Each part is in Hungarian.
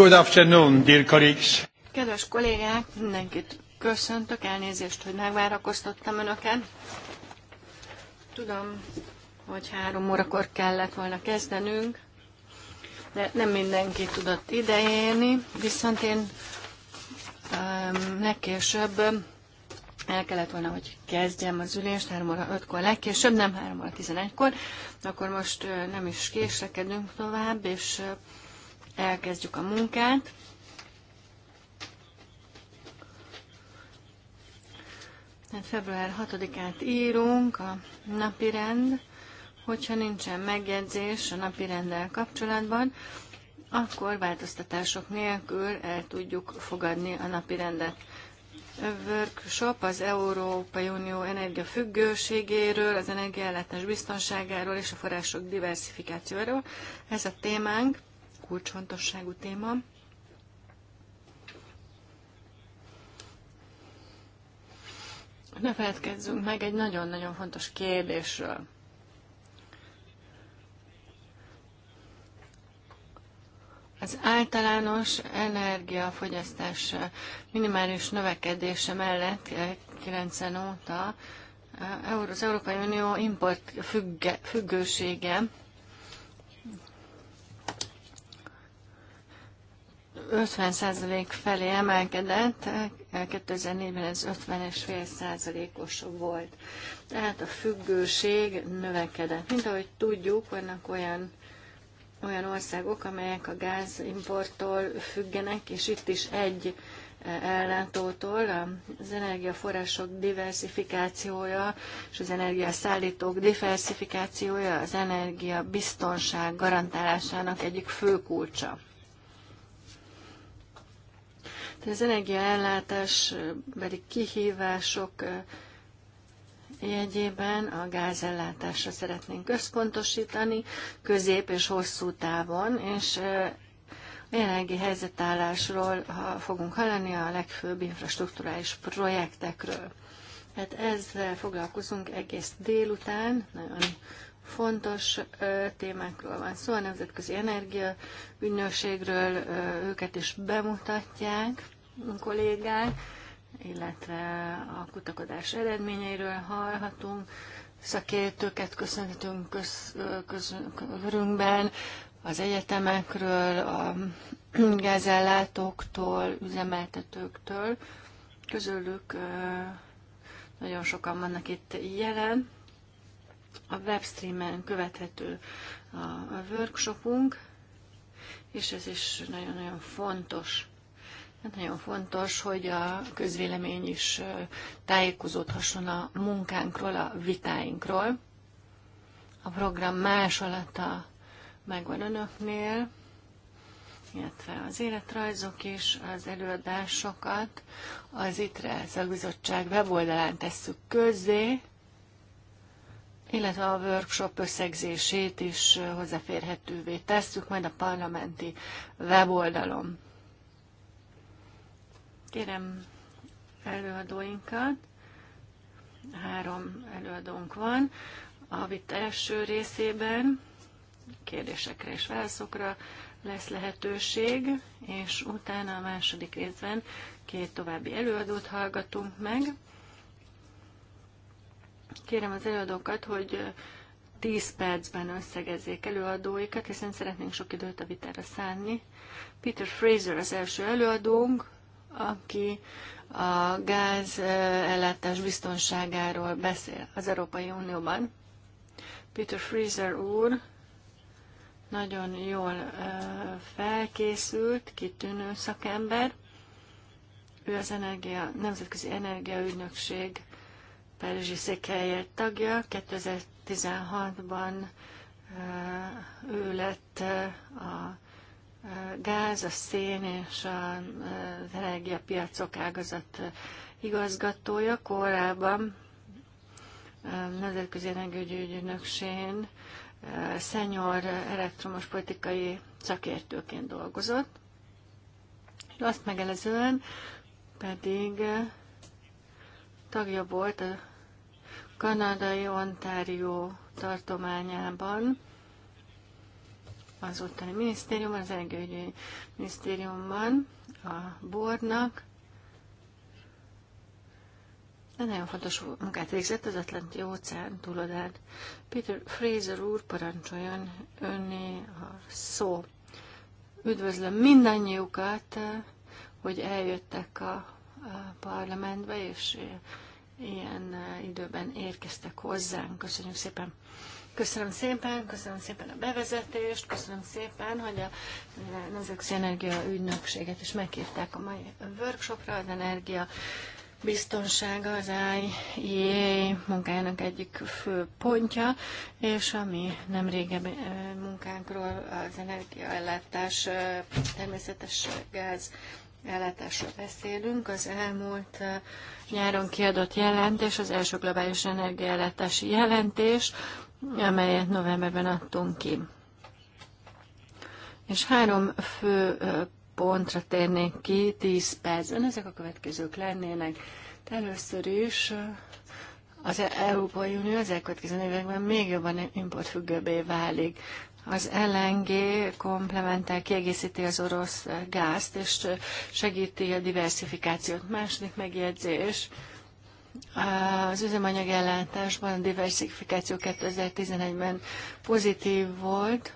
Good afternoon, dear colleagues. Kedves kollégák, mindenkit köszöntök, elnézést, hogy megvárakoztattam Önöket. Tudom, hogy három órakor kellett volna kezdenünk, de nem mindenki tudott ideérni, viszont én legkésőbb el kellett volna, hogy kezdjem az ülést 3 óra 5-kor legkésőbb, nem 3 óra 11-kor, akkor most nem is késlekedünk tovább, és elkezdjük a munkát. Tehát február 6-át írunk a napirend, hogyha nincsen megjegyzés a napirenddel kapcsolatban, akkor változtatások nélkül el tudjuk fogadni a napirendet. Workshop az Európai Unió energiafüggőségéről, az energiállátás biztonságáról és a források diversifikációról. Ez a témánk kulcsfontosságú téma. Ne feledkezzünk meg egy nagyon-nagyon fontos kérdésről. Az általános energiafogyasztás minimális növekedése mellett 90 óta eh, az Európai Unió import függe, függősége 50% felé emelkedett, 2004-ben ez 50,5%-os volt. Tehát a függőség növekedett. Mint ahogy tudjuk, vannak olyan olyan országok, amelyek a gázimporttól függenek, és itt is egy eh, ellátótól az energiaforrások diversifikációja és az energiaszállítók diversifikációja az energia biztonság garantálásának egyik fő kulcsa. De az energiaellátás pedig kihívások jegyében a gázellátásra szeretnénk összpontosítani közép és hosszú távon, és a jelenlegi helyzetállásról ha fogunk hallani a legfőbb infrastruktúrális projektekről. Hát ezzel foglalkozunk egész délután, nagyon fontos témákról van szó, a Nemzetközi Energia Ügynökségről őket is bemutatják a kollégák, illetve a kutakodás eredményeiről hallhatunk, szakértőket köszönhetünk köz, köz, körünkben, az egyetemekről, a gázellátóktól, üzemeltetőktől. Közülük nagyon sokan vannak itt jelen. A webstreamen követhető a workshopunk, és ez is nagyon-nagyon fontos. Hát nagyon fontos, hogy a közvélemény is tájékozódhasson a munkánkról, a vitáinkról. A program másolata megvan önöknél, illetve az életrajzok és az előadásokat az ITRE szakbizottság weboldalán tesszük közzé, illetve a workshop összegzését is hozzáférhetővé tesszük, majd a parlamenti weboldalon. Kérem előadóinkat, három előadónk van, a vita első részében kérdésekre és válaszokra lesz lehetőség, és utána a második részben két további előadót hallgatunk meg, Kérem az előadókat, hogy 10 percben összegezzék előadóikat, hiszen szeretnénk sok időt a vitára szánni. Peter Fraser az első előadónk, aki a gáz ellátás biztonságáról beszél az Európai Unióban. Peter Fraser úr nagyon jól felkészült, kitűnő szakember. Ő az energia, Nemzetközi Energiaügynökség Párizsi székhelyért tagja. 2016-ban ő lett a gáz, a szén és a energiapiacok ágazat igazgatója. Korábban Nemzetközi Energiaügyi Ügynöksén szenyor elektromos politikai szakértőként dolgozott. Azt megelezően pedig tagja volt a kanadai Ontario tartományában, az ottani minisztérium, az energiaügyi minisztériumban, a bornak. De nagyon fontos munkát végzett az Atlanti óceán túlodát. Peter Fraser úr parancsoljon önné a szó. Üdvözlöm mindannyiukat, hogy eljöttek a a parlamentbe, és ilyen időben érkeztek hozzánk. Köszönjük szépen! Köszönöm szépen, köszönöm szépen a bevezetést, köszönöm szépen, hogy a Nemzetközi Energia Ügynökséget is meghívták a mai workshopra, az energia biztonsága az IE munkájának egyik fő pontja, és a mi nem régebbi munkánkról az energiaellátás természetes gáz ellátásról beszélünk. Az elmúlt nyáron kiadott jelentés, az első globális energiállátási jelentés, amelyet novemberben adtunk ki. És három fő pontra térnék ki 10 percben. Ezek a következők lennének. először is az Európai Unió az elkövetkező években még jobban importfüggőbbé válik az LNG komplementál kiegészíti az orosz gázt, és segíti a diversifikációt. Második megjegyzés. Az üzemanyag ellátásban a diversifikáció 2011-ben pozitív volt,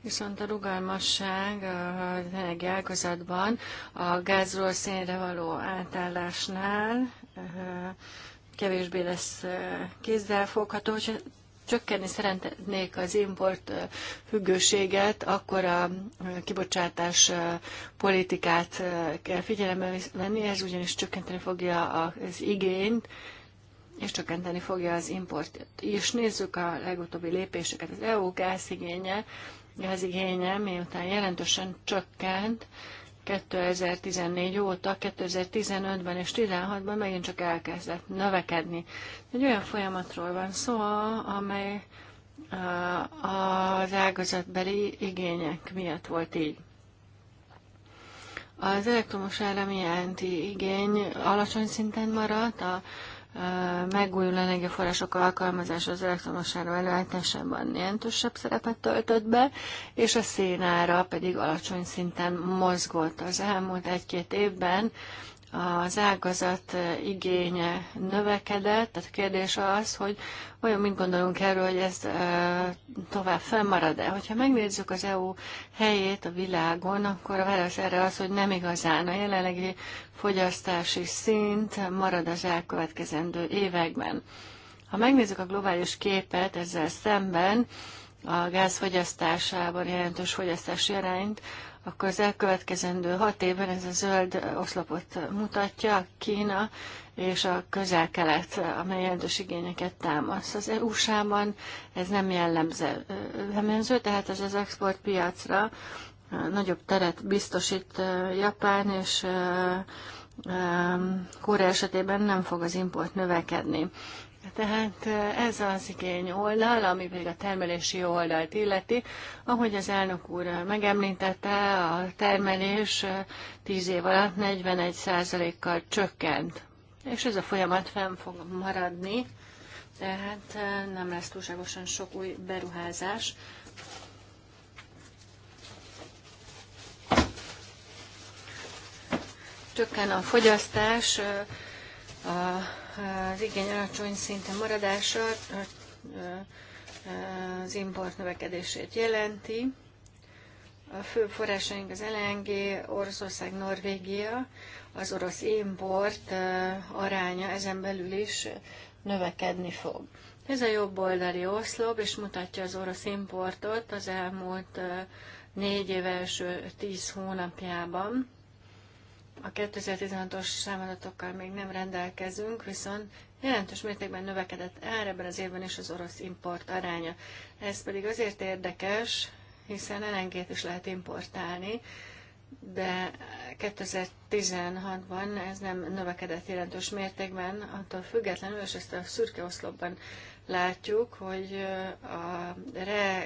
viszont a rugalmasság az energiálkozatban a gázról szénre való átállásnál eh, kevésbé lesz eh, kézzelfogható, csökkenni szeretnék az import függőséget, akkor a kibocsátás politikát kell figyelembe venni, ez ugyanis csökkenteni fogja az igényt, és csökkenteni fogja az importot. És nézzük a legutóbbi lépéseket. Az EU gázigénye, gázigénye miután jelentősen csökkent, 2014 óta, 2015-ben és 2016-ban megint csak elkezdett növekedni. Egy olyan folyamatról van szó, amely eh, az ágazatbeli igények miatt volt így. Az elektromos áram iránti igény alacsony szinten maradt, a megújuló energiaforrások alkalmazása az elektromos áram előállításában jelentősebb szerepet töltött be, és a szénára pedig alacsony szinten mozgott. Az elmúlt egy-két évben az ágazat igénye növekedett, tehát a kérdés az, hogy olyan mit gondolunk erről, hogy ez tovább fennmarad-e. Hogyha megnézzük az EU helyét a világon, akkor a válasz erre az, hogy nem igazán a jelenlegi fogyasztási szint marad az elkövetkezendő években. Ha megnézzük a globális képet ezzel szemben, a gáz fogyasztásában jelentős fogyasztási arányt, akkor az elkövetkezendő hat évben ez a zöld oszlopot mutatja, Kína és a közel-kelet, amely jelentős igényeket támaszt. Az e USA-ban ez nem jellemző, jellemző, tehát ez az exportpiacra nagyobb teret biztosít Japán, és Korea esetében nem fog az import növekedni. Tehát ez az igény oldal, ami pedig a termelési oldalt illeti. Ahogy az elnök úr megemlítette, a termelés 10 év alatt 41%-kal csökkent. És ez a folyamat fenn fog maradni, tehát nem lesz túlságosan sok új beruházás. Csökken a fogyasztás, a az igény alacsony szinten maradása az import növekedését jelenti. A fő forrásaink az LNG, Oroszország, Norvégia, az orosz import aránya ezen belül is növekedni fog. Ez a jobb oldali oszlop, és mutatja az orosz importot az elmúlt négy év első tíz hónapjában. A 2016-os számadatokkal még nem rendelkezünk, viszont jelentős mértékben növekedett ár ebben az évben is az orosz import aránya. Ez pedig azért érdekes, hiszen elengét is lehet importálni, de 2016-ban ez nem növekedett jelentős mértékben, attól függetlenül, és ezt a szürke oszlopban látjuk, hogy a re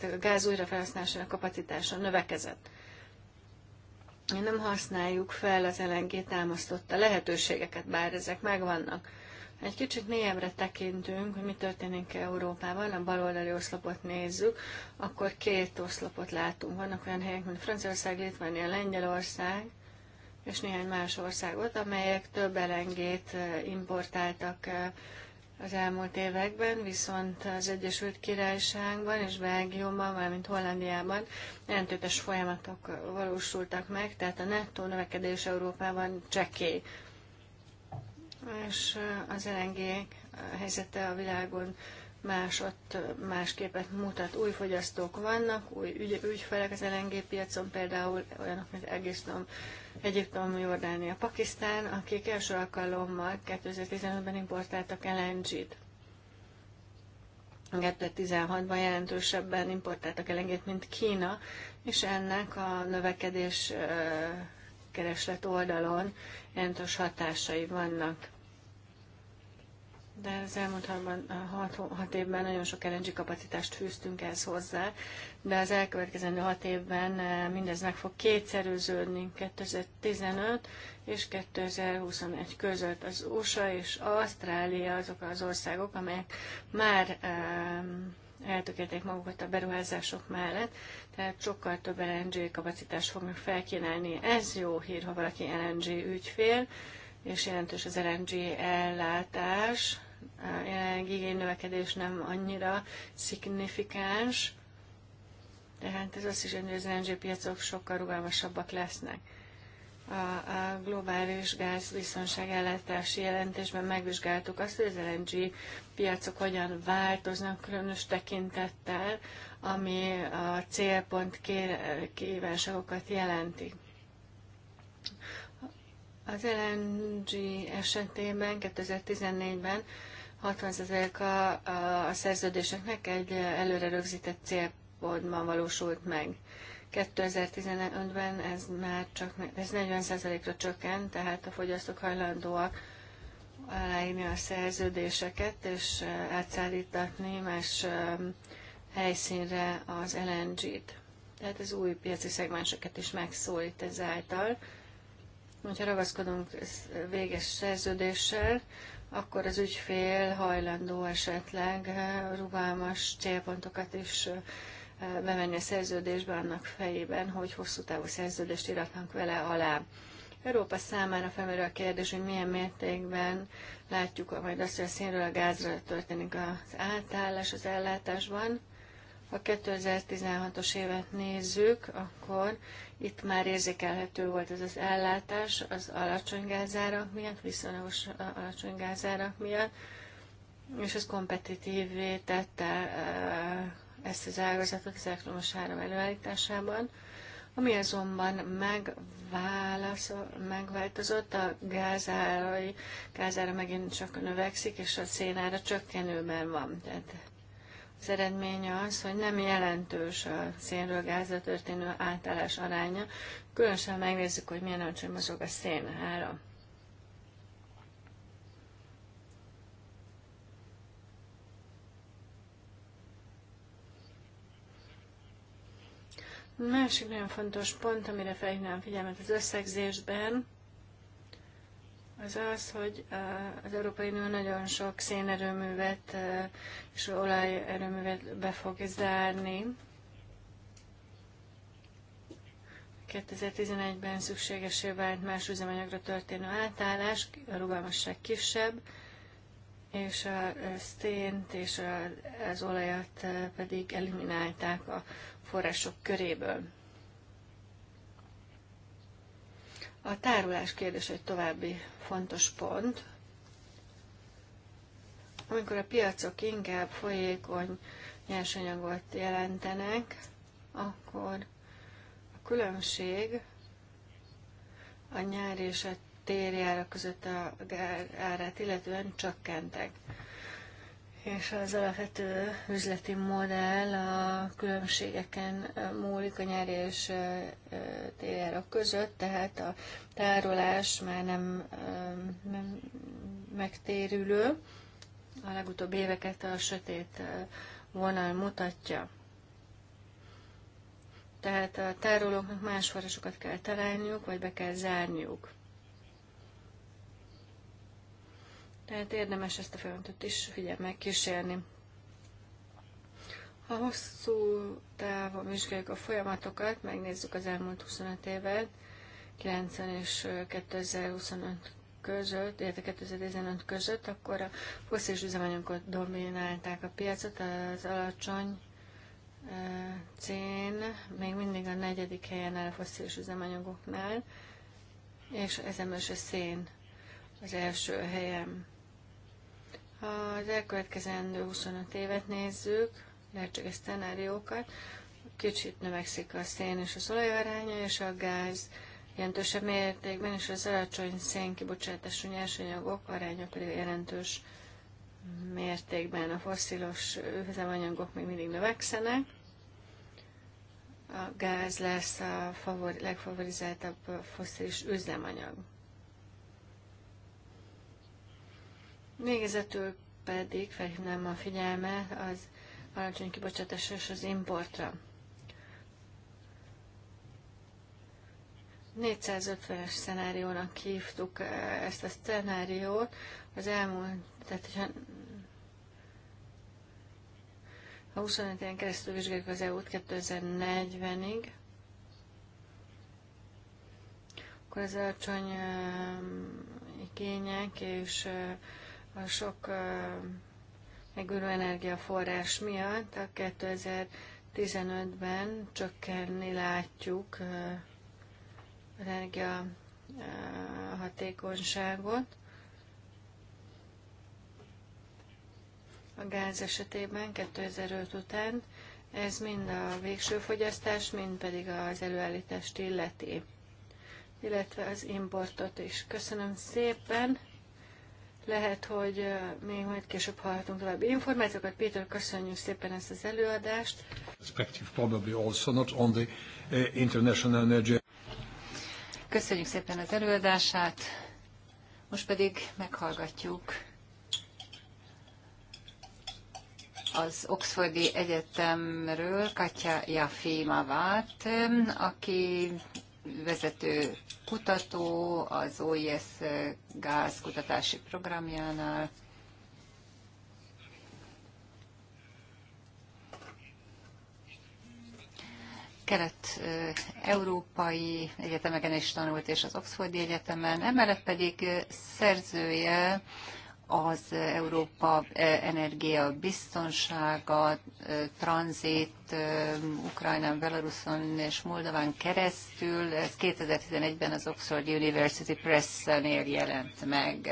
tehát a gáz újrafelhasználásának kapacitása növekezett. Nem használjuk fel az LNG támasztotta lehetőségeket, bár ezek megvannak. Egy kicsit mélyebbre tekintünk, hogy mi történik Európában, a baloldali oszlopot nézzük, akkor két oszlopot látunk. Vannak olyan helyek, mint Franciaország, Litvánia, Lengyelország, és néhány más országot, amelyek több elengét eh, importáltak eh, az elmúlt években, viszont az Egyesült Királyságban és Belgiumban, valamint Hollandiában jelentőtes folyamatok valósultak meg, tehát a nettó növekedés Európában csekély. És az LNG helyzete a világon más, ott más képet mutat. Új fogyasztók vannak, új ügy, ügyfelek az LNG piacon, például olyanok, mint Egyiptom, Egyiptom, Jordánia, Pakisztán, akik első alkalommal 2015-ben importáltak LNG-t. 2016-ban jelentősebben importáltak elengét, mint Kína, és ennek a növekedés kereslet oldalon jelentős hatásai vannak de az elmúlt hat, hat évben nagyon sok LNG kapacitást fűztünk ehhez hozzá, de az elkövetkezendő hat évben eh, mindez meg fog kétszerűződni 2015 és 2021 között. Az USA és Ausztrália azok az országok, amelyek már eltökélték magukat a beruházások mellett, tehát sokkal több LNG kapacitást fognak felkínálni. Ez jó hír, ha valaki LNG ügyfél, és jelentős az LNG ellátás jelenlegi igénynövekedés nem annyira szignifikáns, hát ez azt is jelenti, hogy az LNG piacok sokkal rugalmasabbak lesznek. A, a globális gázbiztonság ellátási jelentésben megvizsgáltuk azt, hogy az LNG piacok hogyan változnak különös tekintettel, ami a célpont kívánságokat jelenti. Az LNG esetében 2014-ben 60%-a a szerződéseknek egy előre rögzített célpontban valósult meg. 2015-ben ez már csak ez 40%-ra csökkent, tehát a fogyasztók hajlandóak aláírni a szerződéseket és átszállítatni más helyszínre az LNG-t. Tehát az új piaci szegmenseket is megszólít ezáltal. Hogyha ragaszkodunk véges szerződéssel, akkor az ügyfél hajlandó esetleg eh, rugalmas célpontokat is eh, bevenni a szerződésbe annak fejében, hogy hosszú távú szerződést iratnak vele alá. Európa számára felmerül a kérdés, hogy milyen mértékben látjuk majd azt, hogy a szénről a gázra történik az átállás az ellátásban. Ha 2016-os évet nézzük, akkor itt már érzékelhető volt ez az ellátás az alacsony gázárak miatt, viszonylagos alacsony gázárak miatt, és ez kompetitívvé tette eh, ezt az ágazatot az elektromos áram előállításában. Ami azonban megváltozott, a gázárai, gázára megint csak növekszik, és a szénára csökkenőben van. Tehát az eredménye az, hogy nem jelentős a szénről gázra történő átállás aránya, különösen megnézzük, hogy milyen alacsony mozog a szén ára. Másik nagyon fontos pont, amire felhívnám figyelmet az összegzésben, az az, hogy az Európai Unió nagyon sok szénerőművet és olajerőművet be fog zárni. 2011-ben szükségesé vált más üzemanyagra történő átállás, a rugalmasság kisebb, és a szént és az olajat pedig eliminálták a források köréből. A tárolás kérdés egy további fontos pont. Amikor a piacok inkább folyékony nyersanyagot jelentenek, akkor a különbség a nyár és a térjára között a árát illetően csökkentek és az alapvető üzleti modell a különbségeken múlik a nyári és a között, tehát a tárolás már nem, nem megtérülő. A legutóbb éveket a sötét vonal mutatja. Tehát a tárolóknak más forrásokat kell találniuk, vagy be kell zárniuk. Tehát érdemes ezt a folyamatot is figyelmek kísérni. Ha hosszú távon vizsgáljuk a folyamatokat, megnézzük az elmúlt 25 évet, 90 és 2025 között, illetve 2015 között, akkor a fosszilis üzemanyagokat dominálták a piacot, az alacsony e, cén még mindig a negyedik helyen áll a fosszilis üzemanyagoknál, és ezen a szén az első helyen az elkövetkezendő 25 évet nézzük, lehetséges szenáriókat, kicsit növekszik a szén és az olaj aránya, és a gáz jelentősebb mértékben, és az alacsony kibocsátású nyersanyagok aránya pedig jelentős mértékben a fosszilos üzemanyagok még mindig növekszenek. A gáz lesz a favori, legfavorizáltabb fosszilis üzemanyag. Végezetül pedig felhívnám a figyelmet az alacsony kibocsátás és az importra. 450-es szenáriónak hívtuk eh, ezt a szenáriót. Az elmúlt, tehát hogyha a 25 éven keresztül vizsgáljuk az EU-t 2040-ig, akkor az alacsony eh, igények és eh, a sok megülő energiaforrás miatt a 2015-ben csökkenni látjuk az energia hatékonyságot. A gáz esetében 2005 után ez mind a végső fogyasztás, mind pedig az előállítást illeti, illetve az importot is. Köszönöm szépen! Lehet, hogy még majd később hallhatunk további információkat. Péter, köszönjük szépen ezt az előadást. Uh, köszönjük szépen az előadását. Most pedig meghallgatjuk az Oxfordi Egyetemről Katya Jafimavát, aki vezető kutató az OIS gáz kutatási programjánál. kelet-európai egyetemeken is tanult, és az Oxfordi Egyetemen, emellett pedig szerzője az Európa e, energia biztonsága, e, tranzit e, Ukrajnán, Belaruson és Moldován keresztül. Ez 2011-ben az Oxford University Press-nél jelent meg.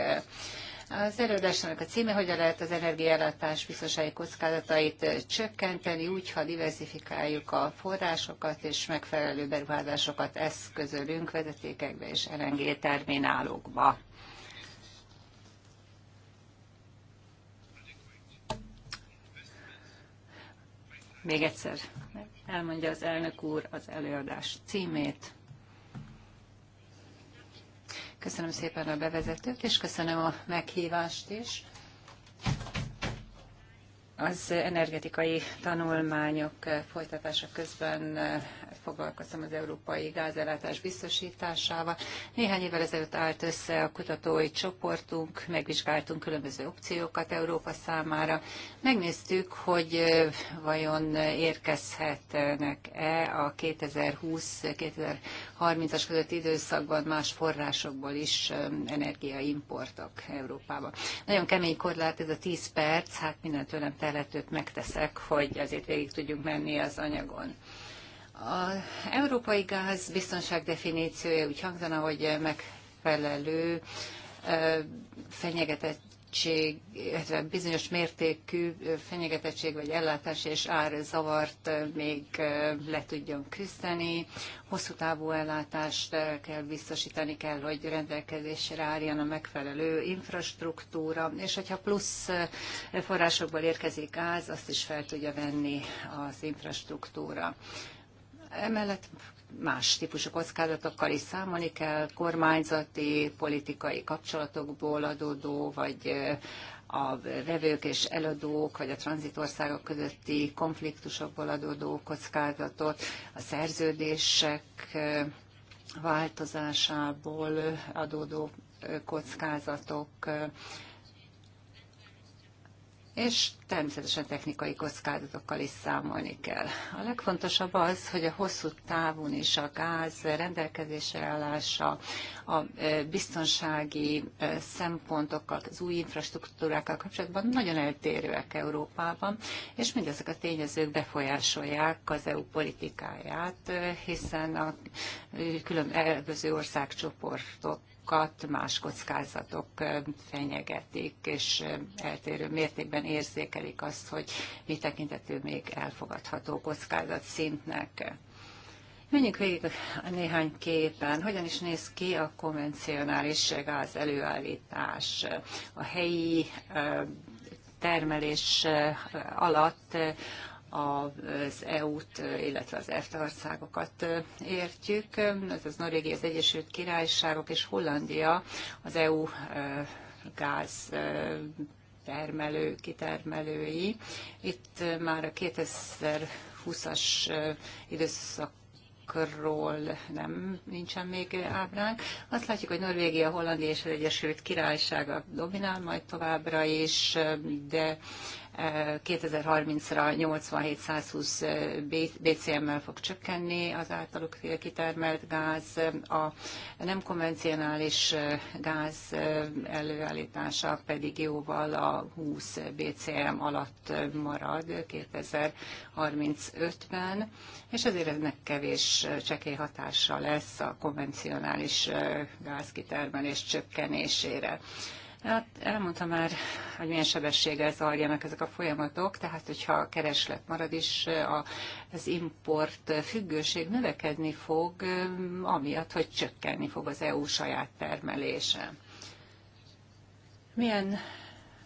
Az előadásnak a címe, hogyan lehet az energiállátás biztonsági kockázatait csökkenteni, úgy, ha diversifikáljuk a forrásokat és megfelelő beruházásokat eszközölünk vezetékekbe és LNG terminálokba. Még egyszer elmondja az elnök úr az előadás címét. Köszönöm szépen a bevezetőt, és köszönöm a meghívást is. Az energetikai tanulmányok folytatása közben foglalkoztam az európai gázellátás biztosításával. Néhány évvel ezelőtt állt össze a kutatói csoportunk, megvizsgáltunk különböző opciókat Európa számára. Megnéztük, hogy vajon érkezhetnek-e a 2020-2030-as közötti időszakban más forrásokból is energiaimportok Európába. Nagyon kemény korlát ez a 10 perc, hát mindent tőlem telhetőt megteszek, hogy azért végig tudjunk menni az anyagon. Az európai gáz biztonság definíciója úgy hangzana, hogy megfelelő fenyegetettség, illetve bizonyos mértékű fenyegetettség vagy ellátás és ár zavart még le tudjon küzdeni. Hosszú távú ellátást kell biztosítani kell, hogy rendelkezésre álljon a megfelelő infrastruktúra, és hogyha plusz forrásokból érkezik gáz, azt is fel tudja venni az infrastruktúra. Emellett más típusú kockázatokkal is számolni kell, kormányzati, politikai kapcsolatokból adódó, vagy a vevők és eladók, vagy a tranzitországok közötti konfliktusokból adódó kockázatot, a szerződések változásából adódó kockázatok, és természetesen technikai kockázatokkal is számolni kell. A legfontosabb az, hogy a hosszú távon is a gáz rendelkezésre állása, a biztonsági szempontokkal, az új infrastruktúrákkal kapcsolatban nagyon eltérőek Európában, és mindezek a tényezők befolyásolják az EU politikáját, hiszen a különböző országcsoportok kockázatok, más kockázatok fenyegetik, és eltérő mértékben érzékelik azt, hogy mi tekintető még elfogadható kockázat szintnek. Menjünk végig a néhány képen. Hogyan is néz ki a konvencionális gáz előállítás? A helyi termelés alatt az EU-t, illetve az EFTA országokat értjük. Az Norvégia, az Egyesült Királyságok és Hollandia az EU gáz termelő, kitermelői. Itt már a 2020-as időszak ról nem nincsen még ábránk. Azt látjuk, hogy Norvégia, Hollandia és az Egyesült Királyság a dominál majd továbbra is, de 2030-ra 87-120 BCM-mel fog csökkenni az általuk kitermelt gáz, a nem konvencionális gáz előállítása pedig jóval a 20 BCM alatt marad 2035-ben, és ezért ennek kevés csekély hatása lesz a konvencionális gázkitermelés csökkenésére. Hát elmondtam már, hogy milyen sebességgel zajlanak ezek a folyamatok, tehát hogyha a kereslet marad is, az import függőség növekedni fog, amiatt, hogy csökkenni fog az EU saját termelése. Milyen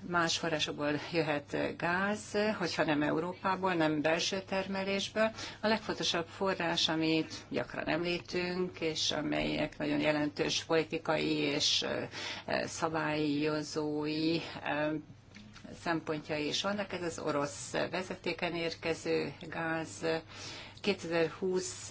más forrásokból jöhet gáz, hogyha nem Európából, nem belső termelésből. A legfontosabb forrás, amit gyakran említünk, és amelyek nagyon jelentős politikai és eh, szabályozói eh, szempontjai is vannak, ez az orosz vezetéken érkező gáz, 2020,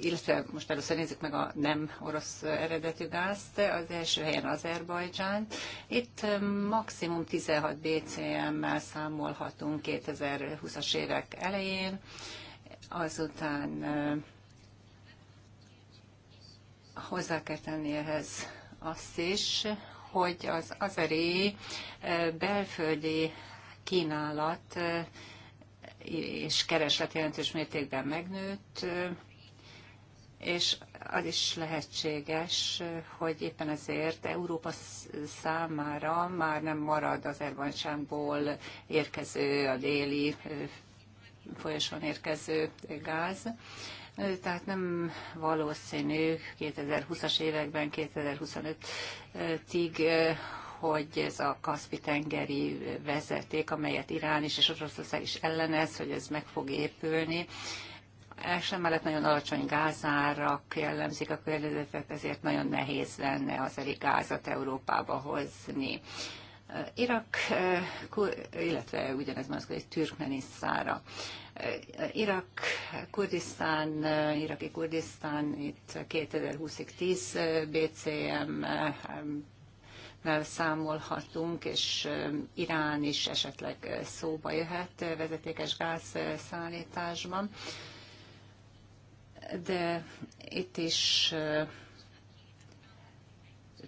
illetve most először nézzük meg a nem orosz eredetű gázt, az első helyen Azerbajdzsán. Itt maximum 16 BCM-mel számolhatunk 2020-as évek elején, azután hozzá kell tenni ehhez azt is, hogy az azeri belföldi kínálat és kereslet jelentős mértékben megnőtt, és az is lehetséges, hogy éppen ezért Európa számára már nem marad az Azerbajcsánból érkező, a déli folyosón érkező gáz. Tehát nem valószínű 2020-as években, 2025-ig hogy ez a Kaspi-tengeri vezeték, amelyet Irán is és Oroszország is ellenez, hogy ez meg fog épülni. Első mellett nagyon alacsony gázárak jellemzik a környezetet, ezért nagyon nehéz lenne az elég gázat Európába hozni. Irak, illetve ugyanez hogy Türkmenisztára. Irak, Kurdisztán, iraki Kurdisztán, itt 2020-ig 10 BCM számolhatunk, és Irán is esetleg szóba jöhet vezetékes gázszállításban. De itt is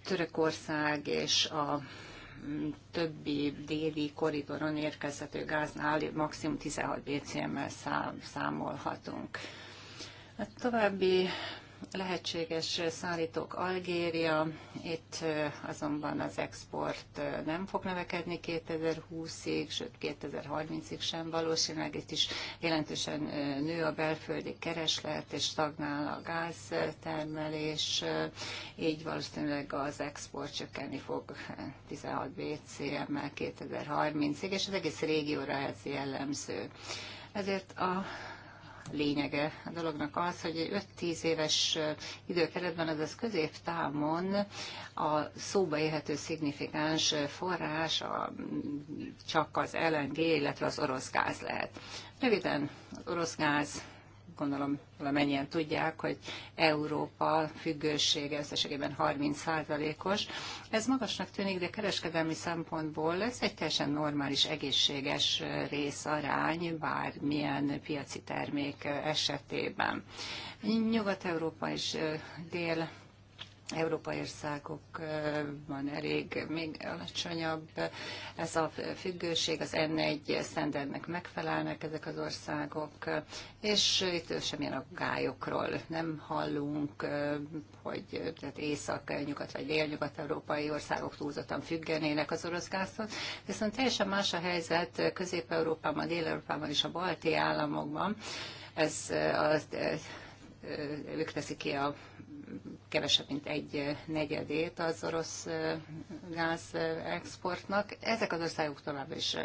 Törökország és a mm, többi déli koridoron érkezhető gáznál maximum 16 BCM-mel számolhatunk. A hát további lehetséges szállítók Algéria, itt azonban az export nem fog növekedni 2020-ig, sőt 2030-ig sem valószínűleg, itt is jelentősen nő a belföldi kereslet, és stagnál a gáztermelés, így valószínűleg az export csökkenni fog 16 BCM-mel 2030-ig, és az egész régióra ez jellemző. Ezért a lényege a dolognak az, hogy 5-10 éves időkeretben, azaz középtámon a szóba érhető szignifikáns forrás a, csak az LNG, illetve az orosz gáz lehet. Röviden, az orosz gáz gondolom valamennyien tudják, hogy Európa függősége összességében 30%-os. Ez magasnak tűnik, de kereskedelmi szempontból ez egy teljesen normális, egészséges részarány bármilyen piaci termék esetében. Nyugat-Európa és Dél európai országokban elég még alacsonyabb ez a függőség, az N1 szendernek megfelelnek ezek az országok, és itt semmilyen aggályokról nem hallunk, hogy tehát észak, nyugat vagy délnyugat európai országok túlzottan függenének az orosz gáztól, viszont teljesen más a helyzet Közép-Európában, Dél-Európában és a balti államokban, ez a ők teszik ki a kevesebb, mint egy negyedét az orosz gáz exportnak. Ezek az országok tovább is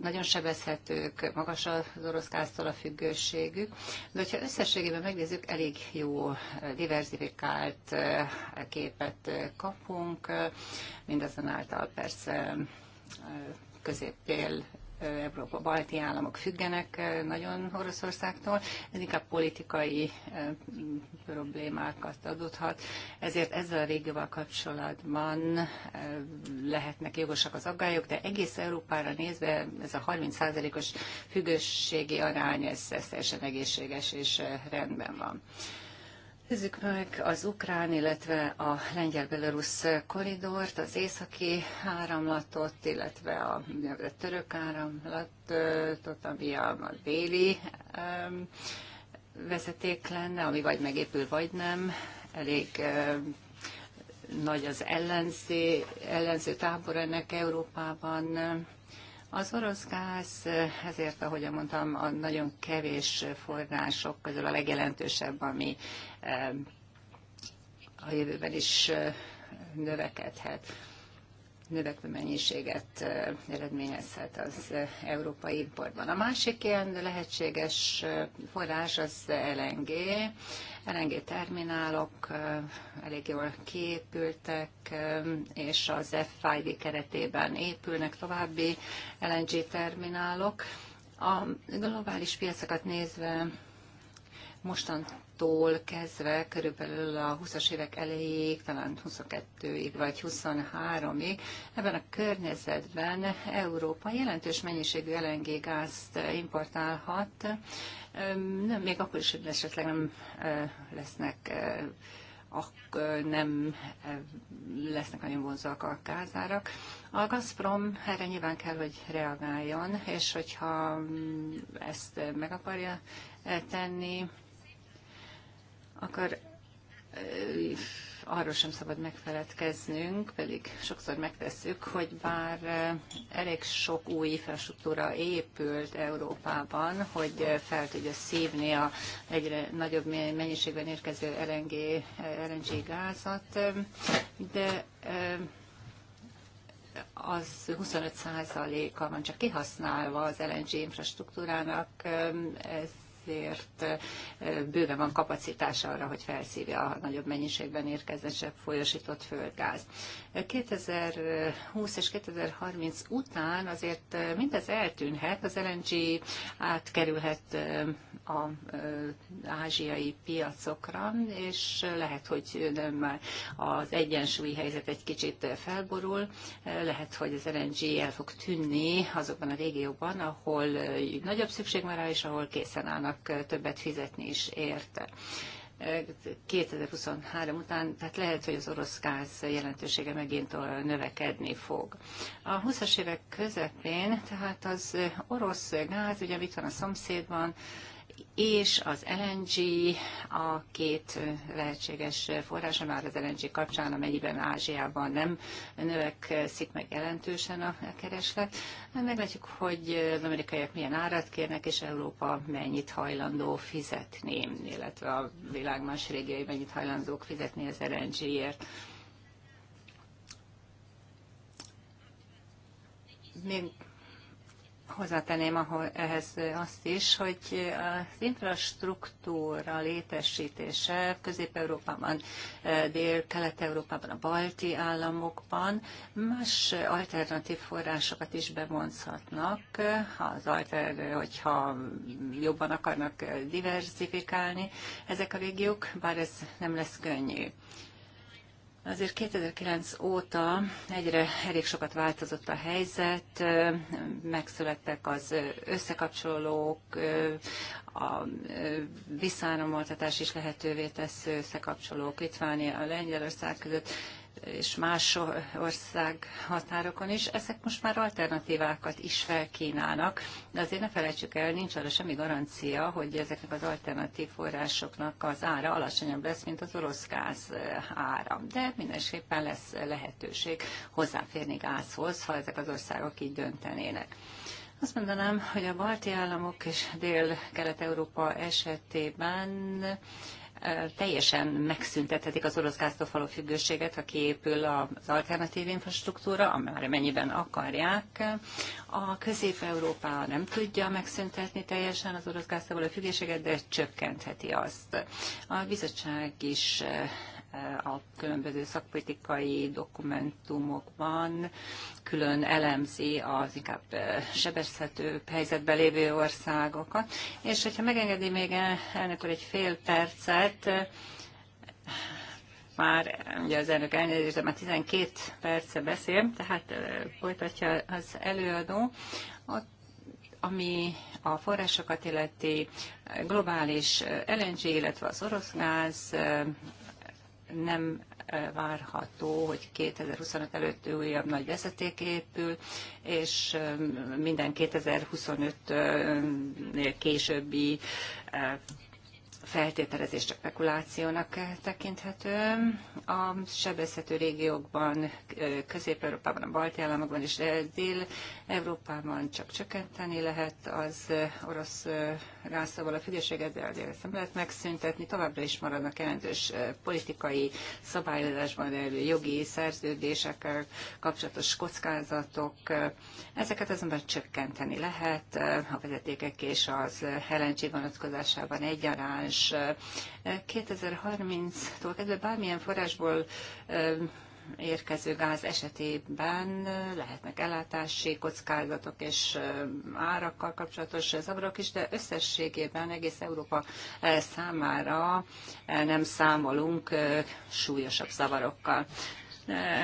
nagyon sebezhetők, magas az orosz gáztól a függőségük, de hogyha összességében megnézzük, elég jó diversifikált képet kapunk, mindazonáltal persze középtél Európa balti államok függenek eh, nagyon Oroszországtól, ez inkább politikai eh, problémákat adódhat, ezért ezzel a régióval kapcsolatban eh, lehetnek jogosak az aggályok, de egész Európára nézve ez a 30%-os függőségi arány, ez, ez teljesen egészséges és rendben van. Nézzük meg az ukrán, illetve a lengyel-belorusz koridort, az északi áramlatot, illetve a, a török áramlatot, ami a, a déli um, vezeték lenne, ami vagy megépül, vagy nem. Elég um, nagy az ellenzé, ellenző tábor ennek Európában. Az orosz gáz, ezért, ahogy mondtam, a nagyon kevés források közül a legjelentősebb, ami a jövőben is növekedhet növekvő mennyiséget eredményezhet az európai importban. A másik ilyen lehetséges forrás az LNG. LNG terminálok elég jól kiépültek, és az FID keretében épülnek további LNG terminálok. A globális piacokat nézve mostan tól kezdve körülbelül a 20-as évek elejéig, talán 22-ig vagy 23-ig, ebben a környezetben Európa jelentős mennyiségű LNG gázt importálhat, nem, még akkor is esetleg nem lesznek akkor nem lesznek nagyon vonzóak a gázárak. A Gazprom erre nyilván kell, hogy reagáljon, és hogyha mm, ezt meg akarja tenni, akkor arról sem szabad megfeledkeznünk, pedig sokszor megtesszük, hogy bár elég sok új infrastruktúra épült Európában, hogy fel tudja szívni a egyre nagyobb mennyiségben érkező LNG, LNG gázat, de az 25%-a van csak kihasználva az LNG infrastruktúrának, ez azért bőven van kapacitása arra, hogy felszívja a nagyobb mennyiségben érkezett folyosított földgáz. 2020 és 2030 után azért mindez eltűnhet, az LNG átkerülhet az ázsiai piacokra, és lehet, hogy nem már az egyensúlyi helyzet egy kicsit felborul, lehet, hogy az LNG el fog tűnni azokban a régióban, ahol nagyobb szükség van rá, és ahol készen állnak fognak többet fizetni is érte. 2023 után, tehát lehet, hogy az orosz gáz jelentősége megint növekedni fog. A 20-as évek közepén, tehát az orosz gáz, ugye itt van a szomszédban, és az LNG a két lehetséges forrása már az LNG kapcsán, amennyiben Ázsiában nem növekszik meg jelentősen a kereslet. Meglátjuk, hogy az amerikaiak milyen árat kérnek, és Európa mennyit hajlandó fizetni, illetve a világ más régiai mennyit hajlandók fizetni az LNG-ért. Még Hozzátenném ehhez azt is, hogy az infrastruktúra létesítése Közép-Európában, eh, Dél-Kelet-Európában, a balti államokban más alternatív forrásokat is bevonzhatnak, az alter, hogyha jobban akarnak diversifikálni ezek a régiók, bár ez nem lesz könnyű. Azért 2009 óta egyre elég sokat változott a helyzet, megszülettek az összekapcsolók, a visszáramoltatás is lehetővé tesz összekapcsolók Litvánia, Lengyelország között, és más ország határokon is, ezek most már alternatívákat is felkínálnak, de azért ne felejtsük el, nincs arra semmi garancia, hogy ezeknek az alternatív forrásoknak az ára alacsonyabb lesz, mint az orosz gáz ára. De mindenképpen lesz lehetőség hozzáférni gázhoz, ha ezek az országok így döntenének. Azt mondanám, hogy a balti államok és dél-kelet-európa esetében teljesen megszüntethetik az orosz gáztól való függőséget, ha kiépül az alternatív infrastruktúra, amire mennyiben akarják. A Közép-Európa nem tudja megszüntetni teljesen az orosz gáztól való függőséget, de csökkentheti azt. A bizottság is Eh, a különböző szakpolitikai dokumentumokban külön elemzi az inkább eh, sebezhető helyzetben lévő országokat. És hogyha megengedi még eh, elnök úr egy fél percet, már ugye az elnök elnézést, de már 12 perce beszél, tehát folytatja az előadó. Ott ami a forrásokat illeti globális LNG, illetve az orosz gáz nem várható, hogy 2025 előtt újabb nagy vezeték épül, és minden 2025-nél későbbi feltételezés csak spekulációnak tekinthető. A sebezhető régiókban, Közép-Európában, a balti államokban és Dél-Európában csak csökkenteni lehet az orosz rászával a függőséget, de azért nem lehet megszüntetni. Továbbra is maradnak jelentős politikai szabályozásban elő jogi szerződésekkel kapcsolatos kockázatok. Ezeket azonban csökkenteni lehet a vezetékek és az LNG vonatkozásában egyaránt és 2030-tól kezdve bármilyen forrásból érkező gáz esetében lehetnek ellátási kockázatok és árakkal kapcsolatos zavarok is, de összességében egész Európa számára nem számolunk súlyosabb zavarokkal.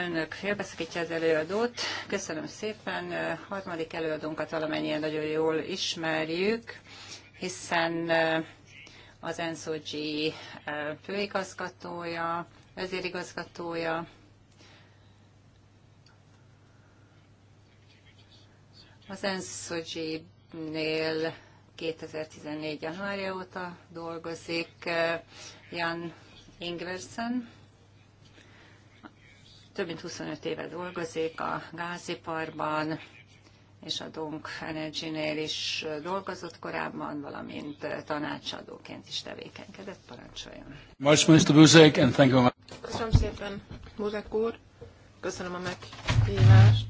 Önök félbeszakítja az előadót. Köszönöm szépen. Harmadik előadónkat valamennyien nagyon jól ismerjük, hiszen az Enszógyi főigazgatója, vezérigazgatója, az enszógyi nél 2014. januárja óta dolgozik Jan Ingversen. Több mint 25 éve dolgozik a gáziparban, és a Donk Energy-nél is dolgozott korábban, valamint tanácsadóként is tevékenykedett. Parancsoljon! Köszönöm szépen, Buzek úr! Köszönöm a meghívást.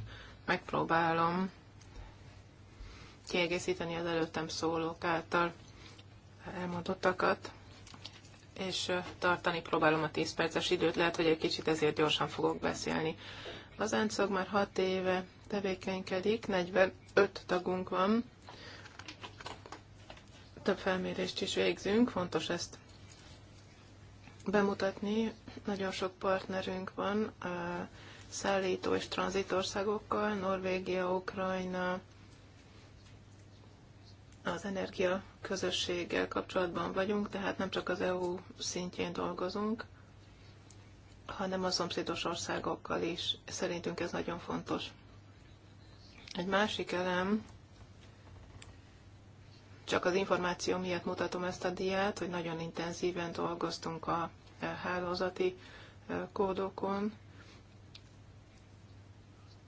Megpróbálom kiegészíteni az előttem szólók által elmondottakat, és tartani próbálom a 10 perces időt, lehet, hogy egy kicsit ezért gyorsan fogok beszélni. Az ENCOG már 6 éve tevékenykedik, 45 tagunk van, több felmérést is végzünk, fontos ezt bemutatni. Nagyon sok partnerünk van a szállító és tranzitországokkal, Norvégia, Ukrajna, az energia közösséggel kapcsolatban vagyunk, tehát nem csak az EU szintjén dolgozunk, hanem a szomszédos országokkal is. Szerintünk ez nagyon fontos. Egy másik elem, csak az információ miatt mutatom ezt a diát, hogy nagyon intenzíven dolgoztunk a e, hálózati e, kódokon.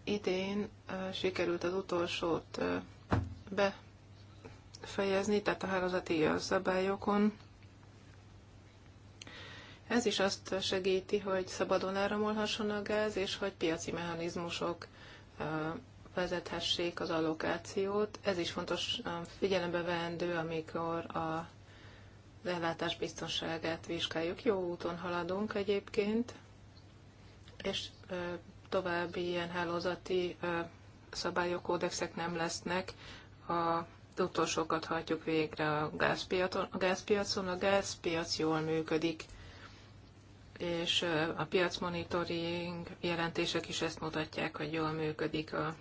Idén e, sikerült az utolsót befejezni, tehát a hálózati szabályokon. Ez is azt segíti, hogy szabadon áramolhasson a gáz, és hogy piaci mechanizmusok vezethessék az allokációt. Ez is fontos figyelembe veendő, amikor a az ellátás biztonságát vizsgáljuk. Jó úton haladunk egyébként, és további ilyen hálózati szabályok, kódexek nem lesznek. A utolsókat hajtjuk végre a gázpiacon. A gázpiacon a gázpiac jól működik, és a piacmonitoring jelentések is ezt mutatják, hogy jól működik a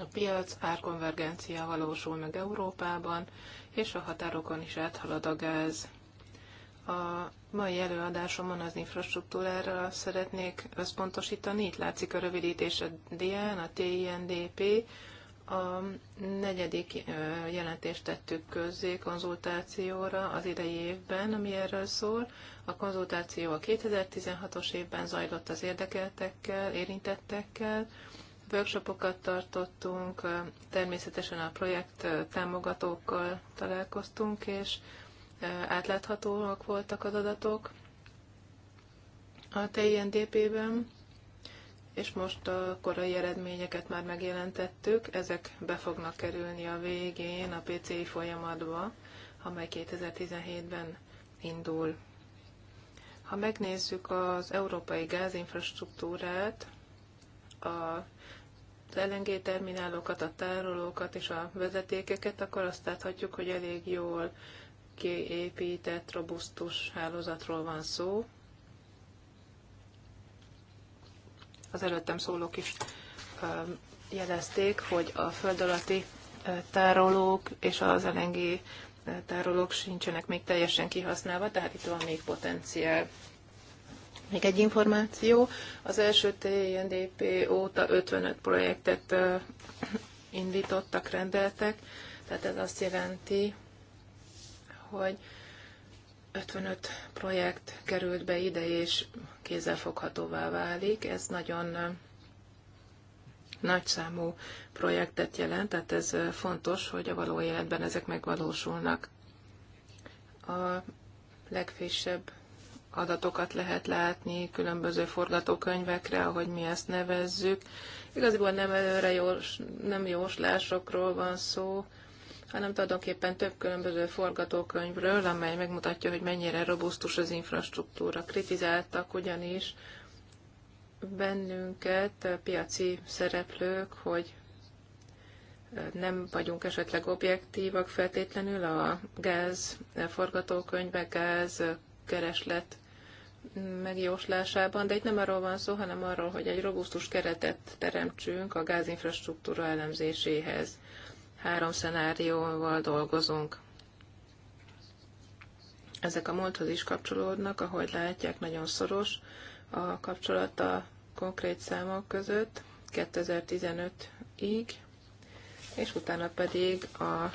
a piac árkonvergencia valósul meg Európában, és a határokon is áthalad a gáz. A mai előadásomon az infrastruktúrára szeretnék összpontosítani. Itt látszik a rövidítés a DN, a TINDP. A negyedik jelentést tettük közzé konzultációra az idei évben, ami erről szól. A konzultáció a 2016-os évben zajlott az érdekeltekkel, érintettekkel, workshopokat tartottunk, természetesen a projekt támogatókkal találkoztunk, és átláthatóak voltak az adatok a TINDP-ben, és most a korai eredményeket már megjelentettük, ezek be fognak kerülni a végén a PCI folyamatba, amely 2017-ben indul. Ha megnézzük az európai gázinfrastruktúrát, a LNG terminálokat, a tárolókat és a vezetékeket, akkor azt láthatjuk, hogy elég jól kiépített, robusztus hálózatról van szó. Az előttem szólók is jelezték, hogy a föld alatti tárolók és az LNG tárolók sincsenek még teljesen kihasználva, tehát itt van még potenciál. Még egy információ, az első TNDP óta 55 projektet indítottak, rendeltek, tehát ez azt jelenti, hogy 55 projekt került be ide, és kézzelfoghatóvá válik. Ez nagyon nagyszámú projektet jelent, tehát ez fontos, hogy a való életben ezek megvalósulnak. A legfrissebb adatokat lehet látni, különböző forgatókönyvekre, ahogy mi ezt nevezzük. Igaziból nem előre jós, nem jóslásokról van szó, hanem tulajdonképpen több különböző forgatókönyvről, amely megmutatja, hogy mennyire robusztus az infrastruktúra. Kritizáltak ugyanis bennünket eh, piaci szereplők, hogy eh, nem vagyunk esetleg objektívak feltétlenül a gáz eh, forgatókönyve, gáz kereslet megjóslásában, de itt nem arról van szó, hanem arról, hogy egy robusztus keretet teremtsünk a gázinfrastruktúra elemzéséhez. Három szenárióval dolgozunk. Ezek a múlthoz is kapcsolódnak, ahogy látják, nagyon szoros a kapcsolat a konkrét számok között 2015-ig, és utána pedig a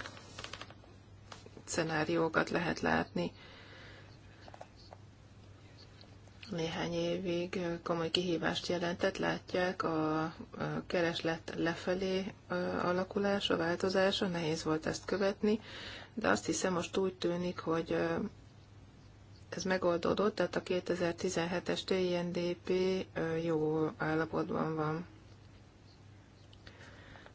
szenáriókat lehet látni néhány évig komoly kihívást jelentett. Látják a kereslet lefelé alakulása, változása, nehéz volt ezt követni, de azt hiszem most úgy tűnik, hogy ez megoldódott, tehát a 2017-es TNDP jó állapotban van.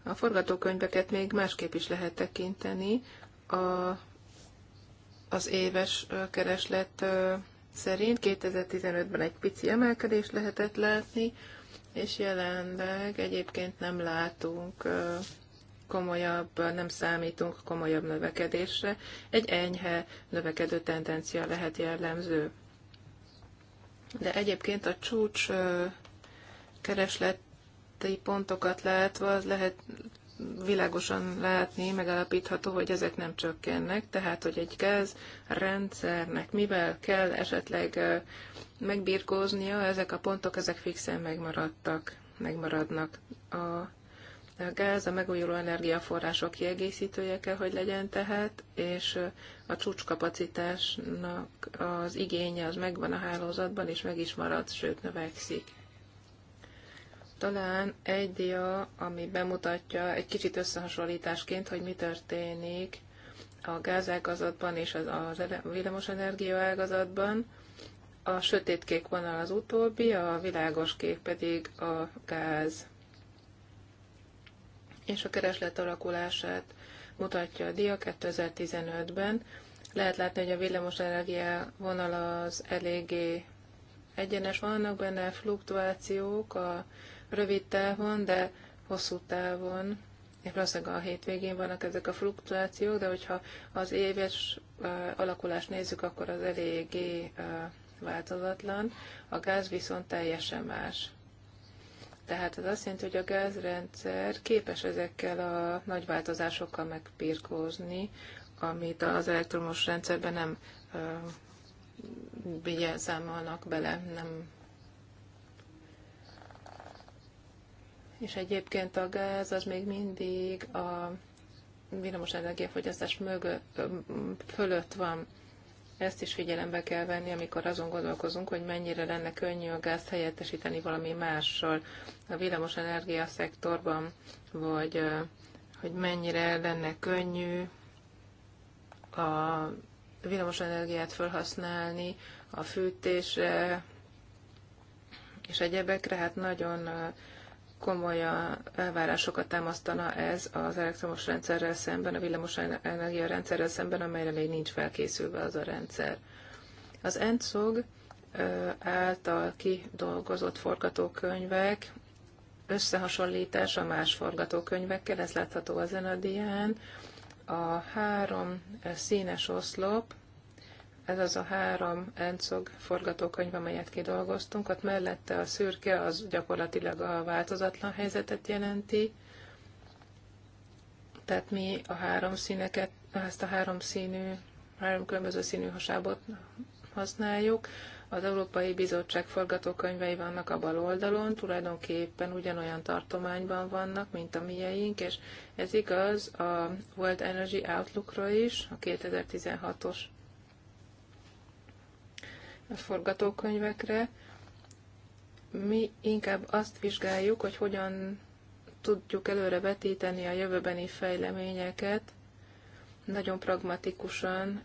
A forgatókönyveket még másképp is lehet tekinteni. A, az éves kereslet szerint 2015-ben egy pici emelkedést lehetett látni, és jelenleg egyébként nem látunk komolyabb, nem számítunk komolyabb növekedésre. Egy enyhe növekedő tendencia lehet jellemző. De egyébként a csúcs keresleti pontokat látva az lehet világosan látni, megállapítható, hogy ezek nem csökkennek, tehát hogy egy gáz rendszernek mivel kell esetleg megbirkóznia, ezek a pontok ezek fixen megmaradtak, megmaradnak. A, a gáz a megújuló energiaforrások kiegészítője kell, hogy legyen tehát, és a csúcskapacitásnak az igénye az megvan a hálózatban, és meg is marad, sőt növekszik talán egy dia, ami bemutatja egy kicsit összehasonlításként, hogy mi történik a gázágazatban és az, az villamosenergia ágazatban. A sötétkék vonal az utóbbi, a világos kék pedig a gáz. És a kereslet alakulását mutatja a dia 2015-ben. Lehet látni, hogy a villamosenergia vonal az eléggé egyenes, vannak benne fluktuációk, a rövid távon, de hosszú távon, és valószínűleg a hétvégén vannak ezek a fluktuációk, de hogyha az éves alakulást nézzük, akkor az eléggé változatlan, a gáz viszont teljesen más. Tehát ez azt jelenti, hogy a gázrendszer képes ezekkel a nagy változásokkal megpirkózni, amit az elektromos rendszerben nem ö, számolnak bele, nem és egyébként a gáz az még mindig a villamos energiafogyasztás mögött, fölött van. Ezt is figyelembe kell venni, amikor azon gondolkozunk, hogy mennyire lenne könnyű a gázt helyettesíteni valami mással a villamos energia szektorban, vagy hogy mennyire lenne könnyű a villamos energiát felhasználni a fűtésre és egyebekre. Hát nagyon komoly elvárásokat támasztana ez az elektromos rendszerrel szemben, a villamos energia rendszerrel szemben, amelyre még nincs felkészülve az a rendszer. Az ENCOG által kidolgozott forgatókönyvek összehasonlítása más forgatókönyvekkel, ez látható ezen a dián. A három színes oszlop ez az a három ENCOG forgatókönyv, amelyet kidolgoztunk, ott mellette a szürke az gyakorlatilag a változatlan helyzetet jelenti, tehát mi a három színeket, ezt a három színű, három különböző színű hasábot használjuk. Az Európai Bizottság forgatókönyvei vannak a bal oldalon, tulajdonképpen ugyanolyan tartományban vannak, mint a mieink, és ez igaz a World Energy Outlookra is, a 2016-os forgatókönyvekre. Mi inkább azt vizsgáljuk, hogy hogyan tudjuk előre vetíteni a jövőbeni fejleményeket, nagyon pragmatikusan,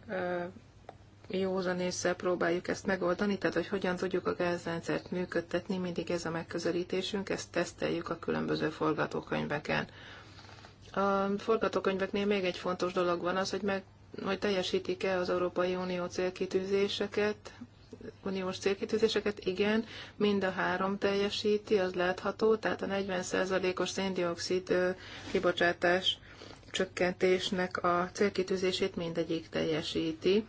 józan észre próbáljuk ezt megoldani, tehát hogy hogyan tudjuk a gázrendszert működtetni, mindig ez a megközelítésünk, ezt teszteljük a különböző forgatókönyveken. A forgatókönyveknél még egy fontos dolog van az, hogy meg hogy teljesítik-e az Európai Unió célkitűzéseket, uniós célkitűzéseket, igen, mind a három teljesíti, az látható, tehát a 40%-os széndiokszid kibocsátás csökkentésnek a célkitűzését mindegyik teljesíti.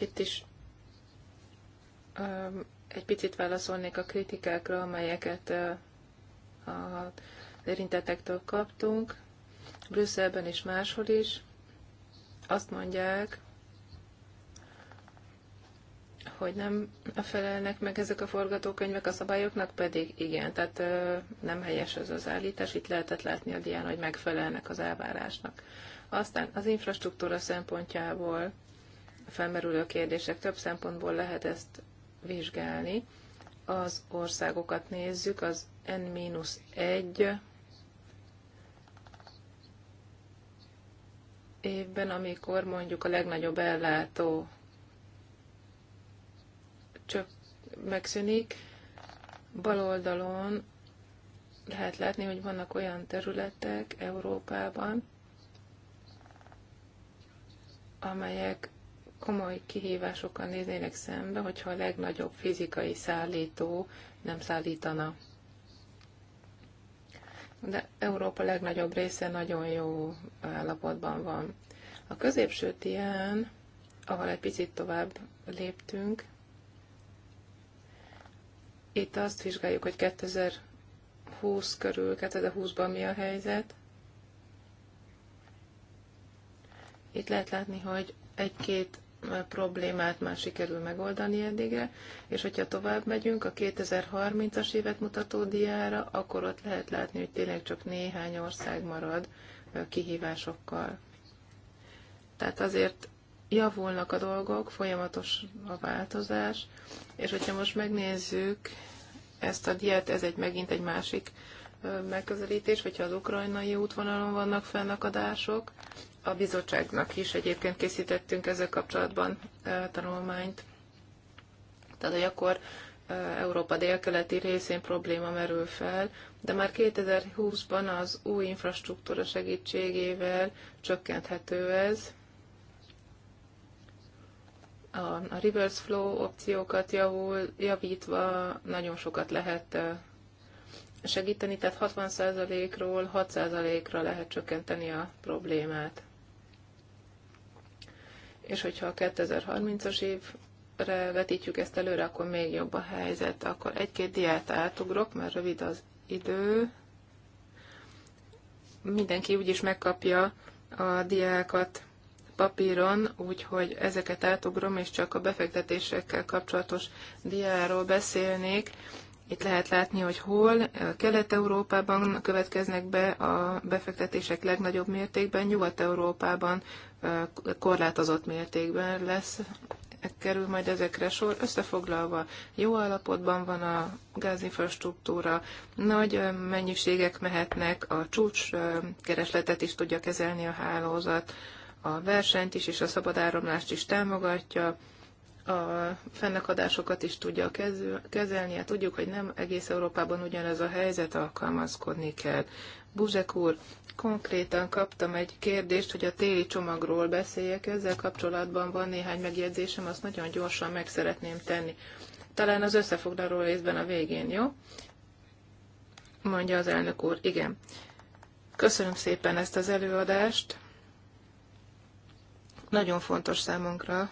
Itt is um, egy picit válaszolnék a kritikákra, amelyeket uh, a érintetektől kaptunk. Brüsszelben és máshol is azt mondják, hogy nem felelnek meg ezek a forgatókönyvek a szabályoknak, pedig igen, tehát ö, nem helyes ez az állítás, itt lehetett látni a dián, hogy megfelelnek az elvárásnak. Aztán az infrastruktúra szempontjából felmerülő kérdések több szempontból lehet ezt vizsgálni. Az országokat nézzük, az N-1 évben, amikor mondjuk a legnagyobb ellátó csak megszűnik, bal oldalon lehet látni, hogy vannak olyan területek Európában, amelyek komoly kihívásokkal néznének szembe, hogyha a legnagyobb fizikai szállító nem szállítana de Európa legnagyobb része nagyon jó állapotban van. A középső tián, ahol egy picit tovább léptünk, itt azt vizsgáljuk, hogy 2020 körül, 2020-ban mi a helyzet. Itt lehet látni, hogy egy-két problémát már sikerül megoldani eddigre, és hogyha tovább megyünk a 2030-as évet mutató diára, akkor ott lehet látni, hogy tényleg csak néhány ország marad kihívásokkal. Tehát azért javulnak a dolgok, folyamatos a változás, és hogyha most megnézzük ezt a diát, ez egy megint egy másik megközelítés, hogyha az ukrajnai útvonalon vannak fennakadások, a bizottságnak is egyébként készítettünk ezzel kapcsolatban tanulmányt. Tehát, hogy akkor Európa délkeleti részén probléma merül fel, de már 2020-ban az új infrastruktúra segítségével csökkenthető ez. A, reverse flow opciókat javul, javítva nagyon sokat lehet segíteni, tehát 60%-ról 6%-ra lehet csökkenteni a problémát és hogyha a 2030-as évre vetítjük ezt előre, akkor még jobb a helyzet. Akkor egy-két diát átugrok, mert rövid az idő. Mindenki úgyis megkapja a diákat papíron, úgyhogy ezeket átugrom, és csak a befektetésekkel kapcsolatos diáról beszélnék, itt lehet látni, hogy hol eh, Kelet-Európában következnek be a befektetések legnagyobb mértékben, Nyugat-Európában eh, korlátozott mértékben lesz eh, kerül majd ezekre sor. Összefoglalva, jó állapotban van a gázinfrastruktúra, nagy mennyiségek mehetnek, a csúcs keresletet is tudja kezelni a hálózat, a versenyt is és a szabadáramlást is támogatja, a fennakadásokat is tudja kezelni. Hát tudjuk, hogy nem egész Európában ugyanez a helyzet, alkalmazkodni kell. Buzsek úr, konkrétan kaptam egy kérdést, hogy a téli csomagról beszéljek. Ezzel kapcsolatban van néhány megjegyzésem, azt nagyon gyorsan meg szeretném tenni. Talán az összefoglaló részben a végén, jó? Mondja az elnök úr, igen. Köszönöm szépen ezt az előadást. Nagyon fontos számunkra,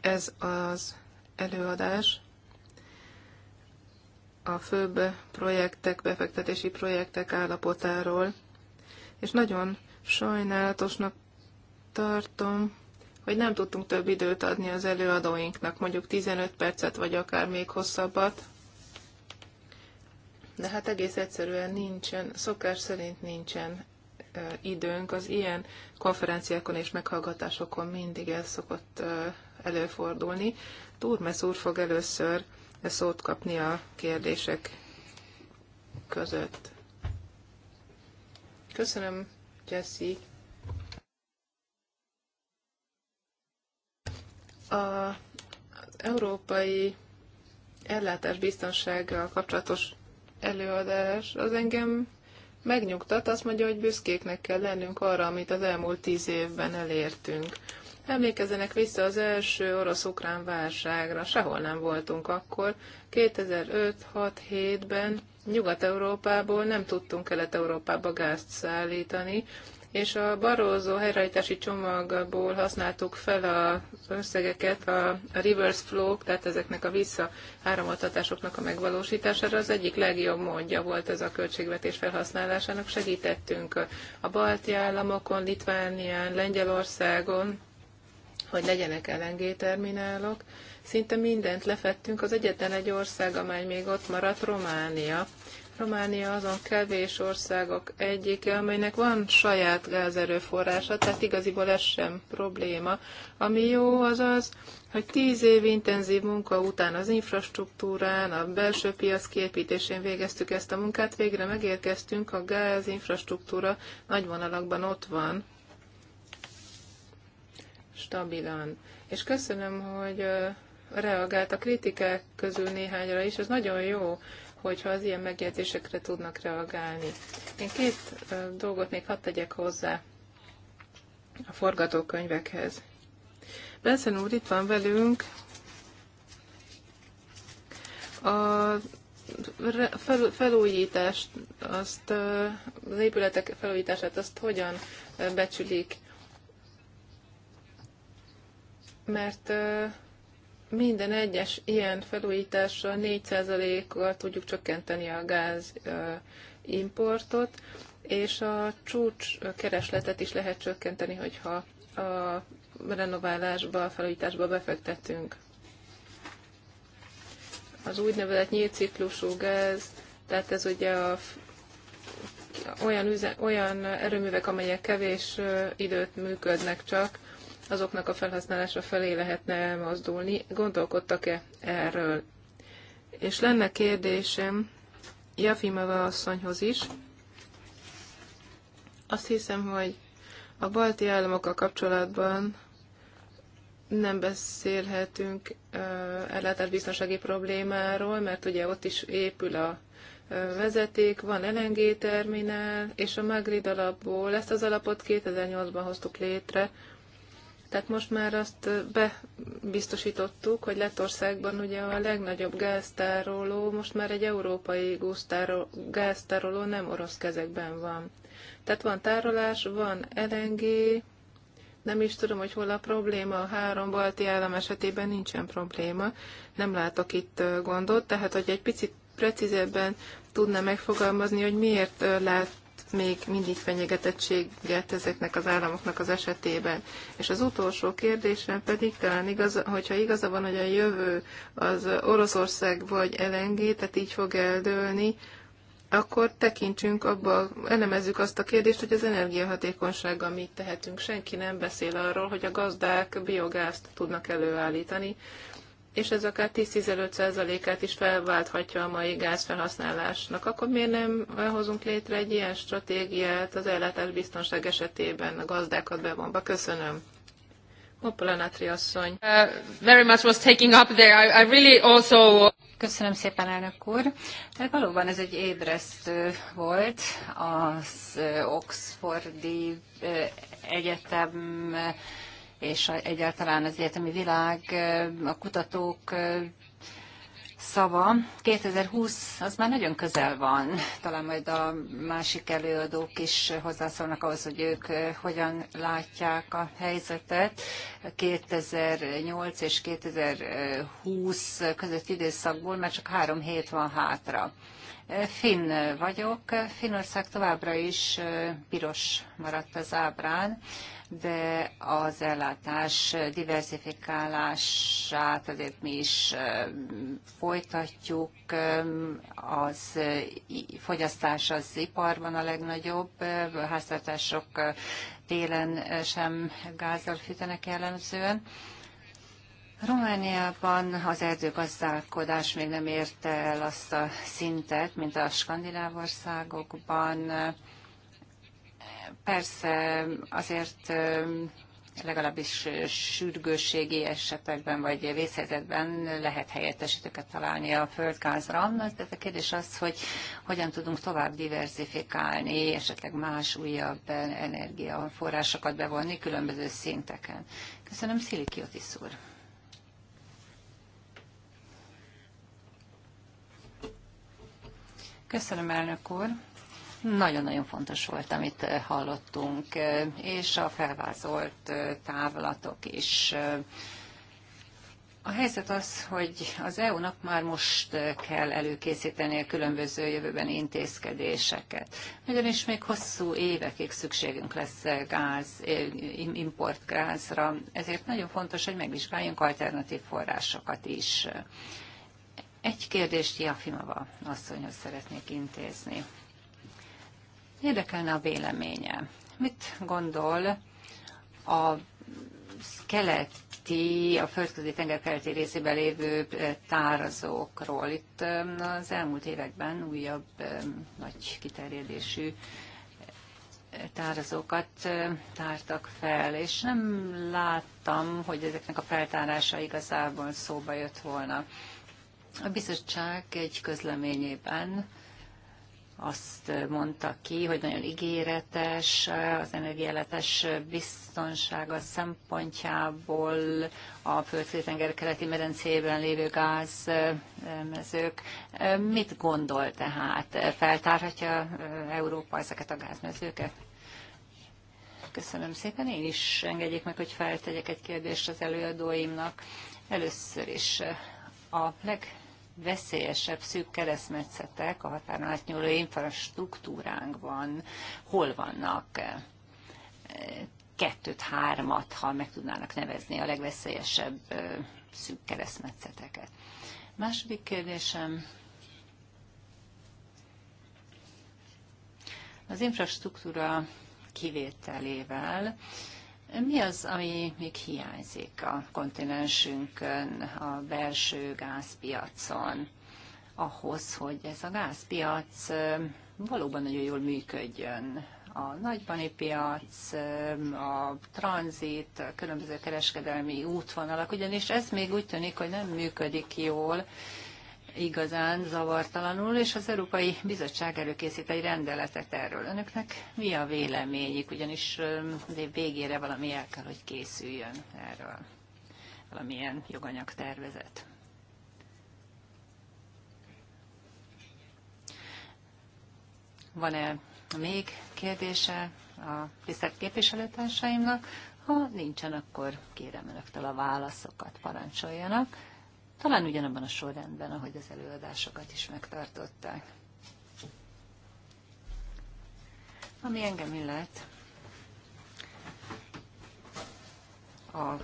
ez az előadás a főbb projektek, befektetési projektek állapotáról, és nagyon sajnálatosnak tartom, hogy nem tudtunk több időt adni az előadóinknak, mondjuk 15 percet, vagy akár még hosszabbat, de hát egész egyszerűen nincsen, szokás szerint nincsen időnk. Az ilyen konferenciákon és meghallgatásokon mindig el szokott előfordulni. Turmes úr fog először szót kapni a kérdések között. Köszönöm, Jesse. A európai ellátás biztonsággal kapcsolatos előadás az engem megnyugtat, azt mondja, hogy büszkéknek kell lennünk arra, amit az elmúlt tíz évben elértünk. Emlékezzenek vissza az első orosz-ukrán válságra, sehol nem voltunk akkor. 2005-6-7-ben Nyugat-Európából nem tudtunk Kelet-Európába gázt szállítani, és a Barózó helyreállítási csomagból használtuk fel az összegeket a reverse flow, tehát ezeknek a visszaáramoltatásoknak a megvalósítására. Az egyik legjobb módja volt ez a költségvetés felhasználásának. Segítettünk a balti államokon, Litvánián, Lengyelországon, hogy legyenek LNG terminálok. Szinte mindent lefettünk, az egyetlen egy ország, amely még ott maradt, Románia. Románia azon kevés országok egyike, amelynek van saját gázerőforrása, tehát igaziból ez sem probléma. Ami jó az az, hogy tíz év intenzív munka után az infrastruktúrán, a belső piac kiépítésén végeztük ezt a munkát, végre megérkeztünk, a gáz infrastruktúra nagy vonalakban ott van stabilan. És köszönöm, hogy reagált a kritikák közül néhányra is, ez nagyon jó, hogyha az ilyen megjegyzésekre tudnak reagálni. Én két dolgot még hadd tegyek hozzá a forgatókönyvekhez. Benszen úr itt van velünk, a felújítást, azt, az épületek felújítását, azt hogyan becsülik mert minden egyes ilyen felújítással 4%-kal tudjuk csökkenteni a gáz importot, és a csúcs keresletet is lehet csökkenteni, hogyha a renoválásba, a felújításba befektetünk. Az úgynevezett nyílt ciklusú gáz, tehát ez ugye a olyan, üze, olyan erőművek, amelyek kevés időt működnek csak, azoknak a felhasználása felé lehetne elmozdulni. Gondolkodtak-e erről? És lenne kérdésem Jafimava asszonyhoz is. Azt hiszem, hogy a balti államokkal kapcsolatban nem beszélhetünk ellátásbiztonsági problémáról, mert ugye ott is épül a vezeték, van LNG terminál, és a Magrid alapból ezt az alapot 2008-ban hoztuk létre, tehát most már azt bebiztosítottuk, hogy Letországban ugye a legnagyobb gáztároló most már egy európai gáztároló nem orosz kezekben van. Tehát van tárolás, van LNG, nem is tudom, hogy hol a probléma, a három balti állam esetében nincsen probléma, nem látok itt gondot, tehát hogy egy picit precízebben tudna megfogalmazni, hogy miért lát, még mindig fenyegetettséget ezeknek az államoknak az esetében. És az utolsó kérdésem pedig talán, igaz, hogyha igaza van, hogy a jövő az Oroszország vagy LNG, tehát így fog eldőlni, akkor tekintsünk abba, elemezzük azt a kérdést, hogy az energiahatékonysága mit tehetünk. Senki nem beszél arról, hogy a gazdák biogázt tudnak előállítani, és ez akár 10-15%-át is felválthatja a mai gázfelhasználásnak, akkor miért nem hozunk létre egy ilyen stratégiát az ellátás biztonság esetében a gazdákat bevonva? Köszönöm. Uh, very much was taking up there. I, I really also... Köszönöm szépen, elnök úr. Valóban ez egy ébresztő volt az Oxfordi Egyetem és egyáltalán az egyetemi világ, a kutatók szava. 2020 az már nagyon közel van. Talán majd a másik előadók is hozzászólnak ahhoz, hogy ők hogyan látják a helyzetet. 2008 és 2020 között időszakból már csak három hét van hátra. Finn vagyok. Finország továbbra is piros maradt az ábrán, de az ellátás diversifikálását azért mi is folytatjuk. Az fogyasztás az iparban a legnagyobb, a háztartások télen sem gázzal fűtenek jellemzően. Romániában az erdőgazdálkodás még nem érte el azt a szintet, mint a skandináv országokban. Persze azért legalábbis sürgősségi esetekben vagy vészhelyzetben lehet helyettesítőket találni a földgázra. Tehát a kérdés az, hogy hogyan tudunk tovább diversifikálni, esetleg más újabb energiaforrásokat bevonni különböző szinteken. Köszönöm, Szili Kiotis úr. Köszönöm, elnök úr. Nagyon-nagyon fontos volt, amit eh, hallottunk, eh, és a felvázolt eh, távlatok is. A helyzet az, hogy az EU-nak már most kell előkészíteni a különböző jövőben intézkedéseket. Ugyanis még hosszú évekig szükségünk lesz gáz, importgázra, ezért nagyon fontos, hogy megvizsgáljunk alternatív forrásokat is. Egy kérdést Jafimova asszonyhoz szeretnék intézni. Érdekelne a véleménye. Mit gondol a keleti, a földközi tenger keleti részében lévő tárazókról? Itt az elmúlt években újabb nagy kiterjedésű tárazókat tártak fel, és nem láttam, hogy ezeknek a feltárása igazából szóba jött volna. A bizottság egy közleményében azt mondta ki, hogy nagyon ígéretes az energiáletes biztonsága szempontjából a földszétenger keleti medencében lévő gázmezők. Mit gondol tehát? Feltárhatja Európa ezeket a gázmezőket? Köszönöm szépen. Én is engedjék meg, hogy feltegyek egy kérdést az előadóimnak. Először is a leg veszélyesebb szűk keresztmetszetek a határon átnyúló infrastruktúránkban hol vannak? Kettőt, hármat, ha meg tudnának nevezni a legveszélyesebb szűk keresztmetszeteket. Második kérdésem, az infrastruktúra kivételével mi az, ami még hiányzik a kontinensünkön, a belső gázpiacon, ahhoz, hogy ez a gázpiac valóban nagyon jól működjön? A nagybani piac, a tranzit, a különböző kereskedelmi útvonalak, ugyanis ez még úgy tűnik, hogy nem működik jól, igazán zavartalanul, és az Európai Bizottság előkészít egy rendeletet erről. Önöknek mi a véleményük? Ugyanis az év végére valami el kell, hogy készüljön erről valamilyen joganyagtervezet. Van-e még kérdése a tisztelt képviselőtársaimnak? Ha nincsen, akkor kérem önöktől a válaszokat parancsoljanak talán ugyanabban a sorrendben, ahogy az előadásokat is megtartották. Ami engem illet, a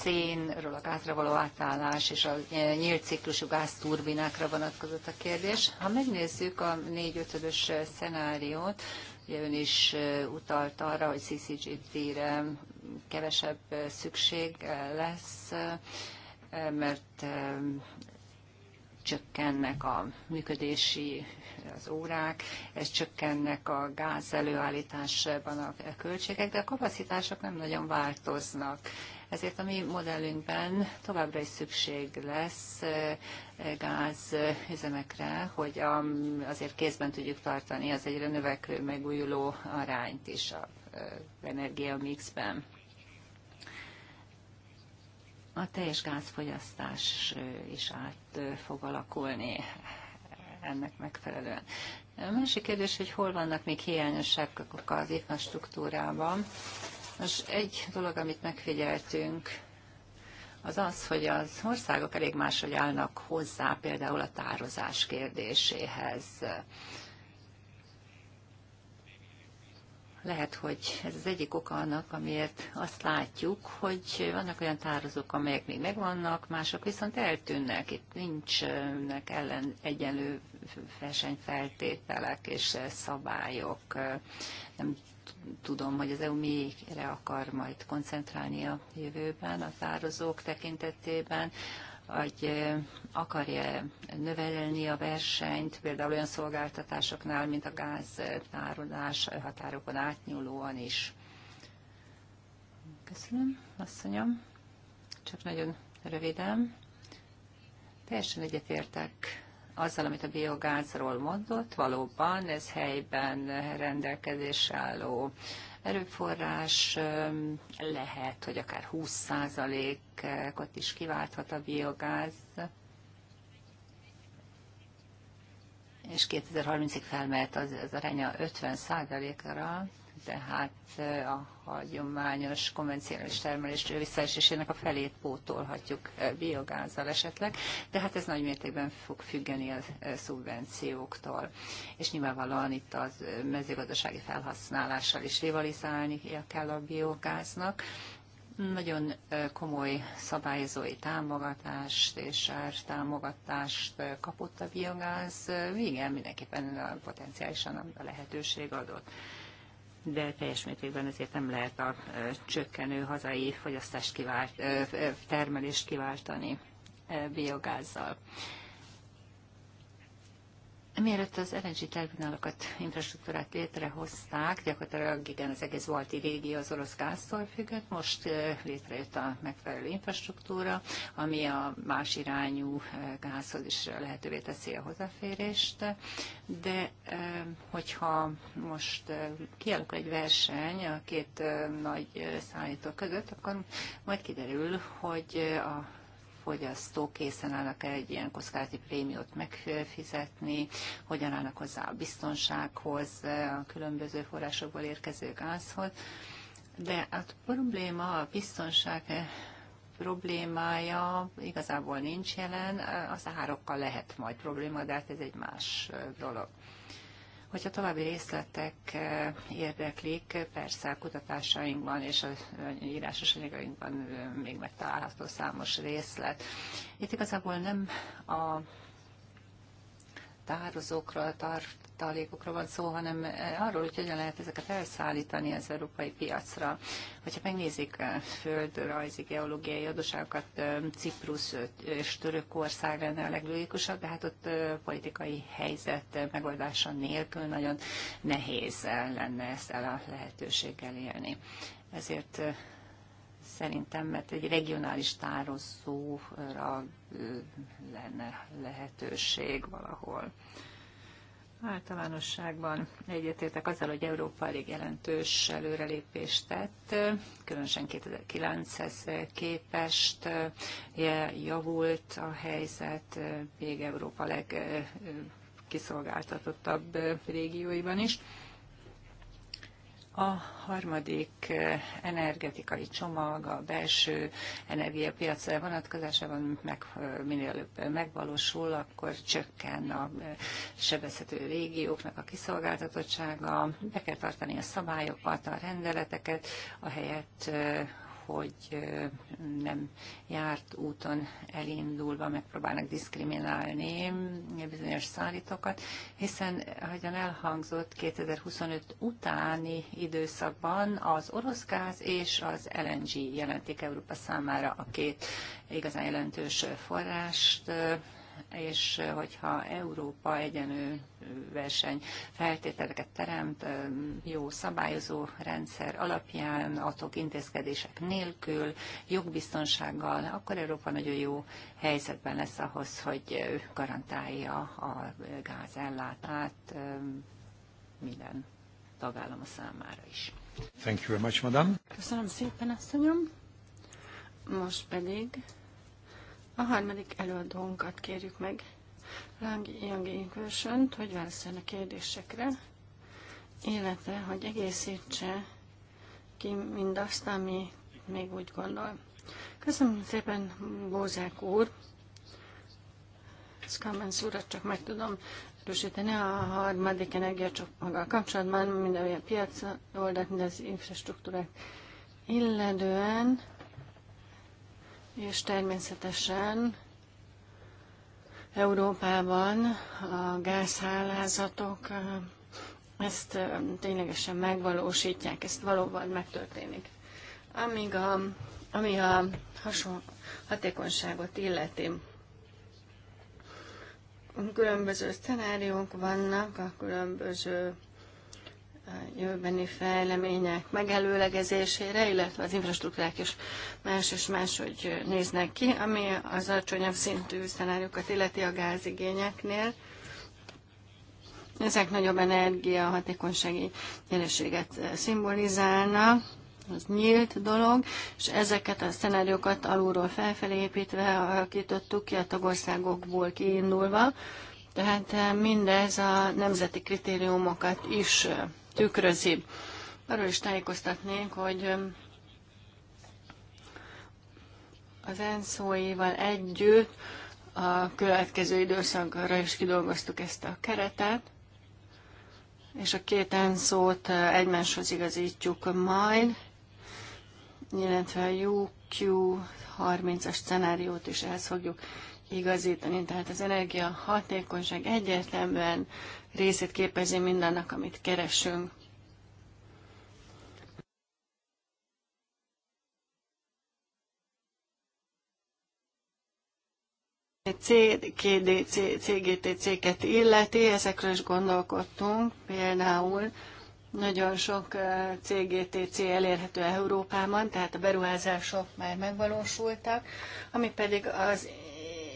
szénről a gázra való átállás és a nyílt ciklusú gázturbinákra vonatkozott a kérdés. Ha megnézzük a 4 5 szenáriót, ugye ön is utalt arra, hogy CCGT-re kevesebb szükség lesz, mert csökkennek a működési az órák, ez csökkennek a gáz előállításban a költségek, de a kapacitások nem nagyon változnak. Ezért a mi modellünkben továbbra is szükség lesz eh, gáz üzemekre, hogy azért kézben tudjuk tartani az egyre növekvő megújuló arányt is a eh, energiamixben a teljes gázfogyasztás is át fog alakulni ennek megfelelően. A másik kérdés, hogy hol vannak még hiányosságok az infrastruktúrában. Most egy dolog, amit megfigyeltünk, az az, hogy az országok elég máshogy állnak hozzá például a tározás kérdéséhez. lehet, hogy ez az egyik oka annak, amiért azt látjuk, hogy vannak olyan tározók, amelyek még megvannak, mások viszont eltűnnek. Itt nincsnek ellen egyenlő versenyfeltételek és szabályok. Nem tudom, hogy az EU mire akar majd koncentrálni a jövőben a tározók tekintetében hogy akarja növelni a versenyt, például olyan szolgáltatásoknál, mint a gáztárolás határokon átnyúlóan is. Köszönöm, asszonyom. Csak nagyon röviden. Teljesen egyetértek azzal, amit a biogázról mondott. Valóban ez helyben rendelkezés álló erőforrás, lehet, hogy akár 20%-ot is kiválthat a biogáz, és 2030-ig felmehet az, az aránya 50%-ra, tehát a hagyományos, konvencionális termelés visszaesésének a felét pótolhatjuk biogázzal esetleg, de hát ez nagy mértékben fog függeni a szubvencióktól. És nyilvánvalóan itt az mezőgazdasági felhasználással is rivalizálnia kell a biogáznak, nagyon komoly szabályozói támogatást és ártámogatást kapott a biogáz. Igen, mindenképpen potenciálisan a lehetőség adott de teljes mértékben ezért nem lehet a csökkenő hazai fogyasztást kivált, termelést kiváltani biogázzal. Mielőtt az LNG terminálokat, infrastruktúrát létrehozták, gyakorlatilag igen, az egész balti régió az orosz gáztól függött, most létrejött a megfelelő infrastruktúra, ami a más irányú gázhoz is lehetővé teszi a hozzáférést, de hogyha most kialakul egy verseny a két nagy szállító között, akkor majd kiderül, hogy a fogyasztók készen állnak-e egy ilyen kockázati prémiót megfizetni, hogyan állnak hozzá a biztonsághoz, a különböző forrásokból érkező gázhoz. De a hát probléma a biztonság problémája igazából nincs jelen, az árokkal lehet majd probléma, de hát ez egy más dolog. Hogyha további részletek eh, érdeklik, persze a kutatásainkban és a írásos anyagainkban eh, még megtalálható számos részlet. Itt igazából nem a tározókra, tartalékokra van szó, hanem eh, arról, hogy hogyan lehet ezeket elszállítani az európai piacra. Hogyha megnézik a eh, földrajzi geológiai adóságokat, eh, Ciprus és Törökország lenne a leglogikusabb, de hát ott politikai helyzet megoldása nélkül nagyon nehéz lenne ezt el a lehetőséggel élni. Ezért szerintem, mert egy regionális tározóra lenne lehetőség valahol. Általánosságban egyetértek azzal, hogy Európa elég jelentős előrelépést tett, különösen 2009-hez képest javult a helyzet, még Európa legkiszolgáltatottabb régióiban is. A harmadik eh, energetikai csomag a belső energiapiacra vonatkozásában meg, eh, minél előbb megvalósul, akkor csökken a eh, sebezhető régióknak a kiszolgáltatottsága, be kell tartani a szabályokat, a rendeleteket, ahelyett, hogy nem járt úton elindulva megpróbálnak diszkriminálni bizonyos szállítókat, hiszen, ahogyan elhangzott, 2025 utáni időszakban az orosz gáz és az LNG jelentik Európa számára a két igazán jelentős forrást, és hogyha Európa egyenő verseny feltételeket teremt, jó szabályozó rendszer alapján, atok intézkedések nélkül, jogbiztonsággal, akkor Európa nagyon jó helyzetben lesz ahhoz, hogy garantálja a gázellátát minden tagállama számára is. Thank you very much, madam. Köszönöm szépen, asszonyom. Most pedig a harmadik előadónkat kérjük meg, Lang Young inclusion hogy válaszoljon a kérdésekre, illetve, hogy egészítse ki mindazt, ami még úgy gondol. Köszönöm szépen, Bózák úr! Skamens urat csak meg tudom erősíteni a harmadik energiacsomaggal kapcsolatban, minden olyan piac oldalt, mind az infrastruktúrát illetően és természetesen Európában a gázhálózatok eh, ezt eh, ténylegesen megvalósítják, ezt valóban megtörténik. Amíg a, ami a hason, hatékonyságot illeti, különböző szenáriók vannak a különböző jövőbeni fejlemények megelőlegezésére, illetve az infrastruktúrák is más és más, hogy néznek ki, ami az alacsonyabb szintű szenáriokat illeti a gázigényeknél. Ezek nagyobb energia, hatékonysági nyereséget szimbolizálnak, az nyílt dolog, és ezeket a szenáriókat alulról felfelé építve alakítottuk ki a tagországokból kiindulva, tehát mindez a nemzeti kritériumokat is tükrözi. Arról is tájékoztatnénk, hogy az enszóival együtt a következő időszakra is kidolgoztuk ezt a keretet, és a két enszót egymáshoz igazítjuk majd, illetve a UQ30-as szenáriót is ehhez fogjuk igazítani. Tehát az energia hatékonyság egyértelműen részét képezi mindannak, amit keresünk. C, C, CGT céget illeti, ezekről is gondolkodtunk, például nagyon sok CGTC eh, elérhető Európában, tehát a beruházások már megvalósultak, ami pedig az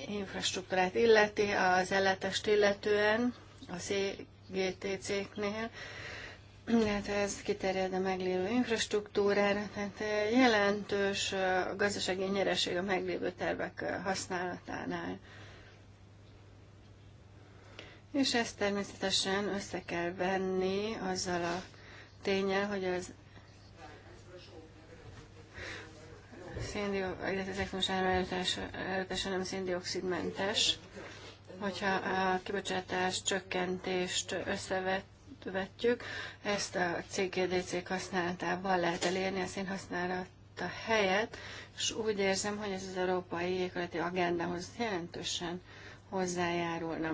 infrastruktúrát illeti, az ellátást illetően, a CGTC-knél, tehát ez kiterjed a meglévő infrastruktúrára, tehát eh, jelentős eh, a gazdasági nyereség a meglévő tervek eh, használatánál. És ezt természetesen össze kell venni azzal a tényel, hogy az széndiokszid, illetve ezek most áramellátás nem széndiokszidmentes. Hogyha a kibocsátás csökkentést összevetjük, ezt a cgdc használatával lehet elérni a színhasználata helyet, és úgy érzem, hogy ez az európai éghajlati agendához jelentősen hozzájárulna.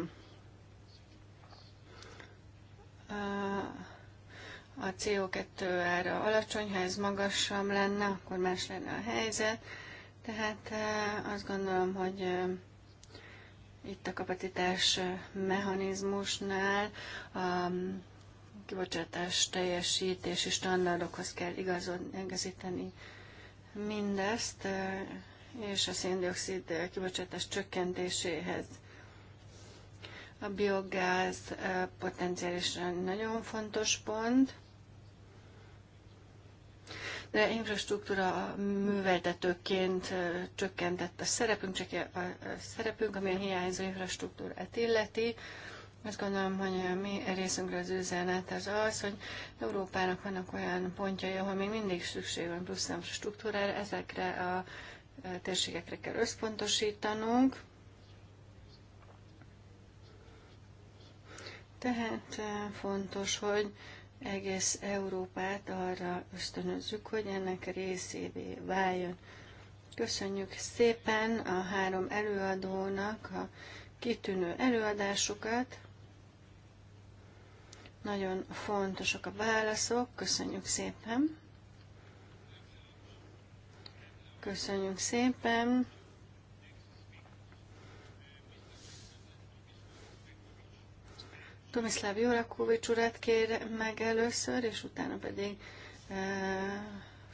A CO2 ára alacsony, ha ez magasabb lenne, akkor más lenne a helyzet. Tehát eh, azt gondolom, hogy eh, itt a kapacitás mechanizmusnál a kibocsátás teljesítési standardokhoz kell igazítani mindezt, és a széndiokszid kibocsátás csökkentéséhez. A biogáz potenciálisan nagyon fontos pont de infrastruktúra műveltetőként csökkentett a szerepünk, csak a szerepünk, ami a hiányzó infrastruktúrát illeti. Azt gondolom, hogy a mi részünkre az üzenet az az, hogy Európának vannak olyan pontjai, ahol még mindig szükség van plusz infrastruktúrára, ezekre a térségekre kell összpontosítanunk. Tehát fontos, hogy egész Európát arra ösztönözzük, hogy ennek részévé váljon. Köszönjük szépen a három előadónak a kitűnő előadásukat. Nagyon fontosak a válaszok. Köszönjük szépen. Köszönjük szépen. Tomislav Jórakovics urat kér meg először, és utána pedig uh,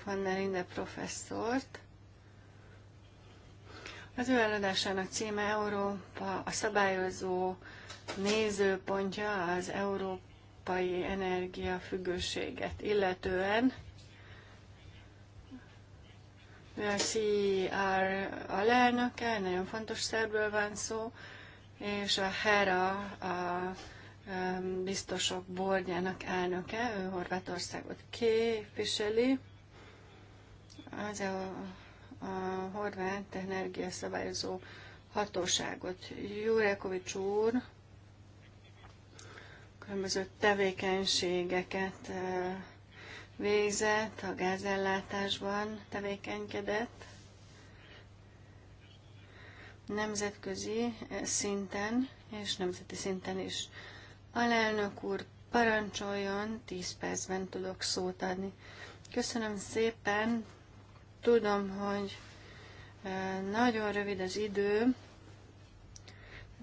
Van der Inde professzort. Az ő előadásának címe Európa, a szabályozó nézőpontja az európai energiafüggőséget illetően. Ő a CR alelnöke, nagyon fontos szerbről van szó, és a HERA a biztosok bordjának elnöke, ő Horvátországot képviseli. Az a, a horvát energiaszabályozó hatóságot. Jurekovics úr különböző tevékenységeket végzett, a gázellátásban tevékenykedett, nemzetközi szinten és nemzeti szinten is. Alelnök úr, parancsoljon, 10 percben tudok szót adni. Köszönöm szépen, tudom, hogy e, nagyon rövid az idő.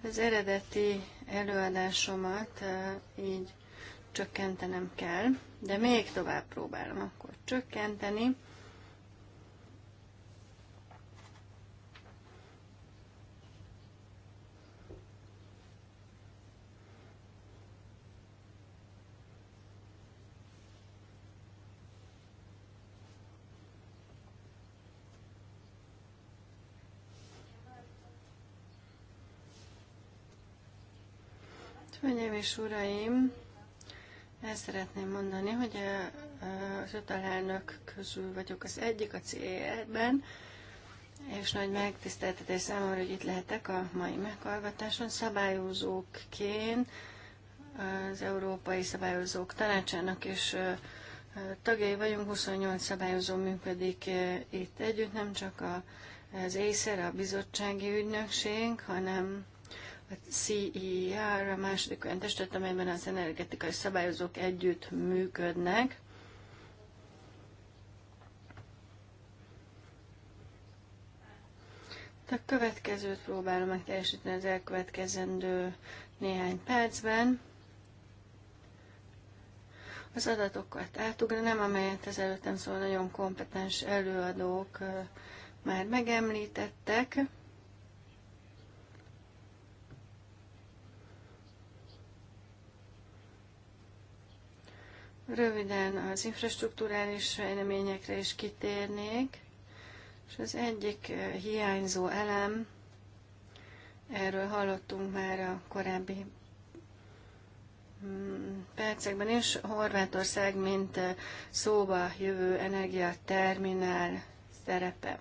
Az eredeti előadásomat e, így csökkentenem kell, de még tovább próbálom akkor csökkenteni. Hölgyeim és uraim, el szeretném mondani, hogy az öt alelnök közül vagyok az egyik a CER-ben, és nagy megtiszteltetés számomra, hogy itt lehetek a mai meghallgatáson szabályozókként, az Európai Szabályozók Tanácsának és tagjai vagyunk, 28 szabályozó működik itt együtt, nem csak az ÉSZER, a bizottsági ügynökség, hanem a CER a második olyan testület, amelyben az energetikai szabályozók együtt működnek. A következőt próbálom meg teljesíteni az elkövetkezendő néhány percben. Az adatokat nem amelyet az előttem szól nagyon kompetens előadók már megemlítettek. Röviden az infrastruktúrális fejleményekre is kitérnék, és az egyik eh, hiányzó elem, erről hallottunk már a korábbi mm, percekben is, Horvátország, mint eh, szóba jövő energiaterminál szerepe.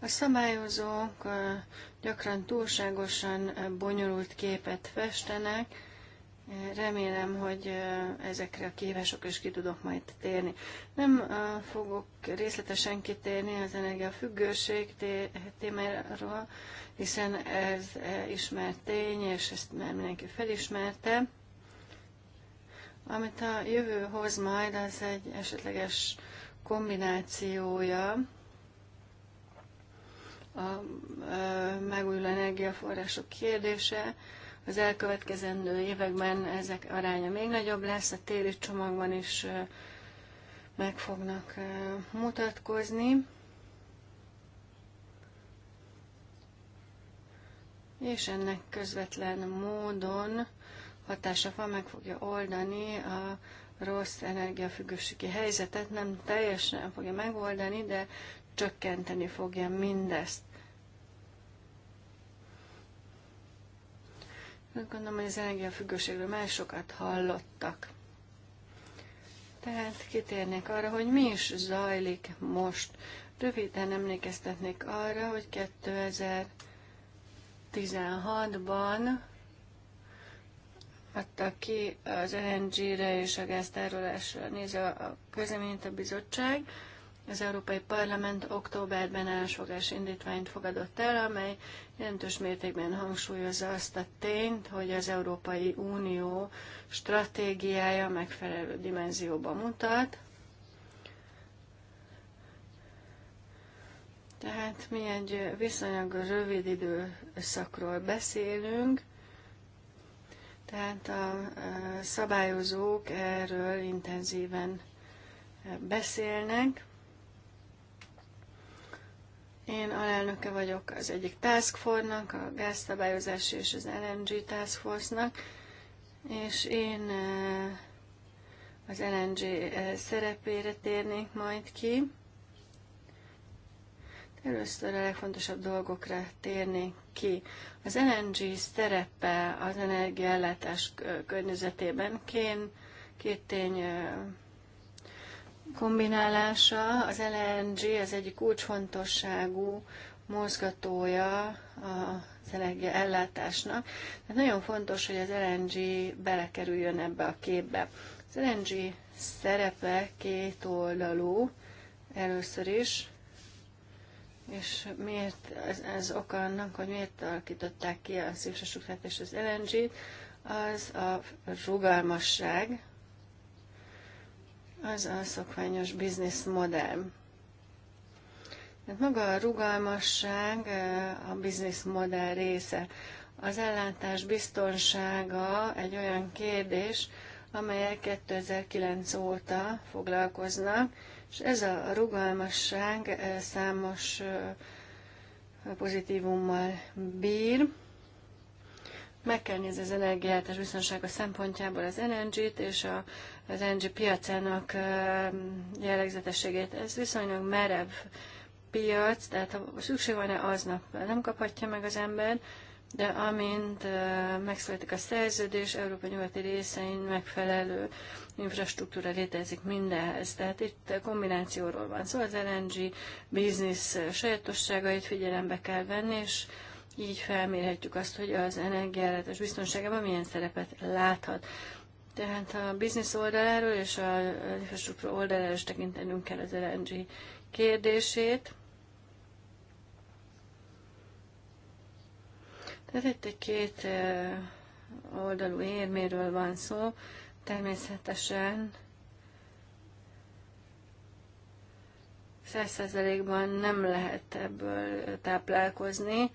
A szabályozók eh, gyakran túlságosan bonyolult képet festenek, Remélem, hogy ezekre a kihívásokra is ki tudok majd térni. Nem fogok részletesen kitérni az energiafüggőség témáról, hiszen ez e, ismert tény, és ezt már mindenki felismerte. Amit a jövő hoz majd, az egy esetleges kombinációja a megújuló energiaforrások kérdése, az elkövetkezendő években ezek aránya még nagyobb lesz, a téli csomagban is meg fognak mutatkozni. És ennek közvetlen módon hatása van, meg fogja oldani a rossz energiafüggőségi helyzetet, nem teljesen fogja megoldani, de csökkenteni fogja mindezt. Gondolom, hogy az energiafüggőségről már sokat hallottak. Tehát kitérnék arra, hogy mi is zajlik most. Röviden emlékeztetnék arra, hogy 2016-ban adta ki az LNG-re és a gáztárolásra néz a közeményt a bizottság, az Európai Parlament októberben elsogás indítványt fogadott el, amely jelentős mértékben hangsúlyozza azt a tényt, hogy az Európai Unió stratégiája megfelelő dimenzióba mutat, Tehát mi egy viszonylag rövid időszakról beszélünk, tehát a szabályozók erről intenzíven beszélnek. Én alelnöke vagyok az egyik task force-nak, a gázszabályozás és az LNG task force-nak, és én eh, az LNG eh, szerepére térnék majd ki. Először a legfontosabb dolgokra térnék ki. Az LNG szerepe az energiaellátás eh, környezetében kén, két tény kombinálása az LNG az egyik kulcsfontosságú mozgatója az ellátásnak. Tehát nagyon fontos, hogy az LNG belekerüljön ebbe a képbe. Az LNG szerepe két oldalú először is, és miért ez, ez oka annak, hogy miért alakították ki a szívsasukrát és az LNG-t, az a rugalmasság, az a szokványos bizniszmodell. Hát maga a rugalmasság a model része. Az ellátás biztonsága egy olyan kérdés, amelyek 2009 óta foglalkoznak, és ez a rugalmasság számos pozitívummal bír. Meg kell nézni az energiát biztonsága szempontjából az LNG-t és a, az LNG piacának jellegzetességét. Ez viszonylag merev piac, tehát ha szükség van-e aznap, nem kaphatja meg az ember, de amint megszületik a szerződés, Európa nyugati részein megfelelő infrastruktúra létezik mindenhez. Tehát itt kombinációról van szó, szóval az LNG biznisz sajátosságait figyelembe kell venni, és így felmérhetjük azt, hogy az energiállátás biztonságában milyen szerepet láthat. Tehát a biznisz oldaláról és a infrastruktúra oldaláról is tekintenünk kell az LNG kérdését. Tehát itt egy két oldalú érméről van szó. Természetesen 100%-ban nem lehet ebből táplálkozni,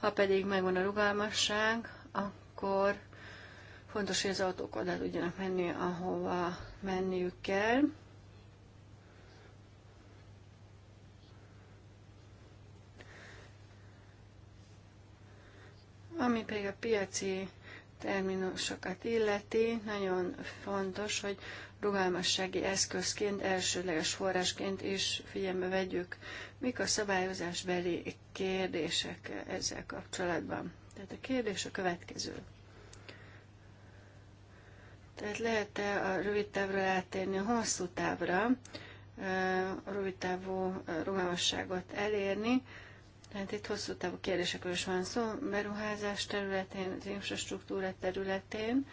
ha pedig megvan a rugalmasság, akkor fontos, hogy az autók oda tudjanak menni, ahova menniük kell. Ami pedig a piaci terminusokat illeti, nagyon fontos, hogy rugalmassági eszközként, elsődleges forrásként is figyelme vegyük, mik a szabályozásbeli kérdések ezzel kapcsolatban. Tehát a kérdés a következő. Tehát lehet-e a rövid távra áttérni a hosszú távra, eh, a rövid távú eh, rugalmasságot elérni, tehát itt hosszú távú kérdésekről is van szó, beruházás területén, az infrastruktúra területén,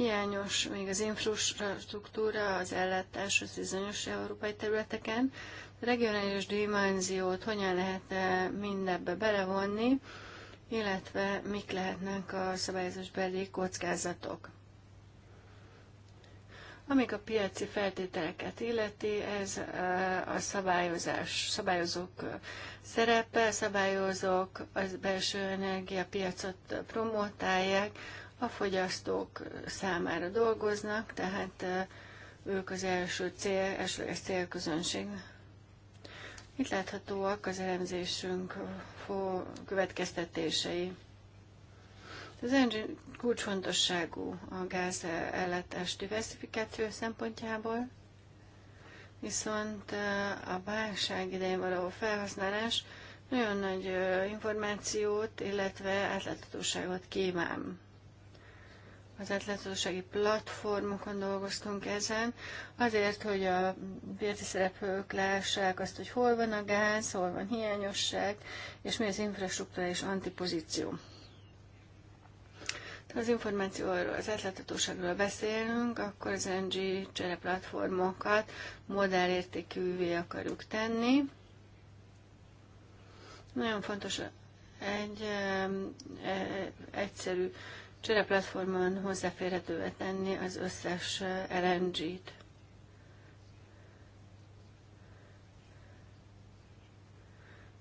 Hiányos még az infrastruktúra, az ellátás az bizonyos európai területeken. A regionális dimenziót hogyan lehet mindebbe belevonni, illetve mik lehetnek a szabályozásbeli kockázatok. Amíg a piaci feltételeket illeti, ez eh, a szabályozás, szabályozók eh, szerepe, szabályozók az belső energiapiacot promotálják, a fogyasztók számára dolgoznak, tehát ők az első cél, elsőleges célközönség. Itt láthatóak az elemzésünk következtetései. Az engine kulcsfontosságú a gáz ellátás diversifikáció szempontjából, viszont a válság idején való felhasználás nagyon nagy információt, illetve átláthatóságot kíván az átláthatósági platformokon dolgoztunk ezen, azért, hogy a piaci szereplők lássák azt, hogy hol van a gáz, hol van hiányosság, és mi az és antipozíció. Ha az információról, az átláthatóságról beszélünk, akkor az NG platformokat modellértékűvé akarjuk tenni. Nagyon fontos egy e, e, egyszerű csereplatformon hozzáférhetővé tenni az összes eh, LNG-t.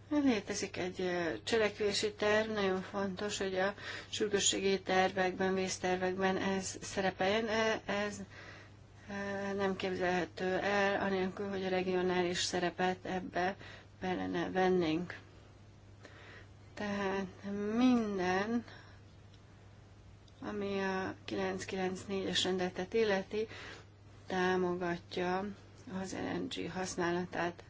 Létezik egy eh, cselekvési terv, nagyon fontos, hogy a sürgősségi tervekben, vésztervekben ez szerepeljen. E, ez eh, nem képzelhető el, anélkül, hogy a regionális szerepet ebbe bele vennénk. Tehát minden ami a 994-es rendeletet illeti, támogatja az LNG használatát.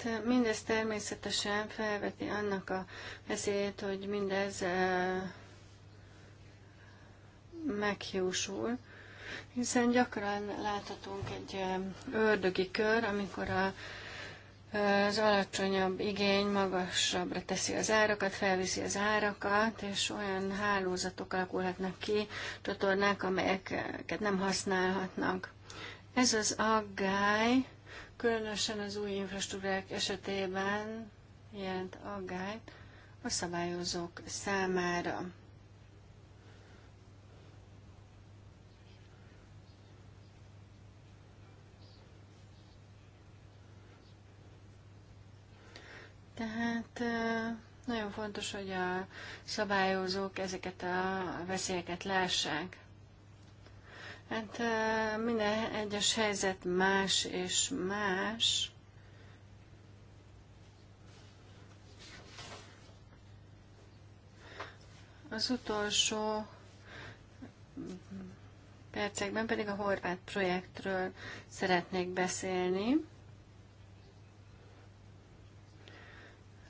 Tehát mindez természetesen felveti annak a veszélyét, hogy mindez eh, meghiúsul, hiszen gyakran láthatunk egy ördögi kör, amikor a, az alacsonyabb igény magasabbra teszi az árakat, felviszi az árakat, és olyan hálózatok alakulhatnak ki, csatornák, amelyeket nem használhatnak. Ez az aggály, különösen az új infrastruktúrák esetében jelent aggályt a szabályozók számára. Tehát nagyon fontos, hogy a szabályozók ezeket a veszélyeket lássák. Hát minden egyes helyzet más és más. Az utolsó percekben pedig a horvát projektről szeretnék beszélni.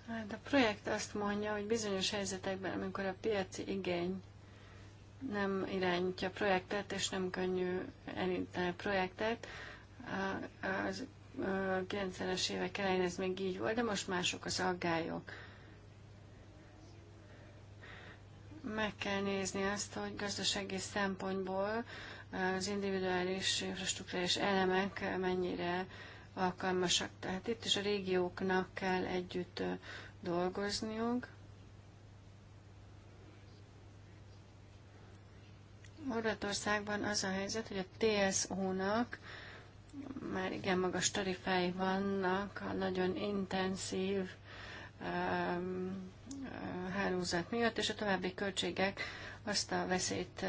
Hát a projekt azt mondja, hogy bizonyos helyzetekben, amikor a piaci igény nem irányítja a projektet, és nem könnyű elindítani a projektet, az 90-es évek elején ez még így volt, de most mások az aggályok. Meg kell nézni azt, hogy gazdasági szempontból az individuális infrastruktúrális elemek mennyire uh, alkalmasak. Tehát itt is a régióknak kell együtt dolgozniuk. Horvátországban az a helyzet, hogy a TSO-nak már igen magas tarifái vannak a nagyon intenzív um, hálózat miatt, és a további költségek azt a veszélyt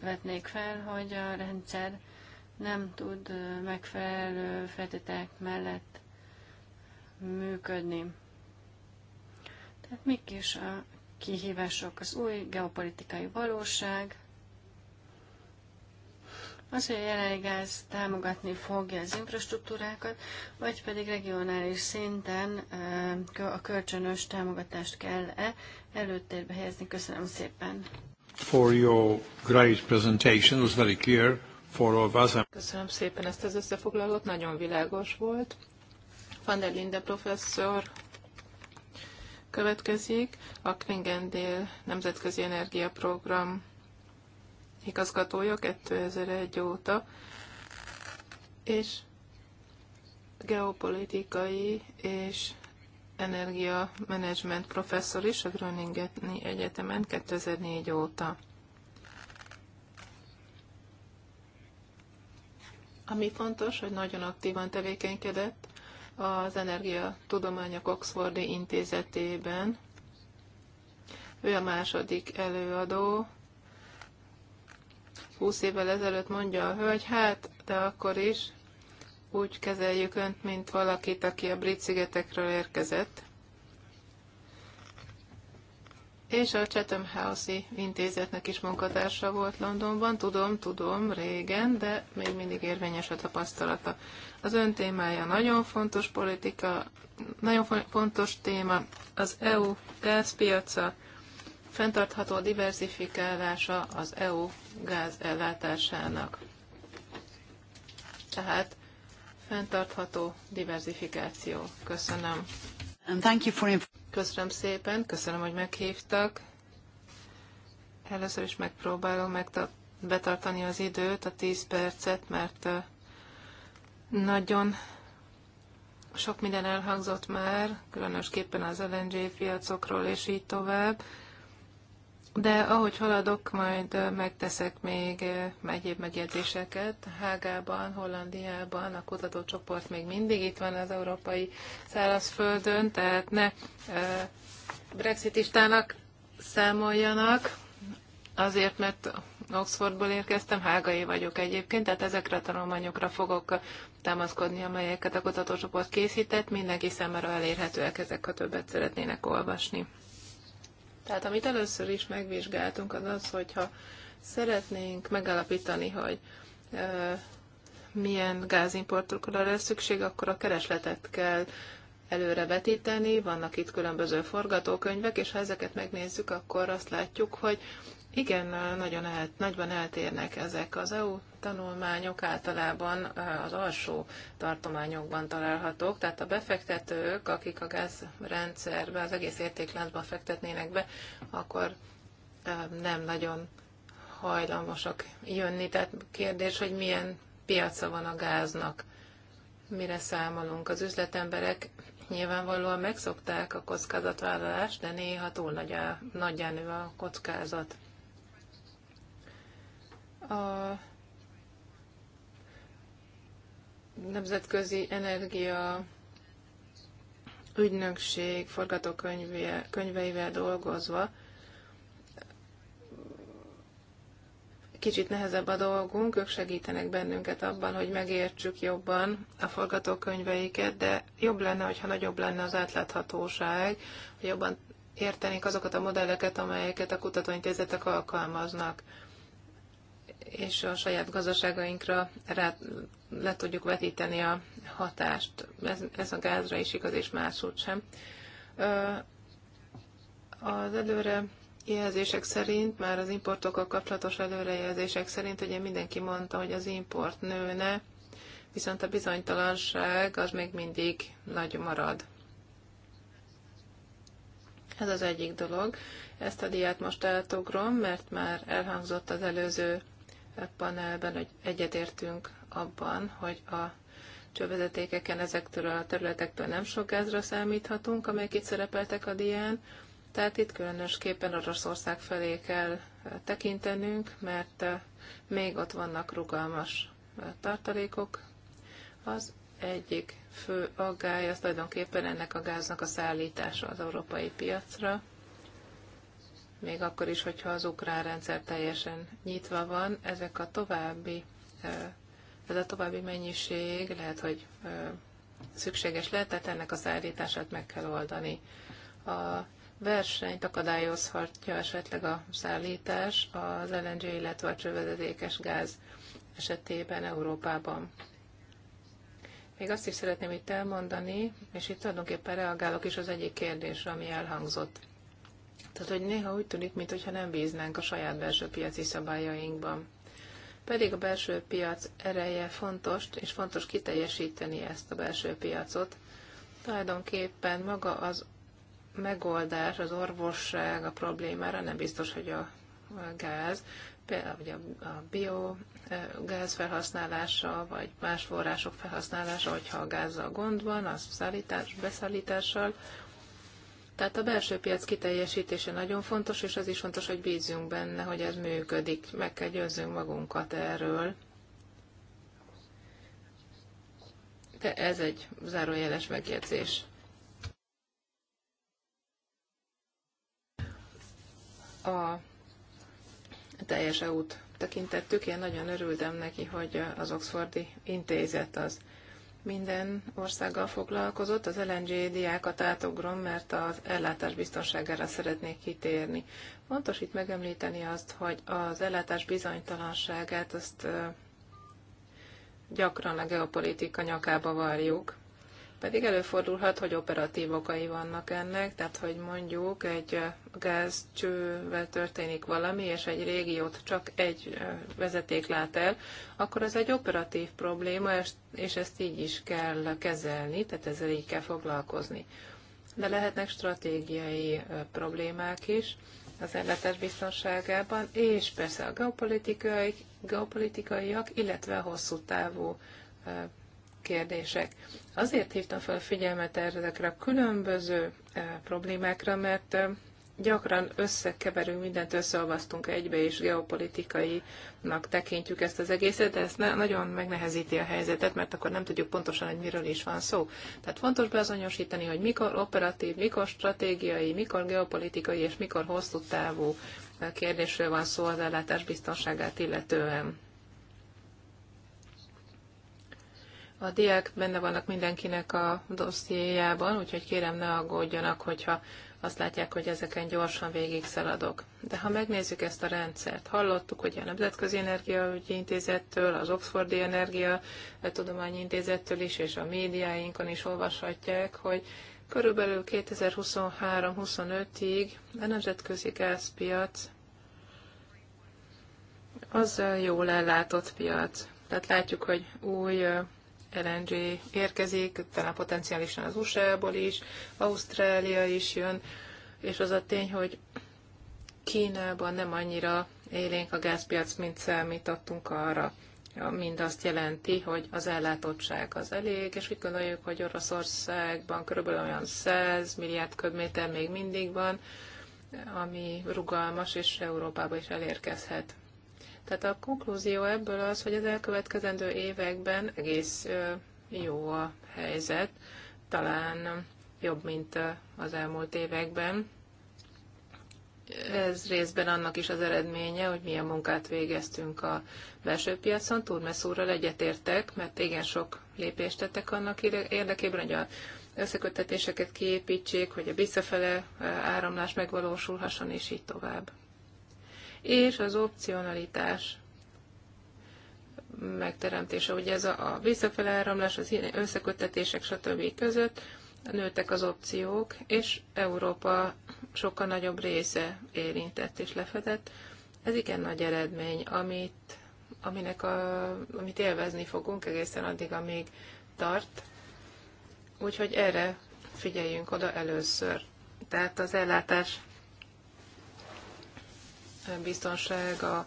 vetnék fel, hogy a rendszer nem tud megfelelő feltételek mellett működni. Tehát mik is a kihívások? Az új geopolitikai valóság, az, hogy a jelenleg gáz támogatni fogja az infrastruktúrákat, vagy pedig regionális szinten a kölcsönös támogatást kell-e előttérbe helyezni. Köszönöm szépen. For your great presentation, it was very clear for all of us. Köszönöm szépen ezt az összefoglalót, nagyon világos volt. Van der Linde professzor következik, a Kringendél Nemzetközi Energiaprogram igazgatója 2001 óta, és geopolitikai és energiamenedzsment professzor is a Gröningeni Egyetemen 2004 óta. Ami fontos, hogy nagyon aktívan tevékenykedett az energia Tudományok Oxfordi Intézetében. Ő a második előadó. Húsz évvel ezelőtt mondja a hölgy, hát, de akkor is úgy kezeljük önt, mint valakit, aki a brit szigetekről érkezett és a Chatham House-i intézetnek is munkatársa volt Londonban. Tudom, tudom, régen, de még mindig érvényes a tapasztalata. Az ön témája nagyon fontos politika, nagyon fontos téma, az EU gázpiaca, fenntartható diversifikálása az EU gáz ellátásának. Tehát fenntartható diversifikáció. Köszönöm. Köszönöm szépen, köszönöm, hogy meghívtak. Először is megpróbálom megta- betartani az időt, a 10 percet, mert nagyon sok minden elhangzott már, különösképpen az LNG piacokról és így tovább. De ahogy haladok, majd megteszek még egyéb megjegyzéseket. Hágában, Hollandiában a kutatócsoport még mindig itt van az európai szárazföldön, tehát ne brexitistának számoljanak, azért, mert Oxfordból érkeztem, hágai vagyok egyébként, tehát ezekre a tanulmányokra fogok támaszkodni, amelyeket a kutatócsoport készített, mindenki számára elérhetőek ezek, ha többet szeretnének olvasni. Tehát amit először is megvizsgáltunk, az az, hogyha szeretnénk megállapítani, hogy milyen gázimportokra lesz szükség, akkor a keresletet kell előre vetíteni, vannak itt különböző forgatókönyvek, és ha ezeket megnézzük, akkor azt látjuk, hogy igen, nagyon el, nagyban eltérnek ezek. Az EU tanulmányok általában az alsó tartományokban találhatók, tehát a befektetők, akik a gázrendszerbe, az egész értékláncba fektetnének be, akkor nem nagyon hajlamosak jönni. Tehát kérdés, hogy milyen piaca van a gáznak, mire számolunk. Az üzletemberek nyilvánvalóan megszokták a kockázatvállalást, de néha túl nagy a, a kockázat a Nemzetközi Energia Ügynökség forgatókönyveivel dolgozva kicsit nehezebb a dolgunk, ők segítenek bennünket abban, hogy megértsük jobban a forgatókönyveiket, de jobb lenne, hogyha nagyobb lenne az átláthatóság, hogy jobban értenénk azokat a modelleket, amelyeket a kutatóintézetek alkalmaznak és a saját gazdaságainkra rá, le tudjuk vetíteni a hatást. Ez, ez a gázra is igaz, és máshogy sem. Az előre jelzések szerint, már az importokkal kapcsolatos előrejelzések szerint ugye mindenki mondta, hogy az import nőne, viszont a bizonytalanság az még mindig nagy marad. Ez az egyik dolog. Ezt a diát most átugrom, mert már elhangzott az előző panelben, hogy egyetértünk abban, hogy a csővezetékeken ezektől a területektől nem sok gázra számíthatunk, amelyek itt szerepeltek a dián, tehát itt különösképpen Oroszország felé kell tekintenünk, mert eh, még ott vannak rugalmas eh, tartalékok. Az egyik fő aggály az tulajdonképpen ennek a gáznak a szállítása az európai piacra még akkor is, hogyha az ukrán rendszer teljesen nyitva van, ezek a további, ez a további mennyiség lehet, hogy szükséges lehet, tehát ennek az állítását meg kell oldani. A versenyt akadályozhatja esetleg a szállítás az LNG, illetve a csövezetékes gáz esetében Európában. Még azt is szeretném itt elmondani, és itt tulajdonképpen reagálok is az egyik kérdésre, ami elhangzott. Tehát, hogy néha úgy tűnik, mintha nem bíznánk a saját belső piaci szabályainkban. Pedig a belső piac ereje fontos, és fontos kiteljesíteni ezt a belső piacot. Tulajdonképpen maga az megoldás, az orvosság a problémára nem biztos, hogy a gáz, például ugye a biogáz felhasználása, vagy más források felhasználása, hogyha a gázzal gond van, az szállítás, beszállítással, tehát a belső piac kiteljesítése nagyon fontos, és az is fontos, hogy bízzünk benne, hogy ez működik. Meg kell győzzünk magunkat erről. De ez egy zárójeles megjegyzés. A teljes út. E tekintettük, én nagyon örültem neki, hogy az Oxfordi intézet az minden országgal foglalkozott, az LNG diákat átugrom, mert az ellátás biztonságára szeretnék kitérni. Fontos itt megemlíteni azt, hogy az ellátás bizonytalanságát azt gyakran a geopolitika nyakába varjuk, pedig előfordulhat, hogy operatív okai vannak ennek, tehát hogy mondjuk egy gázcsővel történik valami, és egy régiót csak egy vezeték lát el, akkor ez egy operatív probléma, és ezt így is kell kezelni, tehát ezzel így kell foglalkozni. De lehetnek stratégiai problémák is az ellátás biztonságában, és persze a geopolitikai, geopolitikaiak, illetve a hosszú távú kérdések. Azért hívtam fel a figyelmet ezekre a különböző eh, problémákra, mert eh, gyakran összekeverünk, mindent összeolvasztunk egybe, és geopolitikainak tekintjük ezt az egészet, de ez nagyon megnehezíti a helyzetet, mert akkor nem tudjuk pontosan, hogy miről is van szó. Tehát fontos beazonyosítani, hogy mikor operatív, mikor stratégiai, mikor geopolitikai, és mikor hosszú távú eh, kérdésről van szó az ellátás biztonságát illetően. A diák benne vannak mindenkinek a dossziéjában, úgyhogy kérem ne aggódjanak, hogyha azt látják, hogy ezeken gyorsan végig szaladok. De ha megnézzük ezt a rendszert, hallottuk, hogy a Nemzetközi Energiaügyi Intézettől, az Oxfordi Energia Tudományi Intézettől is, és a médiáinkon is olvashatják, hogy körülbelül 2023-25-ig a nemzetközi gázpiac az jól ellátott piac. Tehát látjuk, hogy új LNG érkezik, talán potenciálisan az USA-ból is, Ausztrália is jön, és az a tény, hogy Kínában nem annyira élénk a gázpiac, mint számítottunk arra. Mind azt jelenti, hogy az ellátottság az elég, és úgy gondoljuk, hogy Oroszországban körülbelül olyan 100 milliárd köbméter még mindig van, ami rugalmas, és Európába is elérkezhet. Tehát a konklúzió ebből az, hogy az elkövetkezendő években egész jó a helyzet, talán jobb, mint az elmúlt években. Ez részben annak is az eredménye, hogy milyen munkát végeztünk a belső piacon. Turmes úrral egyetértek, mert igen sok lépést tettek annak érdekében, hogy a összeköttetéseket kiépítsék, hogy a visszafele áramlás megvalósulhasson, és így tovább és az opcionalitás megteremtése. Ugye ez a, a visszafele áramlás, az összeköttetések, stb. között nőttek az opciók, és Európa sokkal nagyobb része érintett és lefedett. Ez igen nagy eredmény, amit, aminek a, amit élvezni fogunk egészen addig, amíg tart. Úgyhogy erre figyeljünk oda először. Tehát az ellátás biztonsága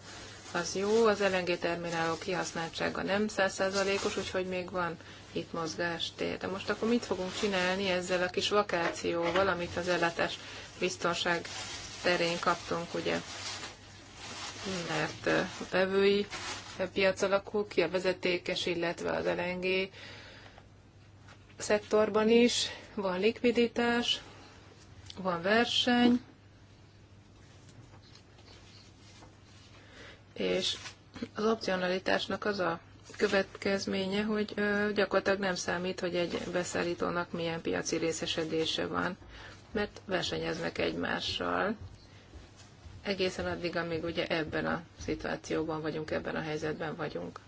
az jó, az LNG terminálok kihasználtsága nem százszázalékos, úgyhogy még van itt mozgástér. De most akkor mit fogunk csinálni ezzel a kis vakációval, amit az ellátás biztonság terén kaptunk, ugye? Mert vevői piac alakul ki, a vezetékes, illetve az LNG szektorban is, van likviditás, van verseny, és az opcionalitásnak az a következménye, hogy gyakorlatilag nem számít, hogy egy beszállítónak milyen piaci részesedése van, mert versenyeznek egymással, egészen addig, amíg ugye ebben a szituációban vagyunk, ebben a helyzetben vagyunk.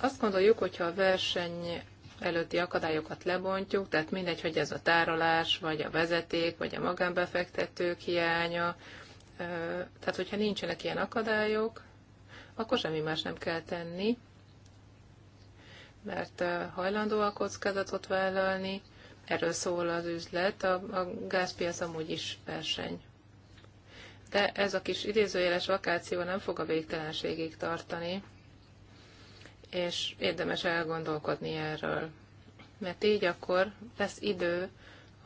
Azt gondoljuk, hogyha a verseny előtti akadályokat lebontjuk, tehát mindegy, hogy ez a tárolás, vagy a vezeték, vagy a magánbefektetők hiánya, tehát hogyha nincsenek ilyen akadályok, akkor semmi más nem kell tenni, mert hajlandó a kockázatot vállalni, erről szól az üzlet, a, a gázpiac amúgy is verseny. De ez a kis idézőjeles vakáció nem fog a végtelenségig tartani, és érdemes elgondolkodni erről. Mert így akkor lesz idő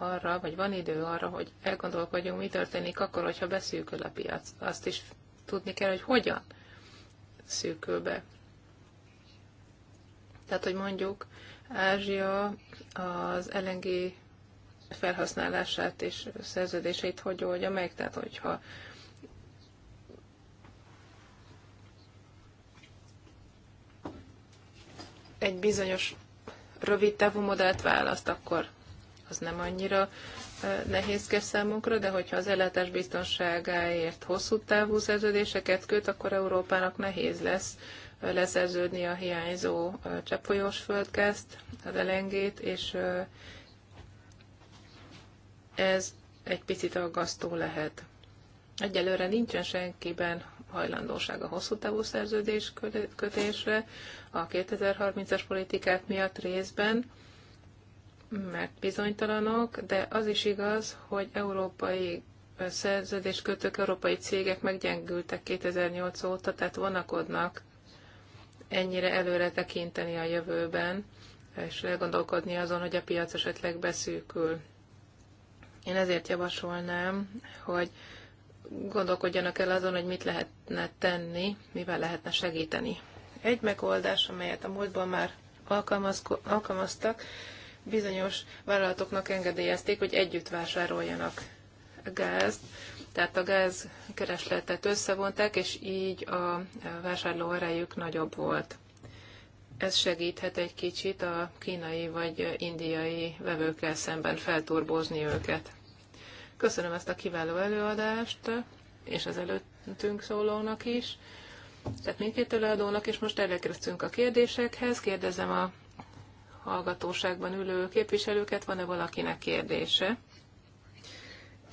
arra, vagy van idő arra, hogy elgondolkodjunk, mi történik akkor, hogyha beszűkül a piac. Azt is tudni kell, hogy hogyan szűkül be. Tehát, hogy mondjuk Ázsia az LNG felhasználását és szerződéseit hogy oldja meg, tehát hogyha egy bizonyos rövid távú modellt választ, akkor az nem annyira nehézkes számunkra, de hogyha az ellátás biztonságáért hosszú távú szerződéseket köt, akkor Európának nehéz lesz leszerződni a hiányzó cseppfolyós földgázt, az elengét, és ez egy picit aggasztó lehet. Egyelőre nincsen senkiben hajlandóság a hosszú távú szerződés kötésre a 2030-as politikák miatt részben, mert bizonytalanok, de az is igaz, hogy európai szerződéskötők, európai cégek meggyengültek 2008 óta, tehát vonakodnak ennyire előre tekinteni a jövőben, és elgondolkodni azon, hogy a piac esetleg beszűkül. Én ezért javasolnám, hogy gondolkodjanak el azon, hogy mit lehetne tenni, mivel lehetne segíteni. Egy megoldás, amelyet a múltban már alkalmaztak, bizonyos vállalatoknak engedélyezték, hogy együtt vásároljanak gázt, tehát a gáz keresletet összevonták, és így a vásárló erejük nagyobb volt. Ez segíthet egy kicsit a kínai vagy indiai vevőkkel szemben felturbózni őket. Köszönöm ezt a kiváló előadást, és az előttünk szólónak is. Tehát mindkét előadónak, és most elkezdtünk a kérdésekhez. Kérdezem a hallgatóságban ülő képviselőket, van-e valakinek kérdése?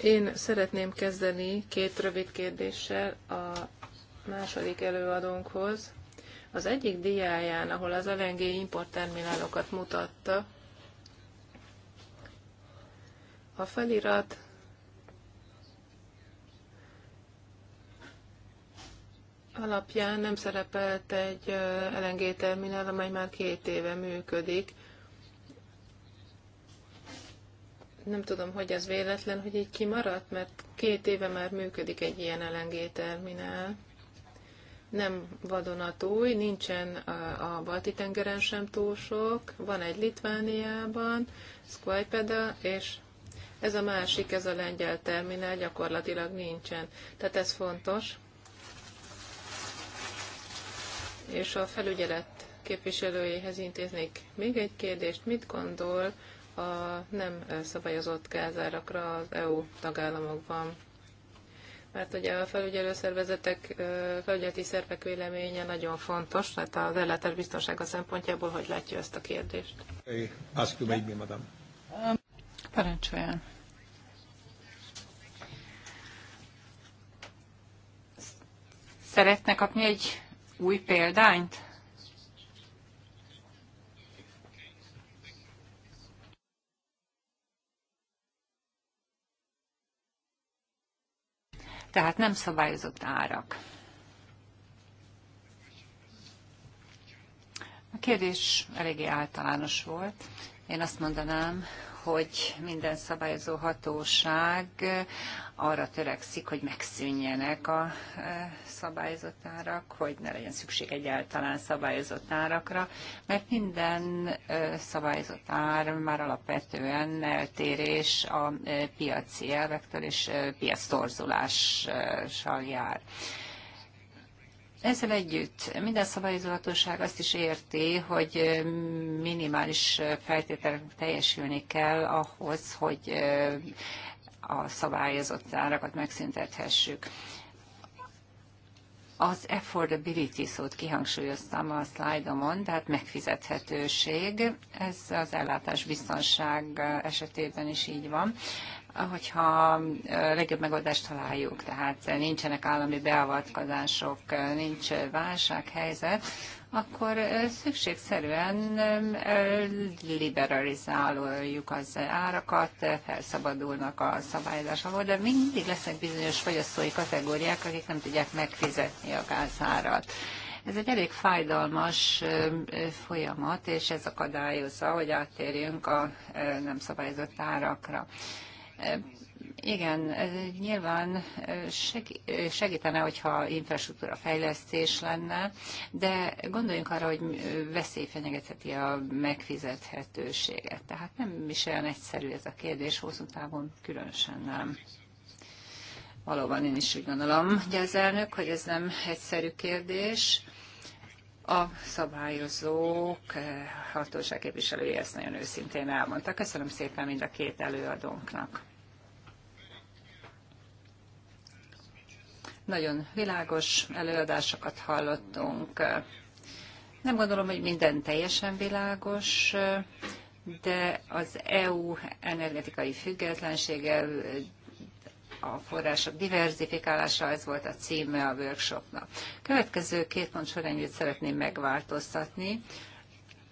Én szeretném kezdeni két rövid kérdéssel a második előadónkhoz. Az egyik diáján, ahol az LNG importterminálokat mutatta, a felirat alapján nem szerepelt egy LNG terminál, amely már két éve működik. nem tudom, hogy ez véletlen, hogy így kimaradt, mert két éve már működik egy ilyen LNG terminál. Nem vadonatúj, nincsen a, a balti tengeren sem túl sok, van egy Litvániában, Skypeda, és ez a másik, ez a lengyel terminál gyakorlatilag nincsen. Tehát ez fontos. És a felügyelet képviselőjéhez intéznék még egy kérdést. Mit gondol a nem szabályozott gázárakra az EU tagállamokban. Mert ugye a felügyelő szervezetek, felügyeleti szervek véleménye nagyon fontos, tehát az ellátás biztonsága szempontjából hogy látja ezt a kérdést. Hey, madam. Parancsoljon. Szeretne kapni egy új példányt? tehát nem szabályozott árak. A kérdés eléggé általános volt. Én azt mondanám, hogy minden szabályozó hatóság arra törekszik, hogy megszűnjenek a e, szabályozott árak, hogy ne legyen szükség egyáltalán szabályozott árakra, mert minden e, szabályozott ár már alapvetően eltérés a e, piaci elvektől és piac torzulással jár. Ezzel együtt minden szabályozóhatóság azt is érti, hogy minimális feltételek teljesülni kell ahhoz, hogy a szabályozott árakat megszüntethessük. Az affordability szót kihangsúlyoztam a szlájdomon, tehát megfizethetőség. Ez az ellátás biztonság esetében is így van hogyha legjobb megoldást találjuk, tehát nincsenek állami beavatkozások, nincs válsághelyzet, akkor szükségszerűen liberalizáljuk az árakat, felszabadulnak a szabályozás alól, de mindig lesznek bizonyos fogyasztói kategóriák, akik nem tudják megfizetni a gázárat. Ez egy elég fájdalmas folyamat, és ez akadályozza, hogy áttérjünk a nem szabályozott árakra. Igen, nyilván segítene, hogyha infrastruktúra fejlesztés lenne, de gondoljunk arra, hogy veszély fenyegetheti a megfizethetőséget. Tehát nem is olyan egyszerű ez a kérdés, hosszú távon különösen nem. Valóban én is úgy gondolom, hogy az elnök, hogy ez nem egyszerű kérdés. A szabályozók, hatóság képviselői ezt nagyon őszintén elmondta. Köszönöm szépen mind a két előadónknak. Nagyon világos előadásokat hallottunk. Nem gondolom, hogy minden teljesen világos, de az EU energetikai függetlensége, a források diverzifikálása, ez volt a címe a workshopnak. Következő két pont során szeretném megváltoztatni.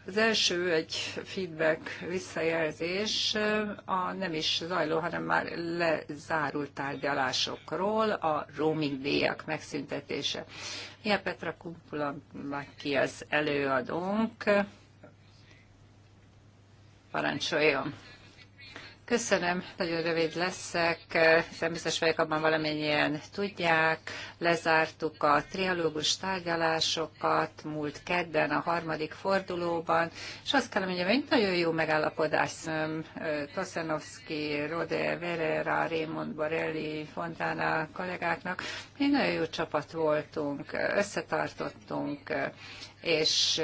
Az első egy feedback visszajelzés a nem is zajló, hanem már lezárult tárgyalásokról, a roaming díjak megszüntetése. a Petra Kumpula, ki az előadónk. Parancsoljon! Köszönöm, nagyon rövid leszek, hiszen biztos vagyok abban valamennyien tudják. Lezártuk a trialógus tárgyalásokat múlt kedden a harmadik fordulóban, és azt kell mondjam, hogy nagyon jó megállapodás Toszanovszki, Rode, Verera, Raymond Borelli, Fontana kollégáknak. Mi nagyon jó csapat voltunk, összetartottunk, és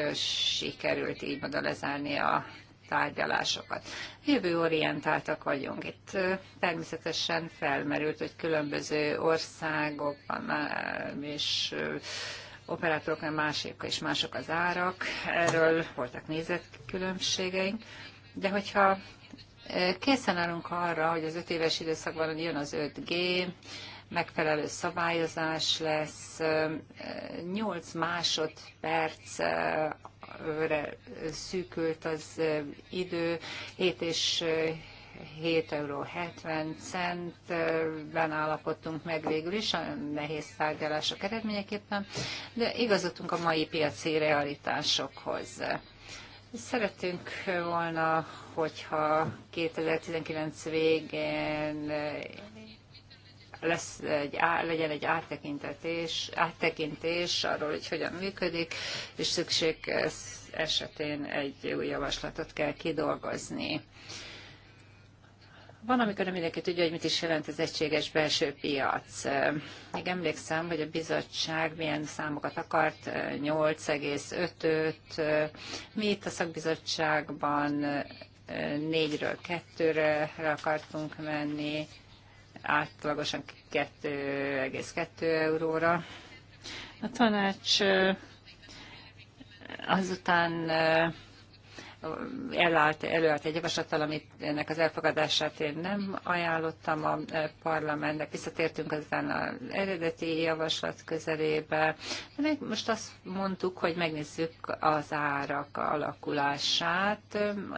sikerült így oda lezárni a tárgyalásokat. Jövőorientáltak vagyunk. Itt természetesen felmerült, hogy különböző országokban és operátoroknál másik és mások az árak. Erről voltak nézetkülönbségeink. De hogyha készen állunk arra, hogy az öt éves időszakban jön az 5G, megfelelő szabályozás lesz, 8 másodperc re szűkült az idő, 7 és 7 euró 70 centben állapodtunk meg végül is, a nehéz tárgyalások eredményeképpen, de igazodtunk a mai piaci realitásokhoz. Szeretünk volna, hogyha 2019 végén lesz egy, legyen egy áttekintetés, áttekintés arról, hogy hogyan működik, és szükség esetén egy új javaslatot kell kidolgozni. Van, amikor nem mindenki tudja, hogy mit is jelent az egységes belső piac. Még emlékszem, hogy a bizottság milyen számokat akart, 8,5-öt. Mi itt a szakbizottságban négyről kettőre akartunk menni, átlagosan 2,2 euróra. A tanács azután elállt, előállt egy javaslattal, amit ennek az elfogadását én nem ajánlottam a parlamentnek. Visszatértünk aztán az eredeti javaslat közelébe. meg most azt mondtuk, hogy megnézzük az árak alakulását.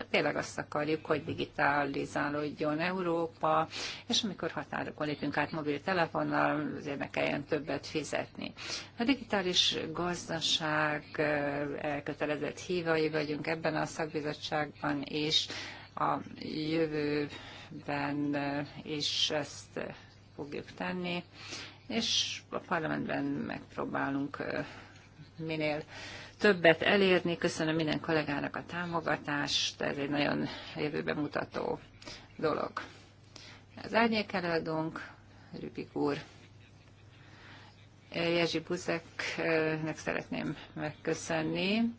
Tényleg azt akarjuk, hogy digitalizálódjon Európa, és amikor határokon lépünk át mobiltelefonnal, azért ne kelljen többet fizetni. A digitális gazdaság eh, elkötelezett hívai vagyunk ebben a szakban, bizottságban és a jövőben is ezt fogjuk tenni, és a parlamentben megpróbálunk minél többet elérni. Köszönöm minden kollégának a támogatást, ez egy nagyon jövőbe mutató dolog. Az árnyék előadónk, Rübik úr, Jezsi Buzeknek szeretném megköszönni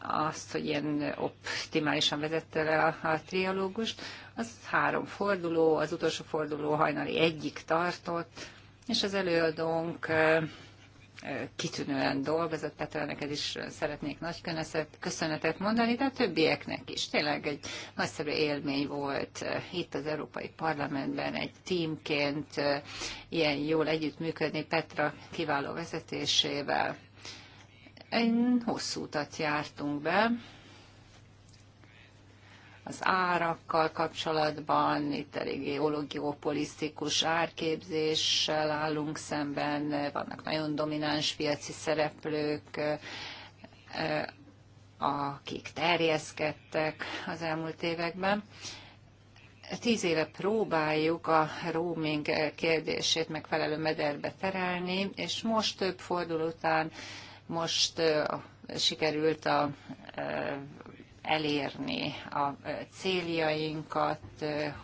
azt, hogy ilyen optimálisan vezette le a, a trialógust, az három forduló, az utolsó forduló hajnali egyik tartott, és az előadónk kitűnően dolgozott, Petra, neked is szeretnék nagy köszönetet mondani, de a többieknek is. Tényleg egy nagyszerű élmény volt itt az Európai Parlamentben egy tímként ilyen jól együttműködni Petra kiváló vezetésével egy hosszú utat jártunk be, az árakkal kapcsolatban, itt elég ologiopolisztikus árképzéssel állunk szemben, vannak nagyon domináns piaci szereplők, eh, akik terjeszkedtek az elmúlt években. Tíz éve próbáljuk a roaming kérdését megfelelő mederbe terelni, és most több fordul után most sikerült a, elérni a céljainkat,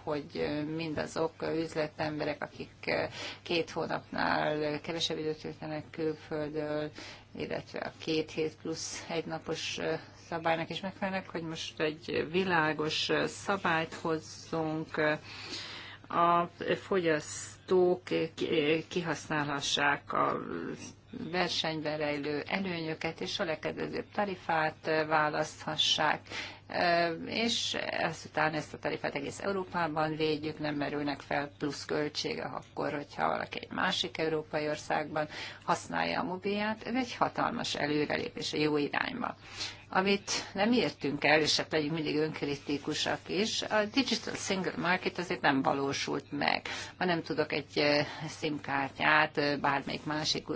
hogy mindazok üzletemberek, akik két hónapnál kevesebb időt töltenek külföldön, illetve a két hét plusz egy napos szabálynak is megfelelnek, hogy most egy világos szabályt hozzunk, a fogyasztók kihasználhassák a versenyben rejlő előnyöket és a legkedvezőbb tarifát választhassák és ezután ezt a tarifát egész Európában védjük, nem merülnek fel plusz költsége akkor, hogyha valaki egy másik európai országban használja a mobilját. Ez egy hatalmas előrelépés a jó irányba. Amit nem értünk el, és hát legyünk mindig önkritikusak is, a Digital Single Market azért nem valósult meg. Ha nem tudok egy eh, SIM-kártyát eh, bármelyik másik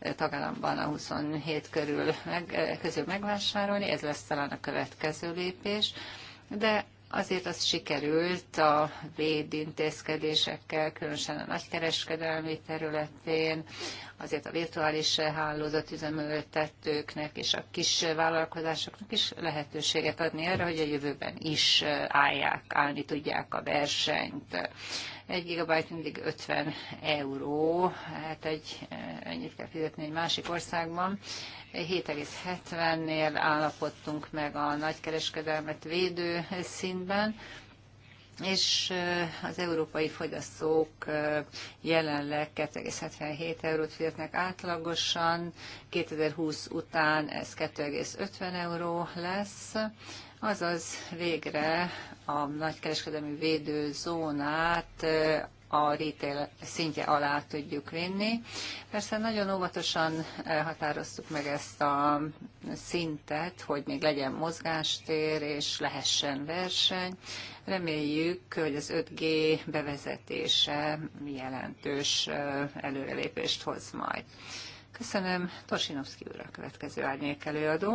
eh, tagállamban a 27 körül meg, közül megvásárolni, ez lesz talán a következő lépés, de azért az sikerült a védintézkedésekkel, különösen a nagykereskedelmi területén, azért a virtuális hálózatüzemeltetőknek és a kis vállalkozásoknak is lehetőséget adni arra, hogy a jövőben is állják, állni tudják a versenyt. 1 gigabyte mindig 50 euró, hát egy, ennyit kell fizetni egy másik országban. 7,70-nél állapodtunk meg a nagykereskedelmet védő szintben, és eh, az európai fogyasztók eh, jelenleg 2,77 eurót fizetnek átlagosan, 2020 után ez 2,50 euró lesz, azaz végre a nagykereskedelmi védőzónát a retail szintje alá tudjuk vinni. Persze nagyon óvatosan határoztuk meg ezt a szintet, hogy még legyen mozgástér és lehessen verseny. Reméljük, hogy az 5G bevezetése jelentős előrelépést hoz majd. Köszönöm. Tosinovszki úr a következő árnyék előadó.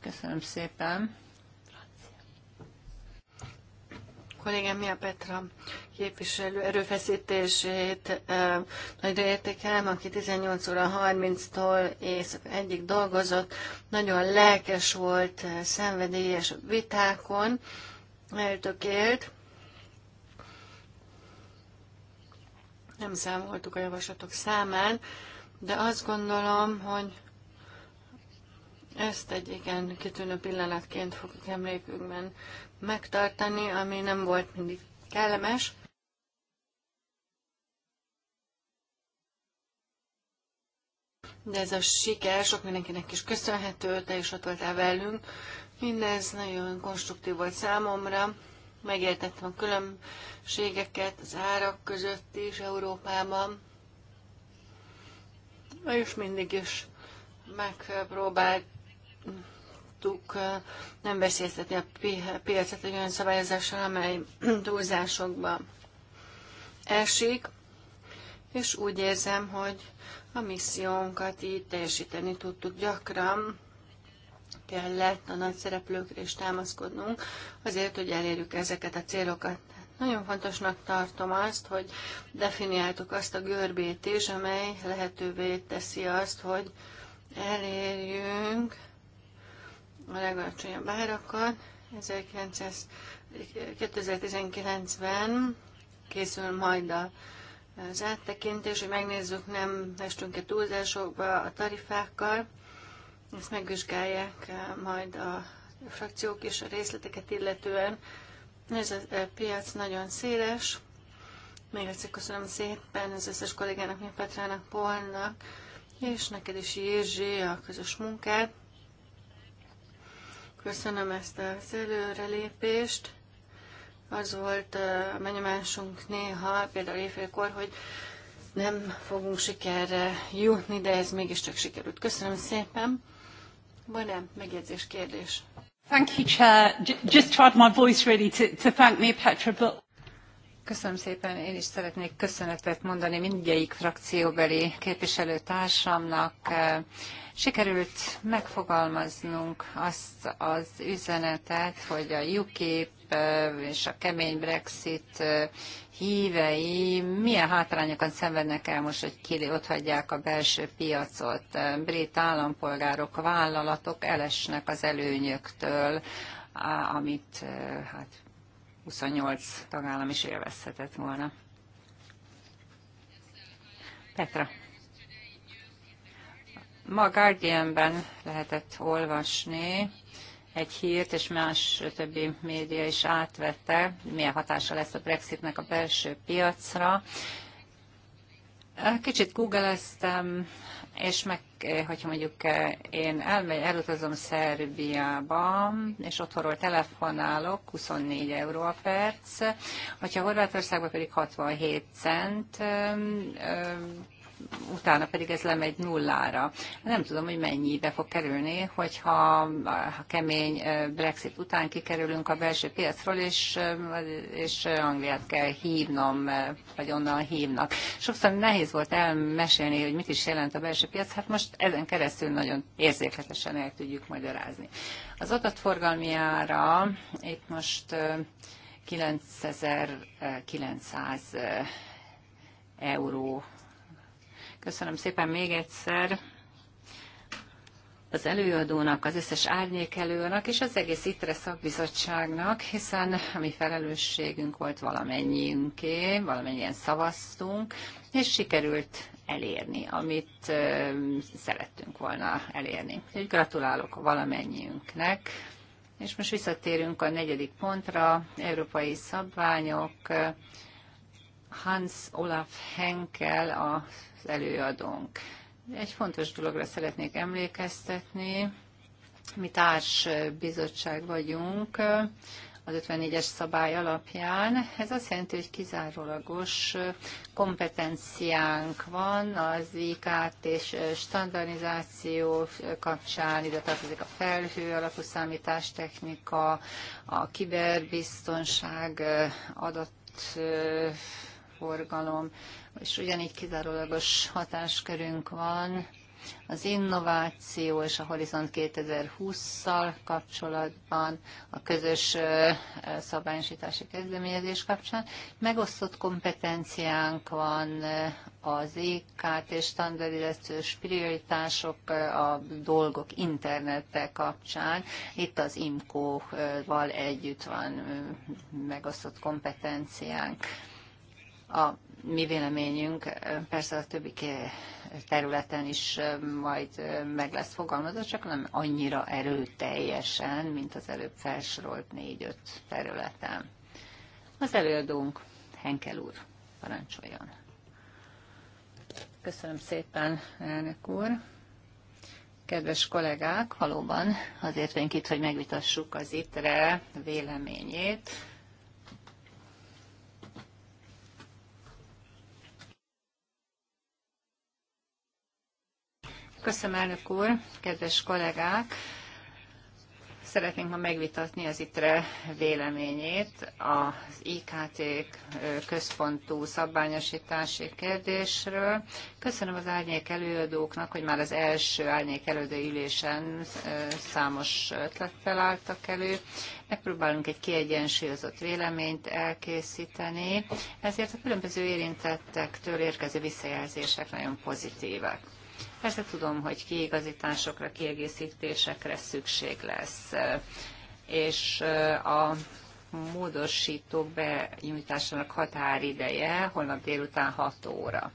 Köszönöm szépen. kollégám Mia Petra képviselő erőfeszítését nagyra értékelem, aki 18 óra 30-tól éjszaka egyik dolgozott, nagyon lelkes volt, szenvedélyes vitákon, eltökélt. Nem számoltuk a javaslatok számán, de azt gondolom, hogy ezt egy igen kitűnő pillanatként fogjuk emlékünkben megtartani, ami nem volt mindig kellemes. De ez a siker sok mindenkinek is köszönhető, te is ott voltál velünk. Mindez nagyon konstruktív volt számomra. Megértettem a különbségeket az árak között is Európában. És mindig is megpróbált tudtuk nem veszélyeztetni a piacot egy olyan szabályozással, amely túlzásokba esik, és úgy érzem, hogy a missziónkat így teljesíteni tudtuk gyakran, kellett a nagy szereplőkre is támaszkodnunk, azért, hogy elérjük ezeket a célokat. Nagyon fontosnak tartom azt, hogy definiáltuk azt a görbét is, amely lehetővé teszi azt, hogy elérjünk a legalacsonyabb árakat. 2019-ben készül majd a az áttekintés, hogy megnézzük, nem vestünk-e túlzásokba a tarifákkal. Ezt megvizsgálják eh, majd a frakciók és a részleteket illetően. Ez a eh, piac nagyon széles. Még egyszer köszönöm szépen az összes kollégának, mint Petrának, Polnak, és neked is Jézsi a közös munkát. Köszönöm ezt az előrelépést. Az volt a benyomásunk néha, például éjfélkor, hogy nem fogunk sikerre jutni, de ez mégiscsak sikerült. Köszönöm szépen. Van-e megjegyzés, kérdés? Thank you, Chair. Just tried my voice really to, to thank me, Petra, but... Köszönöm szépen, én is szeretnék köszönetet mondani mindegyik frakcióbeli képviselőtársamnak. Sikerült megfogalmaznunk azt az üzenetet, hogy a UKIP eh, és a kemény Brexit eh, hívei milyen hátrányokat szenvednek el most, hogy ki ott hagyják a belső piacot. Brit állampolgárok, vállalatok elesnek az előnyöktől, amit eh, hát 28 tagállam is élvezhetett volna. Petra. Ma Guardianben lehetett olvasni egy hírt, és más többi média is átvette, milyen hatása lesz a Brexitnek a belső piacra. Kicsit Googleztem és meg, eh, hogyha mondjuk eh, én elmegy, elutazom Szerbiába, és otthonról telefonálok, 24 euró a perc, hogyha Horvátországban pedig 67 cent, utána pedig ez lemegy nullára. Nem tudom, hogy mennyibe fog kerülni, hogyha a kemény Brexit után kikerülünk a belső piacról, és, és Angliát kell hívnom, vagy onnan hívnak. Sokszor nehéz volt elmesélni, hogy mit is jelent a belső piac, hát most ezen keresztül nagyon érzékletesen el tudjuk magyarázni. Az adatforgalmi ára itt most 9900 euró Köszönöm szépen még egyszer az előadónak, az összes árnyékelőnek és az egész ITRE szakbizottságnak, hiszen a mi felelősségünk volt valamennyiünké, valamennyien szavaztunk, és sikerült elérni, amit ö, szerettünk volna elérni. Úgyhogy gratulálok valamennyiünknek. És most visszatérünk a negyedik pontra, európai szabványok, Hans Olaf Henkel az előadónk. Egy fontos dologra szeretnék emlékeztetni. Mi társ bizottság vagyunk az 54-es szabály alapján. Ez azt jelenti, hogy kizárólagos kompetenciánk van az IKT és standardizáció kapcsán, ide tartozik a felhő alapú számítástechnika, a kiberbiztonság adat forgalom, és ugyanígy kizárólagos hatáskörünk van az innováció és a Horizont 2020-szal kapcsolatban, a közös szabályosítási kezdeményezés kapcsán. Megosztott kompetenciánk van az IKT e és standardizációs prioritások a dolgok internete kapcsán. Itt az IMCO-val együtt van megosztott kompetenciánk a mi véleményünk persze a többi területen is majd meg lesz fogalmazva, csak nem annyira erőteljesen, mint az előbb felsorolt négy-öt területen. Az előadónk Henkel úr, parancsoljon. Köszönöm szépen, elnök úr. Kedves kollégák, valóban azért vagyunk itt, hogy megvitassuk az ITRE véleményét Köszönöm, elnök úr, kedves kollégák! Szeretnénk ma megvitatni az ITRE véleményét az IKT központú szabványosítási kérdésről. Köszönöm az árnyék előadóknak, hogy már az első árnyék előadó ülésen számos ötlettel álltak elő. Megpróbálunk egy kiegyensúlyozott véleményt elkészíteni, ezért a különböző érintettektől érkező visszajelzések nagyon pozitívak. Persze tudom, hogy kiigazításokra, kiegészítésekre szükség lesz, és a módosítók benyújtásának határideje holnap délután 6 óra.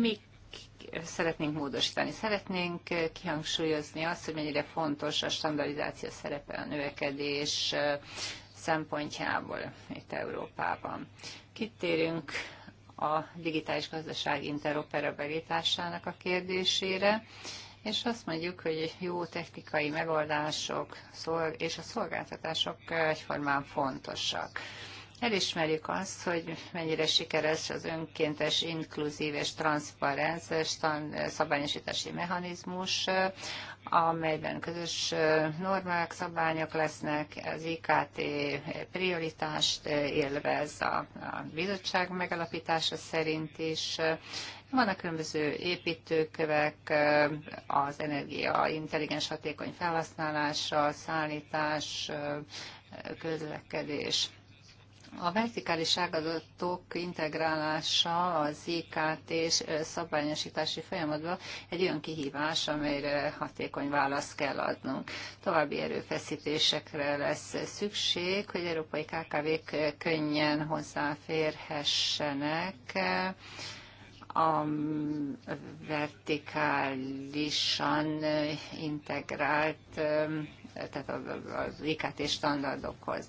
Mi szeretnénk módosítani? Szeretnénk kihangsúlyozni azt, hogy mennyire fontos a standardizáció szerepe a növekedés szempontjából itt Európában. Kitérünk a digitális gazdaság interoperabilitásának a kérdésére, és azt mondjuk, hogy jó technikai megoldások és a szolgáltatások egyformán fontosak. Elismerjük azt, hogy mennyire sikeres az önkéntes, inkluzív és transzparens szabályosítási mechanizmus, amelyben közös normák, szabályok lesznek, az IKT prioritást élvez a, a bizottság megalapítása szerint is, vannak különböző építőkövek, az energia intelligens hatékony felhasználása, szállítás, közlekedés. A vertikális ágazatok integrálása az IKT és szabványosítási folyamatban egy olyan kihívás, amelyre hatékony választ kell adnunk. További erőfeszítésekre lesz szükség, hogy európai KKV-k könnyen hozzáférhessenek a vertikálisan integrált, tehát az IKT standardokhoz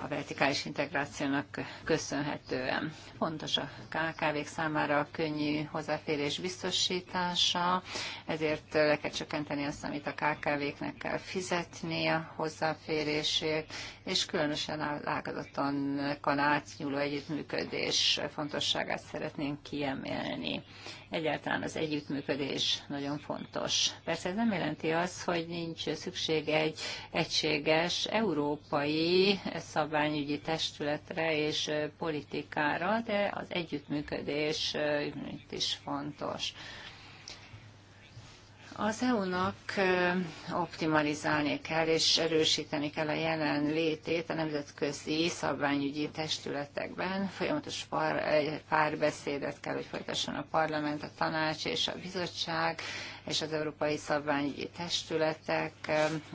a vertikális integrációnak köszönhetően. Fontos a KKV-k számára a könnyű hozzáférés biztosítása, ezért le kell csökkenteni azt, amit a KKV-knek kell fizetni a hozzáférésért, és különösen a ágazaton átnyúló együttműködés fontosságát szeretnénk kiemelni. Egyáltalán az együttműködés nagyon fontos. Persze ez nem jelenti azt, hogy nincs szükség egy egységes európai szabványügyi testületre és politikára, de az együttműködés itt is fontos. Az EU-nak optimalizálni kell és erősíteni kell a jelen létét a nemzetközi szabványügyi testületekben. Folyamatos párbeszédet kell, hogy folytasson a parlament, a tanács és a bizottság, és az európai szabványügyi testületek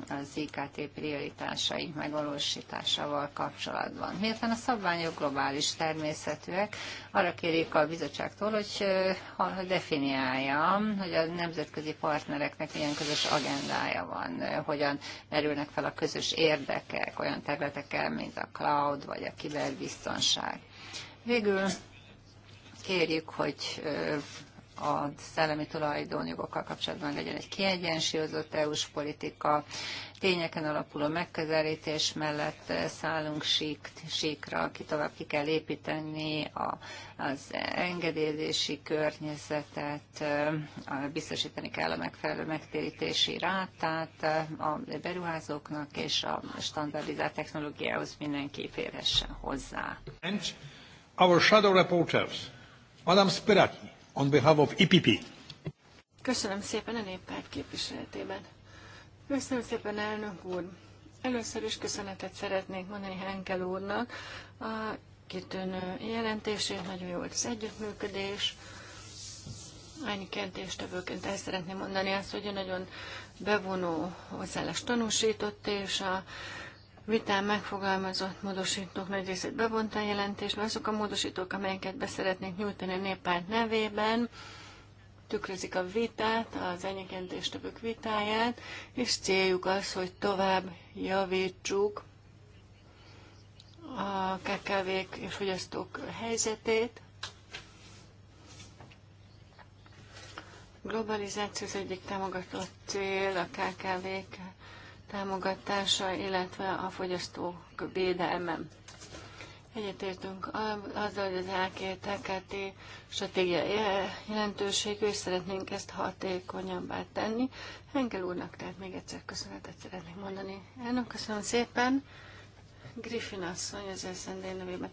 az IKT prioritásai megvalósításával kapcsolatban. Miután a szabványok globális természetűek, arra kérjük a bizottságtól, hogy definiálja, hogy a nemzetközi partnereknek milyen közös agendája van, hogyan merülnek fel a közös érdekek olyan területeken, mint a cloud vagy a kiberbiztonság. Végül kérjük, hogy a szellemi tulajdonjogokkal kapcsolatban legyen egy kiegyensúlyozott EU-s politika, tényeken alapuló megközelítés mellett szállunk sík, síkra, ki tovább ki kell építeni a, az engedélyezési környezetet, biztosítani kell a megfelelő megtérítési rátát a beruházóknak, és a standardizált technológiához mindenki férhessen hozzá. And our shadow reporters, Madame Spiraki on behalf of EPP. Köszönöm szépen a néppárt képviseletében. Köszönöm szépen, elnök úr. Először is köszönetet szeretnék mondani Henkel úrnak. A kitűnő jelentését, nagyon jó volt az együttműködés. Ennyi kérdéstevőként el szeretném mondani azt, hogy nagyon bevonó hozzáállást tanúsított, és a vitán megfogalmazott módosítók nagy részét bevonta a jelentésbe. Azok a módosítók, amelyeket beszeretnék nyújtani a néppárt nevében, tükrözik a vitát, az enyekentéstöbök vitáját, és céljuk az, hogy tovább javítsuk a kkv és fogyasztók helyzetét. Globalizáció az egyik támogatott cél a KKV-k támogatása, illetve a fogyasztók védelme. Egyetértünk azzal, hogy az LKT stratégia eh, jelentőségű, és szeretnénk ezt hatékonyabbá tenni. Henkel úrnak tehát még egyszer köszönetet szeretnék mondani. Elnök, köszönöm szépen. Griffin asszony az SZND nevében.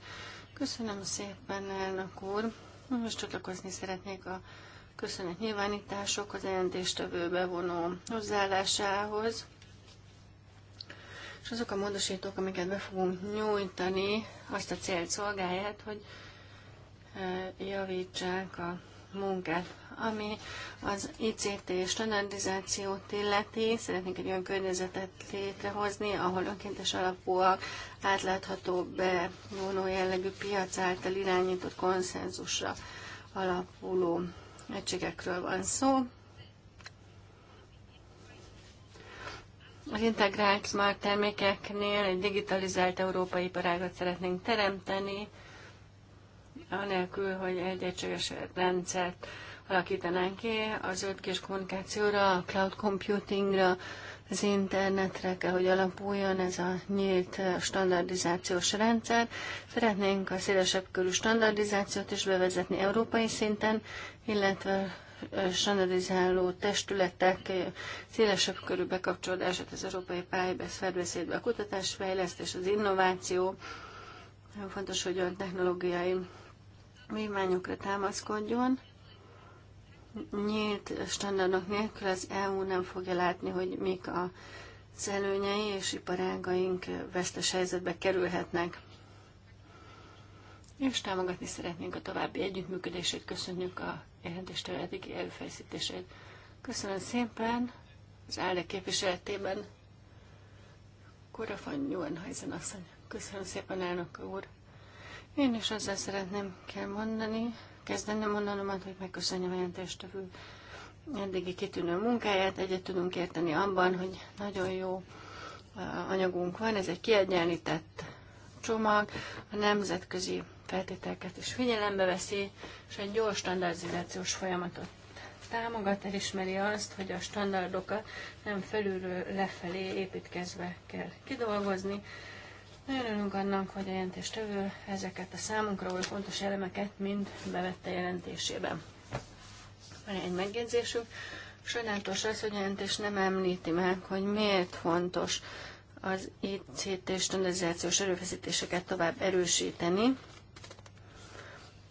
Köszönöm szépen, elnök úr. Most csatlakozni szeretnék a köszönet nyilvánításokhoz, az jelentéstevő bevonó hozzáállásához és azok a módosítók, amiket be fogunk nyújtani, azt a célt szolgálják, hogy e, javítsák a munkát. Ami az ICT standardizációt illeti, szeretnénk egy olyan környezetet létrehozni, ahol önkéntes alapúak, átlátható, bevonó jellegű piac által irányított konszenzusra alapuló egységekről van szó. Az integrált smart termékeknél egy digitalizált európai iparágat szeretnénk teremteni, anélkül, hogy egy egységes rendszert alakítanánk ki az 5 kis kommunikációra, a cloud computingra, az internetre kell, hogy alapuljon ez a nyílt standardizációs rendszer. Szeretnénk a szélesebb körű standardizációt is bevezetni európai szinten, illetve standardizáló testületek szélesebb körű bekapcsolódását az európai felbeszédbe a kutatásfejlesztés, az innováció. Nagyon fontos, hogy a technológiai vívmányokra támaszkodjon. Nyílt standardok nélkül az EU nem fogja látni, hogy mik a előnyei és iparágaink vesztes helyzetbe kerülhetnek. És támogatni szeretnénk a további együttműködését. Köszönjük a jelentéstől eddigi előfeszítését. Köszönöm szépen az állé képviseletében Korafan Nyúlenhajzen asszony. Köszönöm szépen, elnök úr. Én is azzal szeretném kell mondani, kezdeni mondanom, hogy megköszönjem a jelentéstevő eddigi kitűnő munkáját. Egyet tudunk érteni abban, hogy nagyon jó eh, anyagunk van, ez egy kiegyenlített csomag a nemzetközi feltételeket is figyelembe veszi, és egy gyors standardizációs folyamatot támogat, elismeri azt, hogy a standardokat nem felülről lefelé építkezve kell kidolgozni. Nagyon örülünk annak, hogy a jelentéstevő ezeket a számunkra oly fontos elemeket mind bevette jelentésében. Van egy megjegyzésünk. Sajnálatos az, hogy a jelentés nem említi meg, hogy miért fontos az ICT standardizációs erőfeszítéseket tovább erősíteni.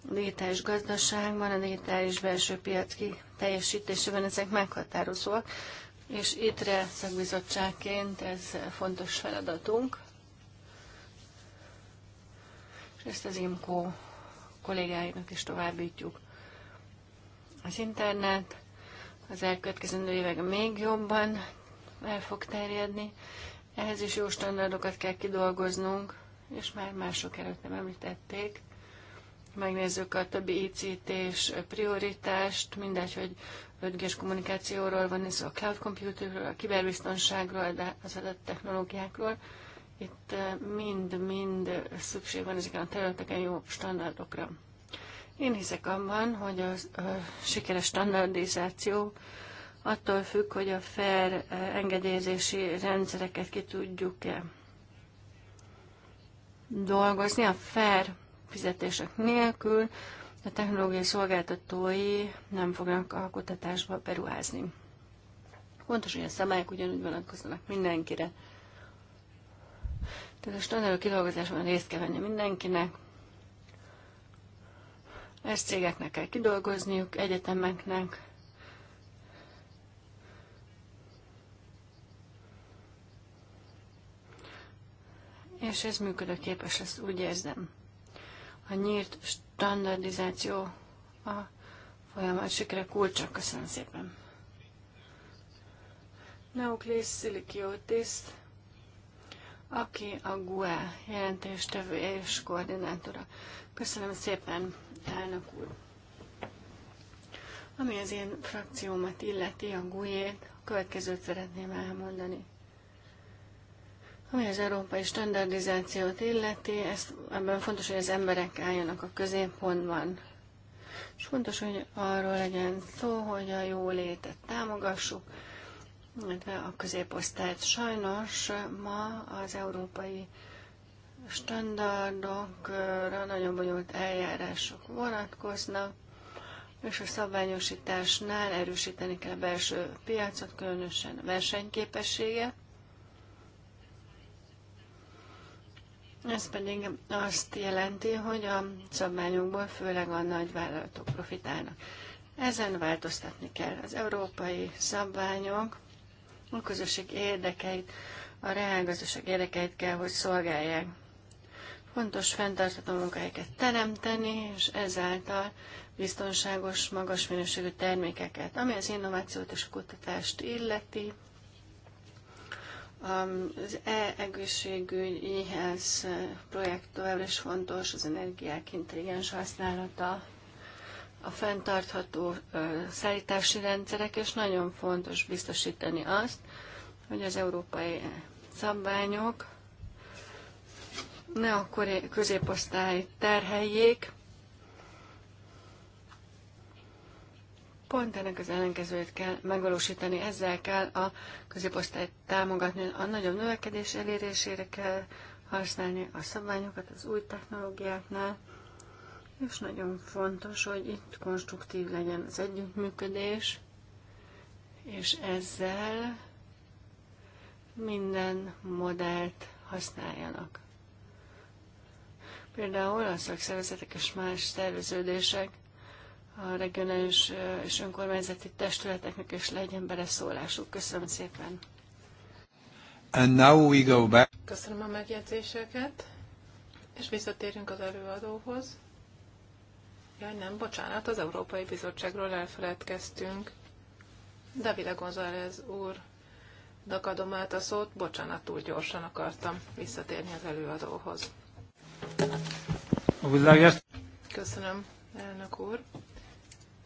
A digitális gazdaságban, a digitális belső piac teljesítésében ezek meghatározóak, és ITRE szakbizottságként ez fontos feladatunk. És ezt az IMCO kollégáinak is továbbítjuk. Az internet az elkövetkezendő években még jobban el fog terjedni, ehhez is jó standardokat kell kidolgoznunk, és már mások előtt nem említették. Megnézzük a többi ict és prioritást, mindegy, hogy 5G-s kommunikációról van szó, a cloud computerről, a kiberbiztonságról, de az adott technológiákról. Itt eh, mind-mind szükség van ezeken a területeken jó standardokra. Én hiszek abban, hogy a, a sikeres standardizáció attól függ, hogy a fair eh, engedélyezési rendszereket ki tudjuk-e dolgozni. A fair fizetések nélkül a technológiai szolgáltatói nem fognak a kutatásba beruházni. Fontos, hogy a szabályok ugyanúgy vonatkoznak mindenkire. Tehát a standardok kidolgozásban részt kell venni mindenkinek. Ezt cégeknek kell kidolgozniuk, egyetemeknek, és ez működőképes lesz, úgy érzem. A nyílt standardizáció a folyamat sikere kulcsa. Köszönöm szépen. Neoklész Szilikiotis, aki a GUE jelentéstevője és koordinátora. Köszönöm szépen, elnök úr. Ami az én frakciómat illeti, a GUE-t, a következőt szeretném elmondani. Ami az európai standardizációt illeti, ezt, ebben fontos, hogy az emberek álljanak a középpontban. És fontos, hogy arról legyen szó, hogy a jólétet támogassuk, illetve a középosztályt. Sajnos ma az európai standardokra nagyon bonyolult eljárások vonatkoznak, és a szabványosításnál erősíteni kell a belső piacot, különösen a versenyképességet Ez pedig azt jelenti, hogy a szabványokból főleg a nagyvállalatok profitálnak. Ezen változtatni kell. Az európai szabványok a közösség érdekeit, a reálgazdaság érdekeit kell, hogy szolgálják. Fontos fenntartható munkahelyeket teremteni, és ezáltal biztonságos, magas minőségű termékeket, ami az innovációt és a kutatást illeti. Az e-egészségügyi IHELS eh, projekt továbbra is fontos, az energiák intelligens használata, a fenntartható eh, szállítási rendszerek, és nagyon fontos biztosítani azt, hogy az európai szabványok ne a középosztály terheljék, pont ennek az ellenkezőjét kell megvalósítani, ezzel kell a középosztályt támogatni, a nagyobb növekedés elérésére kell használni a szabványokat az új technológiáknál, és nagyon fontos, hogy itt konstruktív legyen az együttműködés, és ezzel minden modellt használjanak. Például a szakszervezetek és más szerveződések a regionális és önkormányzati testületeknek is legyen beleszólásuk. Köszönöm szépen. And now we go back. Köszönöm a megjegyzéseket, és visszatérünk az előadóhoz. Jaj, nem, bocsánat, az Európai Bizottságról elfeledkeztünk. Davide González úr, adom át a szót, bocsánat, túl gyorsan akartam visszatérni az előadóhoz. Köszönöm, elnök úr.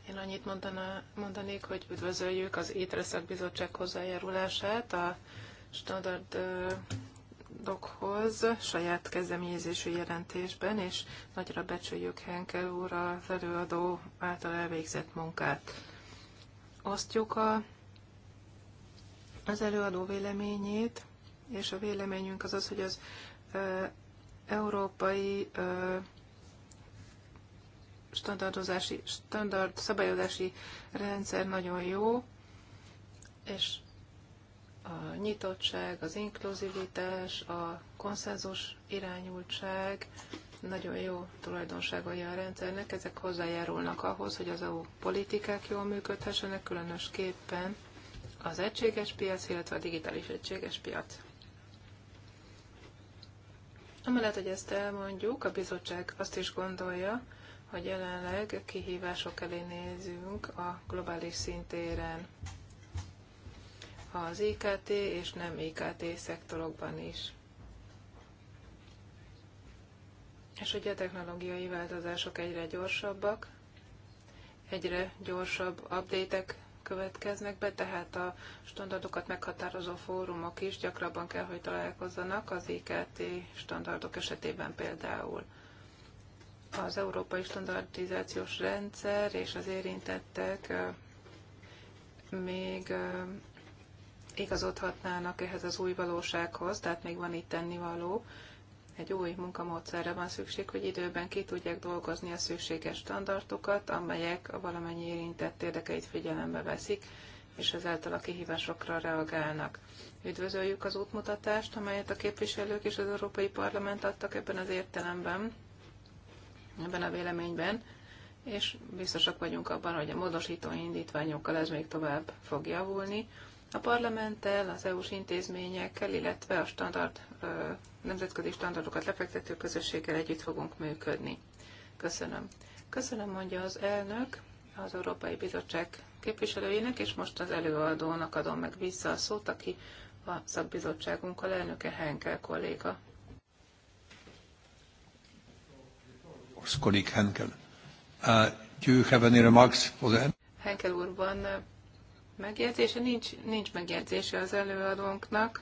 Én annyit mondaná, mondanék, hogy üdvözöljük az étre szakbizottság hozzájárulását a standard dokhoz saját kezdeményezésű jelentésben, és nagyra becsüljük Henkel úr a felőadó által elvégzett munkát. Osztjuk a, az előadó véleményét, és a véleményünk az az, hogy az e, európai e, standardozási, standard szabályozási rendszer nagyon jó, és a nyitottság, az inkluzivitás, a konszenzus irányultság nagyon jó tulajdonságai a rendszernek. Ezek hozzájárulnak ahhoz, hogy az EU politikák jól működhessenek, különösképpen az egységes piac, illetve a digitális egységes piac. Amellett, hogy ezt elmondjuk, a bizottság azt is gondolja, hogy jelenleg kihívások elé nézünk a globális szintéren, az IKT és nem IKT szektorokban is. És ugye a technológiai változások egyre gyorsabbak, egyre gyorsabb update következnek be, tehát a standardokat meghatározó fórumok is gyakrabban kell, hogy találkozzanak az IKT standardok esetében például az európai standardizációs rendszer és az érintettek még igazodhatnának ehhez az új valósághoz, tehát még van itt tennivaló. Egy új munkamódszerre van szükség, hogy időben ki tudják dolgozni a szükséges standardokat, amelyek a valamennyi érintett érdekeit figyelembe veszik, és ezáltal a kihívásokra reagálnak. Üdvözöljük az útmutatást, amelyet a képviselők és az Európai Parlament adtak ebben az értelemben ebben a véleményben, és biztosak vagyunk abban, hogy a módosító indítványokkal ez még tovább fog javulni. A parlamenttel, az EU-s intézményekkel, illetve a standard, nemzetközi standardokat lefektető közösséggel együtt fogunk működni. Köszönöm. Köszönöm, mondja az elnök az Európai Bizottság képviselőjének, és most az előadónak adom meg vissza a szót, aki a szakbizottságunkkal elnöke Henkel kolléga. colleague Henkel. Uh, do you have any remarks for the end? Henkel úr, van uh, megjegyzése? Nincs, nincs megjegyzése az előadónknak.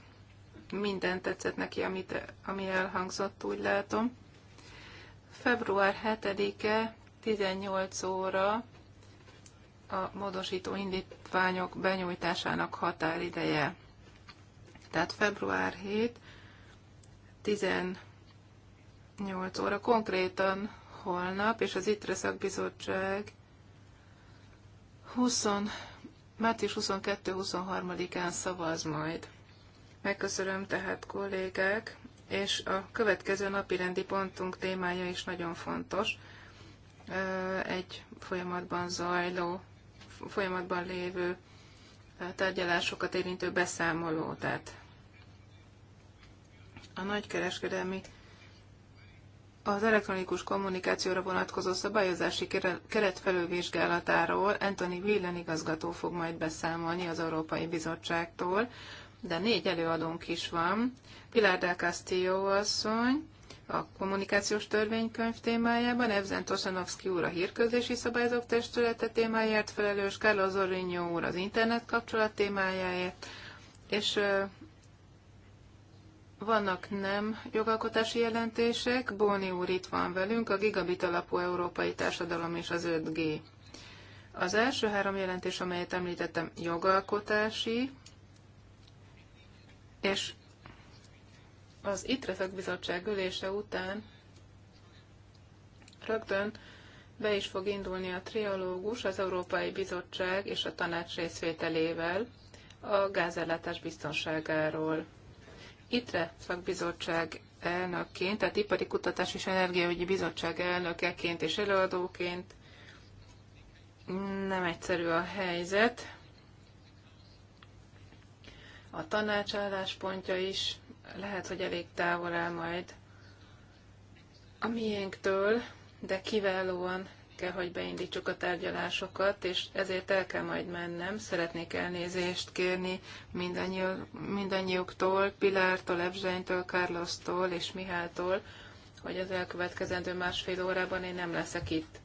Minden tetszett neki, amit, ami elhangzott, úgy látom. Február 7-e, 18 óra a módosító indítványok benyújtásának határideje. Tehát február 7, 18 óra konkrétan holnap, és az ITRE szakbizottság 20, március 22-23-án szavaz majd. Megköszönöm tehát kollégák, és a következő napi rendi pontunk témája is nagyon fontos. Egy folyamatban zajló, folyamatban lévő tárgyalásokat érintő beszámoló, tehát a nagykereskedelmi az elektronikus kommunikációra vonatkozó szabályozási keret felülvizsgálatáról Anthony Whelan igazgató fog majd beszámolni az Európai Bizottságtól, de négy előadónk is van. Pilar del Castillo asszony, a kommunikációs törvénykönyv témájában, Evzen Tosanovski úr a hírközlési szabályzók testülete témáját felelős, Carlos Zorinho úr az internet kapcsolat témájáért, és vannak nem jogalkotási jelentések, Bóni úr itt van velünk, a Gigabit alapú Európai Társadalom és az 5G. Az első három jelentés, amelyet említettem, jogalkotási, és az ITRE bizottság ülése után rögtön be is fog indulni a triológus az Európai Bizottság és a tanács részvételével a gázellátás biztonságáról. ITRE szakbizottság elnökként, tehát Ipari Kutatás és Energiaügyi Bizottság elnökeként és előadóként nem egyszerű a helyzet. A tanácsálláspontja is lehet, hogy elég távol áll majd a miénktől, de kiválóan kell, hogy beindítsuk a tárgyalásokat, és ezért el kell majd mennem. Szeretnék elnézést kérni mindannyiuktól, Pilártól, Ebzsánytól, carlos és Miháltól, hogy az elkövetkezendő másfél órában én nem leszek itt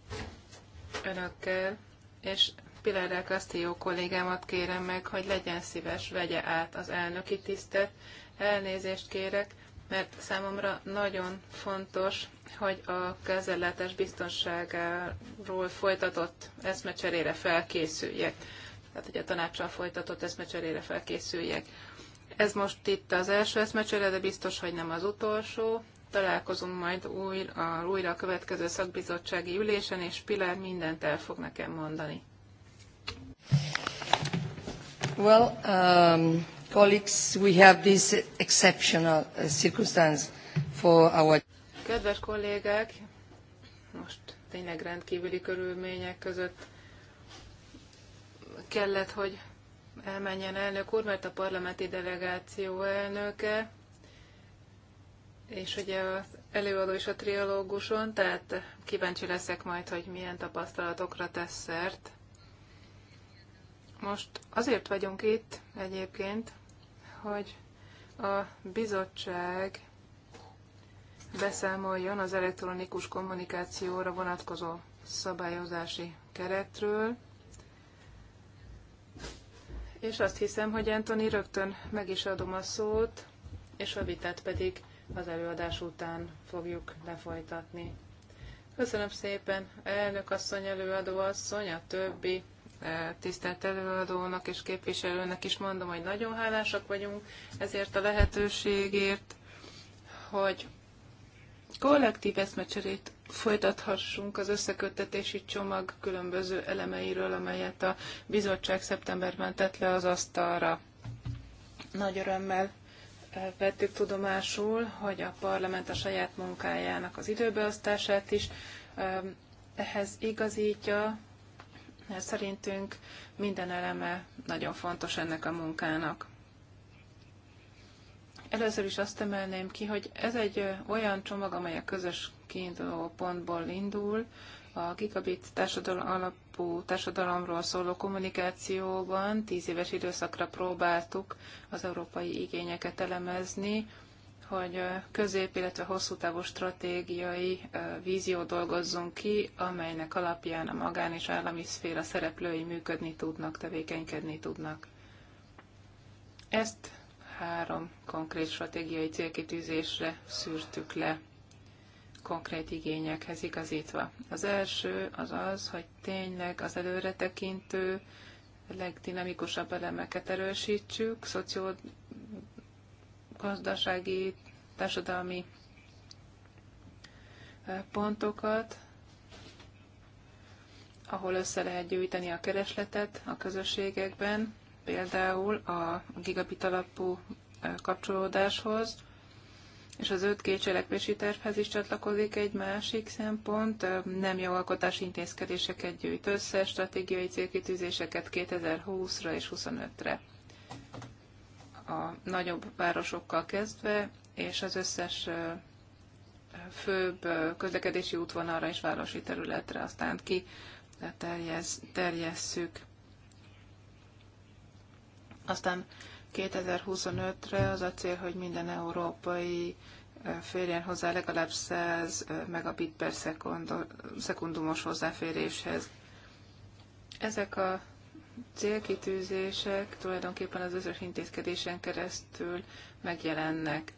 önökkel, és Pilárrel Castillo kollégámat kérem meg, hogy legyen szíves, vegye át az elnöki tisztet. Elnézést kérek, mert számomra nagyon fontos, hogy a közellátás biztonságáról folytatott eszmecserére felkészüljek. Tehát, hogy a tanácssal folytatott eszmecserére felkészüljek. Ez most itt az első eszmecsere, de biztos, hogy nem az utolsó. Találkozunk majd újra, újra a következő szakbizottsági ülésen, és Pilár mindent el fog nekem mondani. Well, um... Colleagues, we have this exceptional uh, circumstance for our... Kedves kollégák, most tényleg rendkívüli körülmények között kellett, hogy elmenjen elnök úr, mert a parlamenti delegáció elnöke, és ugye az előadó is a triológuson, tehát kíváncsi leszek majd, hogy milyen tapasztalatokra tesz szert. Most azért vagyunk itt egyébként, hogy a bizottság beszámoljon az elektronikus kommunikációra vonatkozó szabályozási keretről. És azt hiszem, hogy Antoni rögtön meg is adom a szót, és a vitát pedig az előadás után fogjuk lefolytatni. Köszönöm szépen, elnök asszony, előadó asszony, a többi tisztelt előadónak és képviselőnek is mondom, hogy nagyon hálásak vagyunk ezért a lehetőségért, hogy kollektív eszmecserét folytathassunk az összeköttetési csomag különböző elemeiről, amelyet a bizottság szeptemberben tett le az asztalra. Nagy örömmel vettük tudomásul, hogy a parlament a saját munkájának az időbeosztását is ehhez igazítja, mert szerintünk minden eleme nagyon fontos ennek a munkának. Először is azt emelném ki, hogy ez egy olyan csomag, amely a közös kiinduló pontból indul, a gigabit társadalom alapú társadalomról szóló kommunikációban tíz éves időszakra próbáltuk az európai igényeket elemezni, hogy közép, illetve hosszú távú stratégiai vízió dolgozzunk ki, amelynek alapján a magán és állami szféra szereplői működni tudnak, tevékenykedni tudnak. Ezt három konkrét stratégiai célkitűzésre szűrtük le, konkrét igényekhez igazítva. Az első az az, hogy tényleg az előretekintő, legdinamikusabb elemeket erősítsük, szoció gazdasági, társadalmi pontokat, ahol össze lehet gyűjteni a keresletet a közösségekben, például a gigabit alapú kapcsolódáshoz, és az 5G cselekvési tervhez is csatlakozik egy másik szempont, nem jogalkotási intézkedéseket gyűjt össze, stratégiai célkitűzéseket 2020-ra és 2025-re a nagyobb városokkal kezdve, és az összes főbb közlekedési útvonalra és városi területre aztán ki terjesz, terjesszük. Aztán 2025-re az a cél, hogy minden európai férjen hozzá legalább 100 megabit per szekundumos hozzáféréshez. Ezek a célkitűzések tulajdonképpen az összes intézkedésen keresztül megjelennek.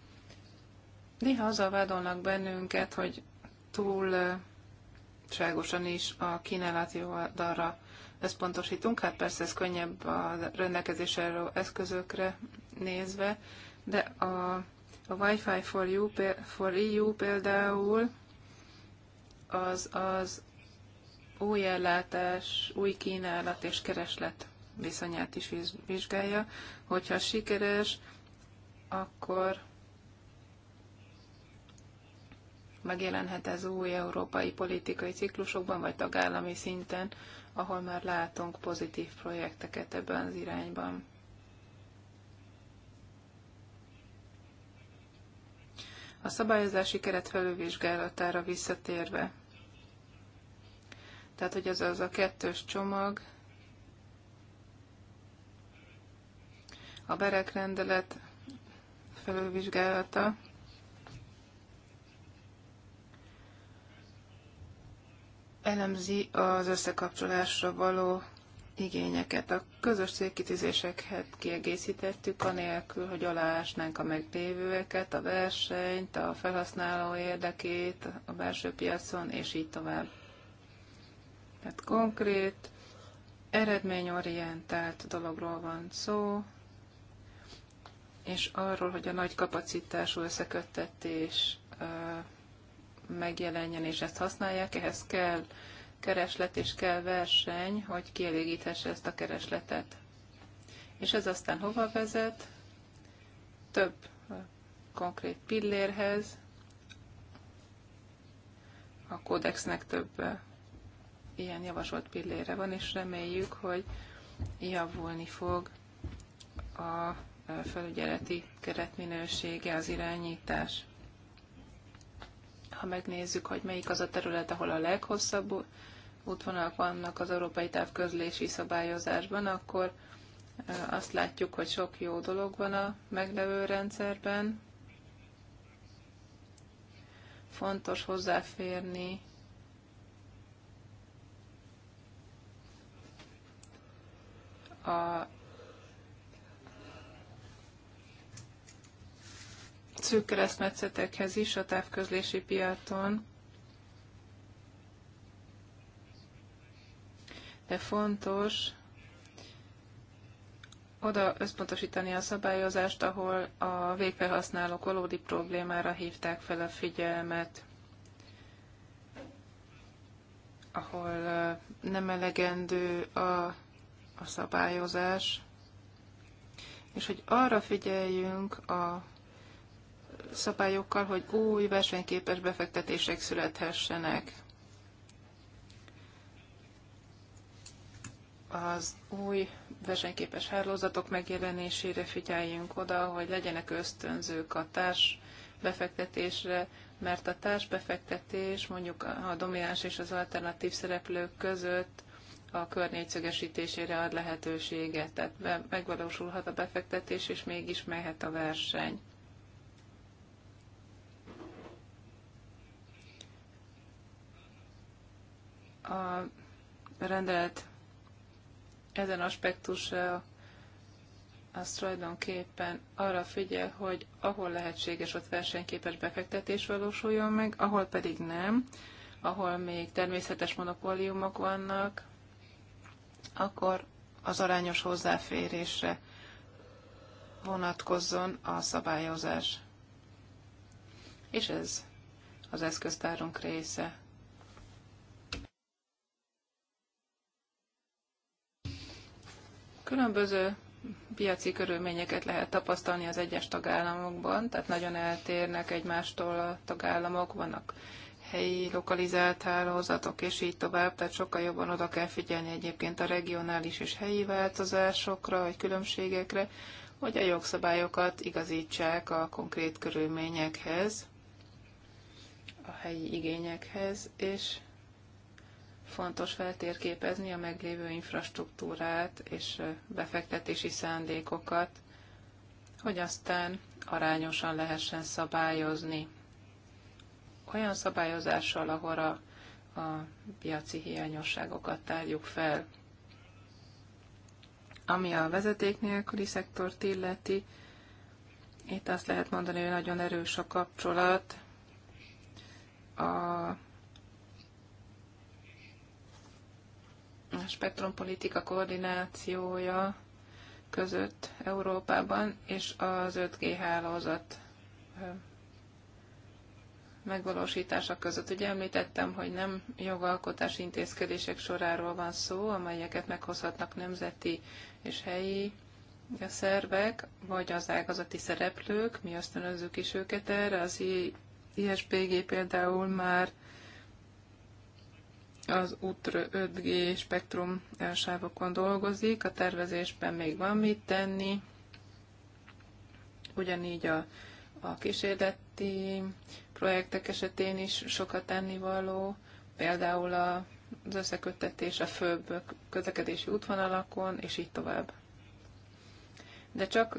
Néha azzal vádolnak bennünket, hogy túlságosan is a kínálati oldalra összpontosítunk. Hát persze ez könnyebb a rendelkezésre eszközökre nézve, de a, a Wi-Fi for, you, for EU például az az új ellátás, új kínálat és kereslet viszonyát is vizsgálja. Hogyha sikeres, akkor megjelenhet ez új európai politikai ciklusokban, vagy tagállami szinten, ahol már látunk pozitív projekteket ebben az irányban. A szabályozási keret felülvizsgálatára visszatérve, tehát, hogy ez az a kettős csomag, a berek rendelet felülvizsgálata, elemzi az összekapcsolásra való igényeket. A közös célkitűzéseket kiegészítettük, anélkül, hogy aláásnánk a meglévőeket, a versenyt, a felhasználó érdekét a belső piacon, és így tovább. Tehát konkrét, eredményorientált dologról van szó, és arról, hogy a nagy kapacitású összeköttetés megjelenjen, és ezt használják, ehhez kell kereslet és kell verseny, hogy kielégíthesse ezt a keresletet. És ez aztán hova vezet? Több konkrét pillérhez, a kódexnek több ilyen javasolt pillére van, és reméljük, hogy javulni fog a felügyeleti keretminősége, az irányítás. Ha megnézzük, hogy melyik az a terület, ahol a leghosszabb útvonalak vannak az európai távközlési szabályozásban, akkor azt látjuk, hogy sok jó dolog van a meglevő rendszerben. Fontos hozzáférni a szűk keresztmetszetekhez is a távközlési piaton. De fontos oda összpontosítani a szabályozást, ahol a végfelhasználók valódi problémára hívták fel a figyelmet, ahol nem elegendő a a szabályozás, és hogy arra figyeljünk a szabályokkal, hogy új versenyképes befektetések születhessenek. Az új versenyképes hálózatok megjelenésére figyeljünk oda, hogy legyenek ösztönzők a társ befektetésre, mert a befektetés, mondjuk a domináns és az alternatív szereplők között a kör ad lehetőséget, tehát megvalósulhat a befektetés, és mégis mehet a verseny. A rendelet ezen aspektusa az tulajdonképpen arra figyel, hogy ahol lehetséges, ott versenyképes befektetés valósuljon meg, ahol pedig nem, ahol még természetes monopóliumok vannak, akkor az arányos hozzáférésre vonatkozzon a szabályozás. És ez az eszköztárunk része. Különböző piaci körülményeket lehet tapasztalni az egyes tagállamokban, tehát nagyon eltérnek egymástól a tagállamok, vannak helyi lokalizált hálózatok, és így tovább, tehát sokkal jobban oda kell figyelni egyébként a regionális és helyi változásokra, vagy különbségekre, hogy a jogszabályokat igazítsák a konkrét körülményekhez, a helyi igényekhez, és fontos feltérképezni a meglévő infrastruktúrát és befektetési szándékokat, hogy aztán arányosan lehessen szabályozni olyan szabályozással, ahol a, a piaci hiányosságokat tárjuk fel. Ami a vezeték nélküli szektort illeti, itt azt lehet mondani, hogy nagyon erős a kapcsolat a spektrumpolitika koordinációja között Európában, és az 5G hálózat megvalósítása között. Ugye említettem, hogy nem jogalkotási intézkedések soráról van szó, amelyeket meghozhatnak nemzeti és helyi szervek, vagy az ágazati szereplők, mi ösztönözzük is őket erre. Az ISPG például már az útra 5G spektrum sávokon dolgozik, a tervezésben még van mit tenni, ugyanígy a a kísérleti projektek esetén is sokat tennivaló, például az összeköttetés a főbb közlekedési útvonalakon, és így tovább. De csak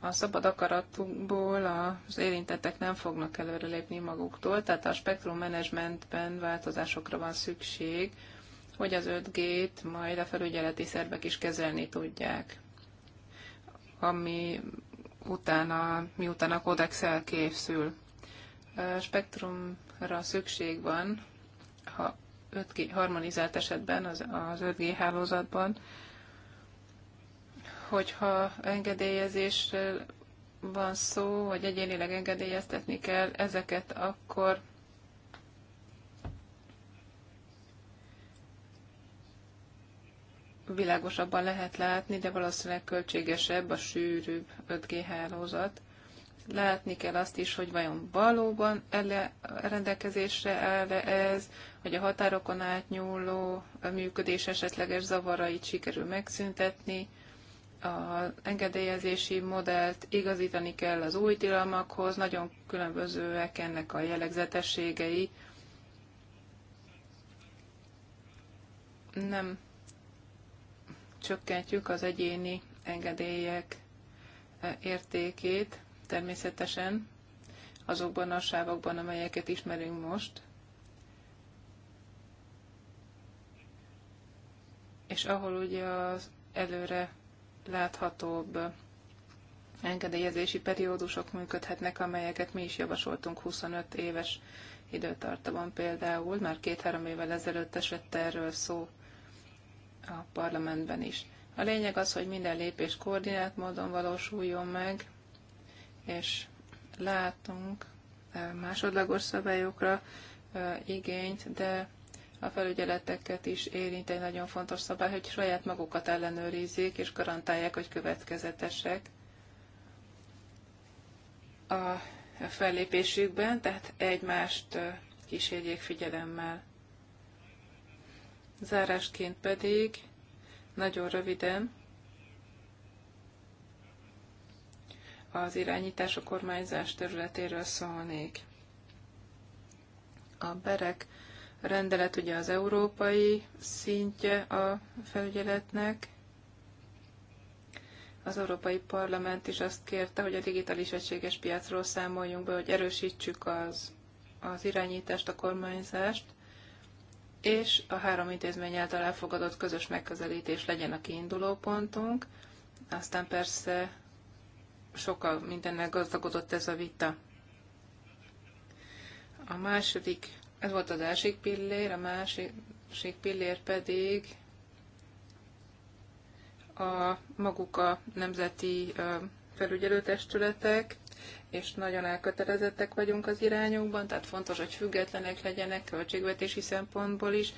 a szabad akaratból az érintettek nem fognak előrelépni maguktól, tehát a spektrum menedzsmentben változásokra van szükség, hogy az 5G-t majd a felügyeleti szervek is kezelni tudják, ami utána, miután a kódex elkészül. Spektrumra szükség van, ha 5G harmonizált esetben az, az 5G hálózatban, hogyha engedélyezés van szó, vagy egyénileg engedélyeztetni kell ezeket, akkor világosabban lehet látni, de valószínűleg költségesebb a sűrűbb 5G hálózat. Látni kell azt is, hogy vajon valóban ele, rendelkezésre áll-e ez, hogy a határokon átnyúló a működés esetleges zavarait sikerül megszüntetni, az engedélyezési modellt igazítani kell az új tilalmakhoz, nagyon különbözőek ennek a jellegzetességei. Nem csökkentjük az egyéni engedélyek e, értékét természetesen azokban a sávokban, amelyeket ismerünk most, és ahol ugye az előre láthatóbb engedélyezési periódusok működhetnek, amelyeket mi is javasoltunk 25 éves időtartamon például. Már két-három évvel ezelőtt esett erről szó a parlamentben is. A lényeg az, hogy minden lépés koordinált módon valósuljon meg, és látunk másodlagos szabályokra igényt, de a felügyeleteket is érint egy nagyon fontos szabály, hogy saját magukat ellenőrizzék és garantálják, hogy következetesek a fellépésükben, tehát egymást kísérjék figyelemmel. Zárásként pedig nagyon röviden az irányítás a kormányzás területéről szólnék. A berek rendelet ugye az európai szintje a felügyeletnek. Az Európai Parlament is azt kérte, hogy a digitális egységes piacról számoljunk be, hogy erősítsük az, az irányítást, a kormányzást és a három intézmény által elfogadott közös megközelítés legyen a kiinduló pontunk. Aztán persze sokkal mindennel gazdagodott ez a vita. A második, ez volt az első pillér, a másik pillér pedig a maguk a nemzeti felügyelőtestületek, és nagyon elkötelezettek vagyunk az irányokban, tehát fontos, hogy függetlenek legyenek költségvetési szempontból is,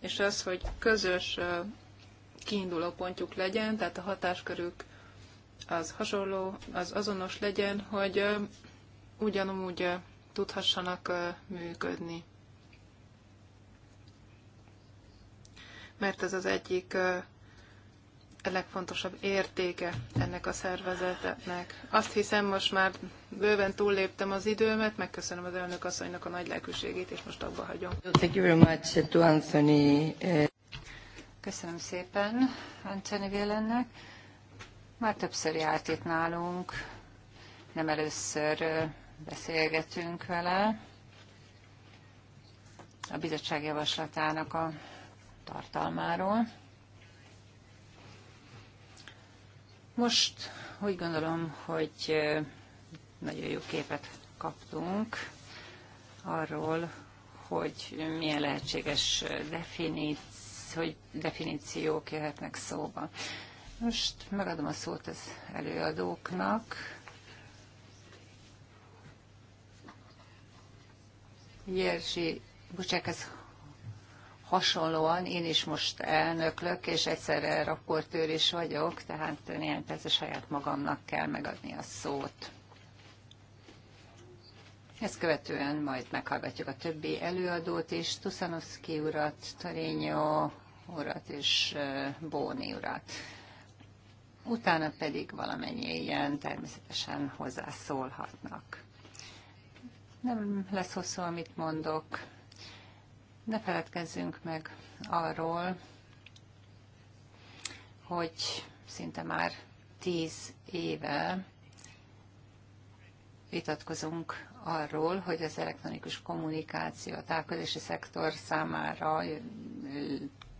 és az, hogy közös kiinduló pontjuk legyen, tehát a hatáskörük az hasonló, az azonos legyen, hogy ugyanúgy tudhassanak működni. Mert ez az egyik legfontosabb értéke ennek a szervezetnek. Azt hiszem, most már bőven túlléptem az időmet, megköszönöm az elnök asszonynak a nagy lelkűségét, és most abba hagyom. Thank you very much to Anthony. Eh. Köszönöm szépen Anthony Vélennek. Már többször járt itt nálunk, nem először eh, beszélgetünk vele. A bizottság javaslatának a tartalmáról. Most úgy gondolom, hogy nagyon jó képet kaptunk arról, hogy milyen lehetséges definíció, hogy definíciók jöhetnek szóba. Most megadom a szót az előadóknak. Jerzy ez hasonlóan én is most elnöklök, és egyszerre raportőr is vagyok, tehát néhány a saját magamnak kell megadni a szót. Ezt követően majd meghallgatjuk a többi előadót is, Tuszanovszki urat, Torényó urat és Bóni urat. Utána pedig valamennyi ilyen természetesen hozzászólhatnak. Nem lesz hosszú, amit mondok ne feledkezzünk meg arról, hogy szinte már tíz éve vitatkozunk arról, hogy az elektronikus kommunikáció a távközési szektor számára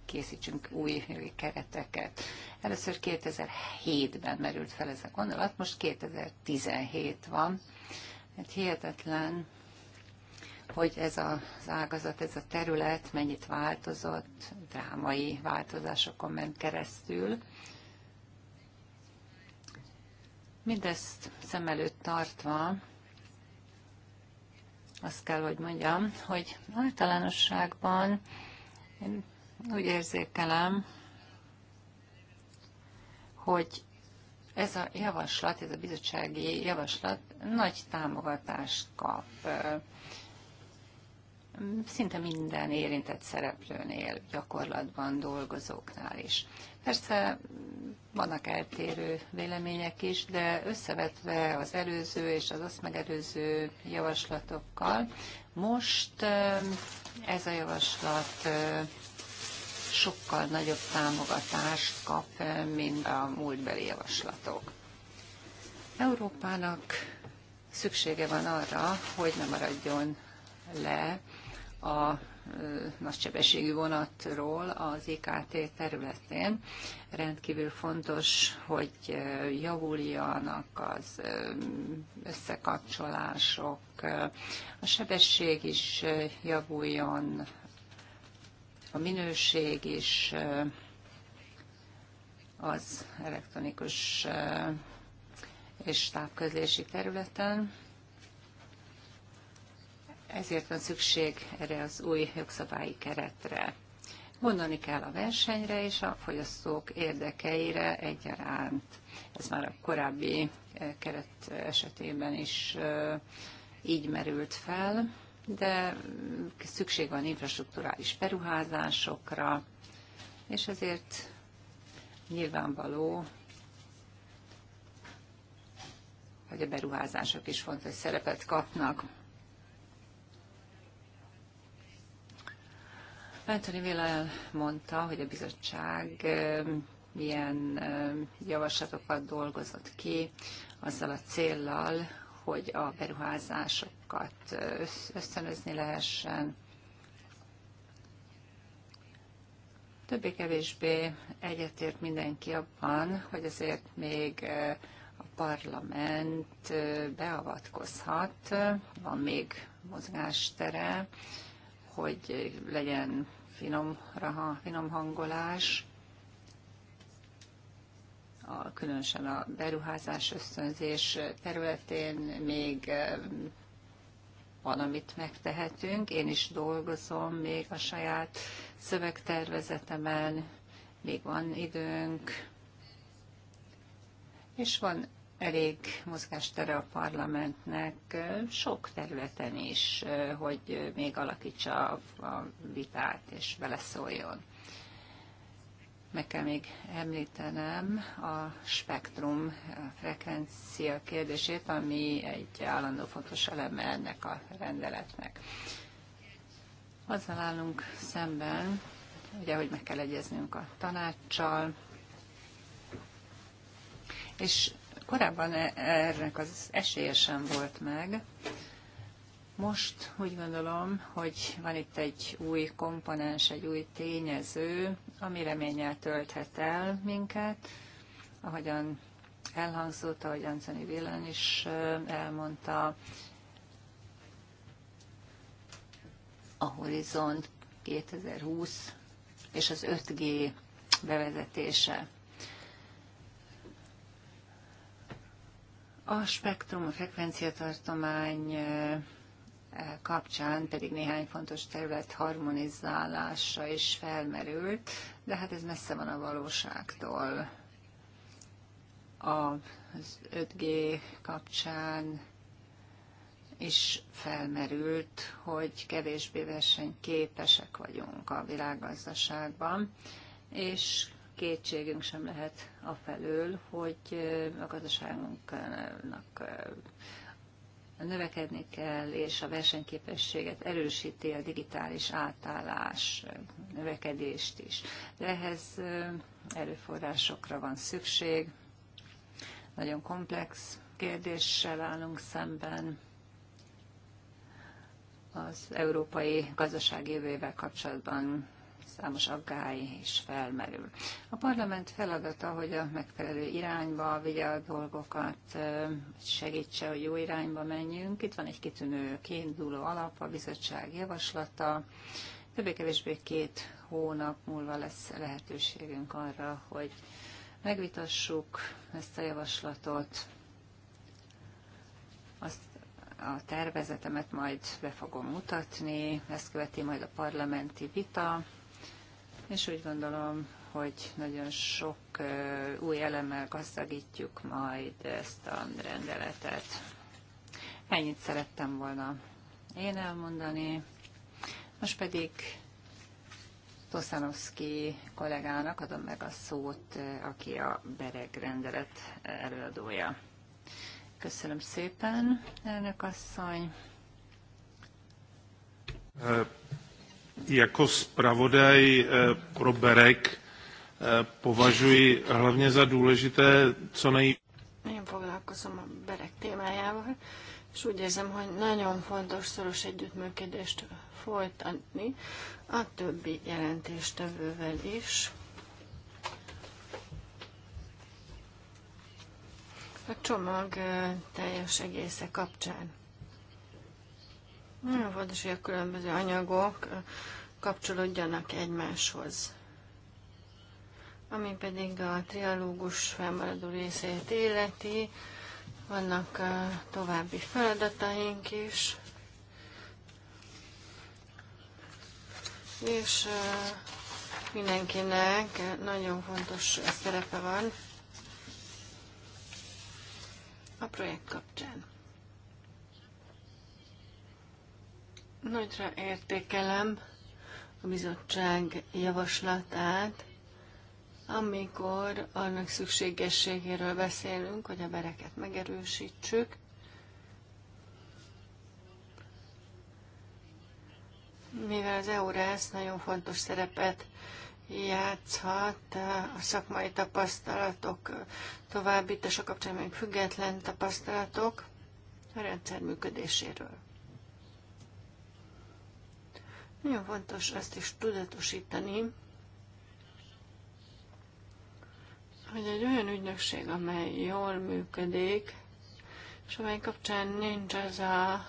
készítsünk új kereteket. Először 2007-ben merült fel ez a gondolat, most 2017 van. Mert hihetetlen, hogy ez az ágazat, ez a terület mennyit változott, drámai változásokon ment keresztül. Mindezt szem előtt tartva, azt kell, hogy mondjam, hogy általánosságban én úgy érzékelem, hogy ez a javaslat, ez a bizottsági javaslat nagy támogatást kap szinte minden érintett szereplőnél, gyakorlatban dolgozóknál is. Persze vannak eltérő vélemények is, de összevetve az előző és az azt megelőző javaslatokkal, most ez a javaslat sokkal nagyobb támogatást kap, mint a múltbeli javaslatok. Európának szüksége van arra, hogy ne maradjon le a nagysebességű vonatról az IKT területén. Rendkívül fontos, hogy javuljanak az összekapcsolások, a sebesség is javuljon, a minőség is az elektronikus és távközlési területen ezért van szükség erre az új jogszabályi keretre. Gondolni kell a versenyre és a fogyasztók érdekeire egyaránt. Ez már a korábbi eh, keret esetében is eh, így merült fel, de szükség van infrastruktúrális beruházásokra, és ezért nyilvánvaló, hogy a beruházások is fontos szerepet kapnak. Anthony Villa mondta, hogy a bizottság um, milyen um, javaslatokat dolgozott ki azzal a céllal, hogy a beruházásokat uh, ösztönözni lehessen. Többé-kevésbé egyetért mindenki abban, hogy azért még uh, a parlament uh, beavatkozhat, van még mozgástere, hogy legyen finom, raha, finom hangolás, a, különösen a beruházás ösztönzés területén még van, amit megtehetünk. Én is dolgozom még a saját szövegtervezetemen, még van időnk, és van elég mozgástere a parlamentnek sok területen is, hogy még alakítsa a vitát és beleszóljon. Meg kell még említenem a spektrum a frekvencia kérdését, ami egy állandó fontos eleme ennek a rendeletnek. Azzal állunk szemben, ugye, hogy meg kell egyeznünk a tanácssal, és Korábban e- ennek az esélye sem volt meg. Most úgy gondolom, hogy van itt egy új komponens, egy új tényező, ami reménnyel tölthet el minket, ahogyan elhangzott, ahogy Anthony Villan is elmondta, a Horizont 2020 és az 5G bevezetése. A spektrum, a frekvenciatartomány kapcsán pedig néhány fontos terület harmonizálása is felmerült, de hát ez messze van a valóságtól. Az 5G kapcsán is felmerült, hogy kevésbé versenyképesek vagyunk a világgazdaságban, és kétségünk sem lehet afelől, hogy a gazdaságunknak növekedni kell, és a versenyképességet erősíti a digitális átállás, növekedést is. De ehhez erőforrásokra van szükség, nagyon komplex kérdéssel állunk szemben az európai gazdaság jövőjével kapcsolatban számos aggály is felmerül. A parlament feladata, hogy a megfelelő irányba vigye a dolgokat, segítse, hogy jó irányba menjünk. Itt van egy kitűnő kiinduló alap, a bizottság javaslata. Többé-kevésbé két hónap múlva lesz lehetőségünk arra, hogy megvitassuk ezt a javaslatot, azt a tervezetemet majd be fogom mutatni, ezt követi majd a parlamenti vita, és úgy gondolom, hogy nagyon sok új elemmel gazdagítjuk majd ezt a rendeletet. Ennyit szerettem volna én elmondani. Most pedig Toszanovszki kollégának adom meg a szót, aki a Bereg rendelet előadója. Köszönöm szépen, elnök asszony. Jako zpravodaj eh, pro Berek eh, považuji hlavně za důležité, co nej... Én foglalkozom a Berek témájával, és úgy érzem, hogy nagyon fontos szoros együttműködést folytatni a többi jelentéstevővel is. A csomag eh, teljes egésze kapcsán. Nagyon fontos, hogy a különböző anyagok kapcsolódjanak egymáshoz. Ami pedig a trialógus felmaradó részét életi, vannak további feladataink is, és mindenkinek nagyon fontos szerepe van a projekt kapcsán. Nagyra értékelem a bizottság javaslatát, amikor annak szükségességéről beszélünk, hogy a bereket megerősítsük, mivel az EURES nagyon fontos szerepet játszhat a szakmai tapasztalatok továbbítása kapcsán, még független tapasztalatok a rendszer működéséről. Nagyon fontos ezt is tudatosítani, hogy egy olyan ügynökség, amely jól működik, és amely kapcsán nincs az a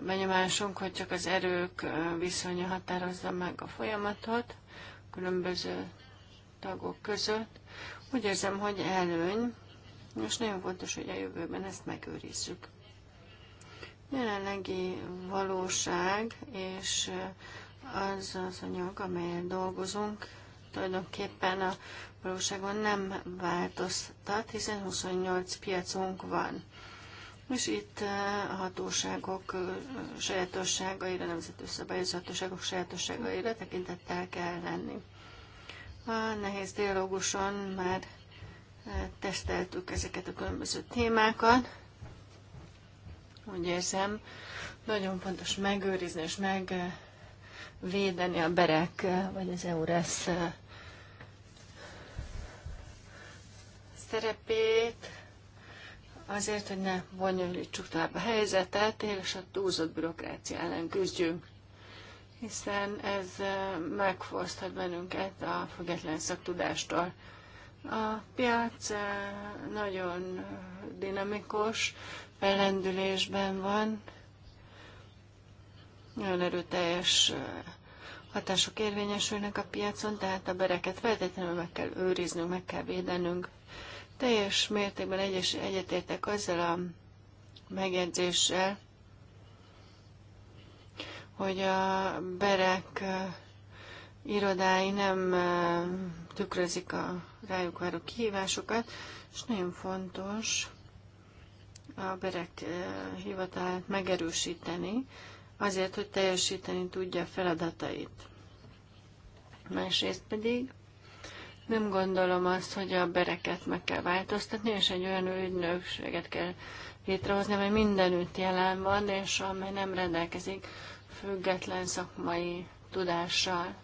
benyomásunk, hogy csak az erők viszonya határozza meg a folyamatot különböző tagok között. Úgy érzem, hogy előny, és nagyon fontos, hogy a jövőben ezt megőrizzük jelenlegi valóság és eh, az az anyag, amelyen dolgozunk, tulajdonképpen a valóságon nem változtat, hiszen 28 piacunk van. És itt eh, a hatóságok eh, sajátosságaira, nemzetű szabályozó hatóságok sajátosságaira tekintettel kell lenni. A nehéz dialóguson már teszteltük ezeket a különböző témákat, úgy érzem, nagyon fontos megőrizni és megvédeni a berek, vagy az EURES szerepét, azért, hogy ne bonyolítsuk tovább a helyzetet, és a túlzott bürokrácia ellen küzdjünk hiszen ez megfoszthat bennünket a független szaktudástól. A piac nagyon dinamikus, fellendülésben van, nagyon erőteljes hatások érvényesülnek a piacon, tehát a bereket feltétlenül meg kell őriznünk, meg kell védenünk. Teljes mértékben egyes, egyetértek azzal a megjegyzéssel, hogy a berek irodái nem tükrözik a rájuk váró kihívásokat, és nagyon fontos, a berek eh, hivatalát megerősíteni, azért, hogy teljesíteni tudja a feladatait. Másrészt pedig nem gondolom azt, hogy a bereket meg kell változtatni, és egy olyan ügynökséget kell létrehozni, amely mindenütt jelen van, és amely nem rendelkezik független szakmai tudással,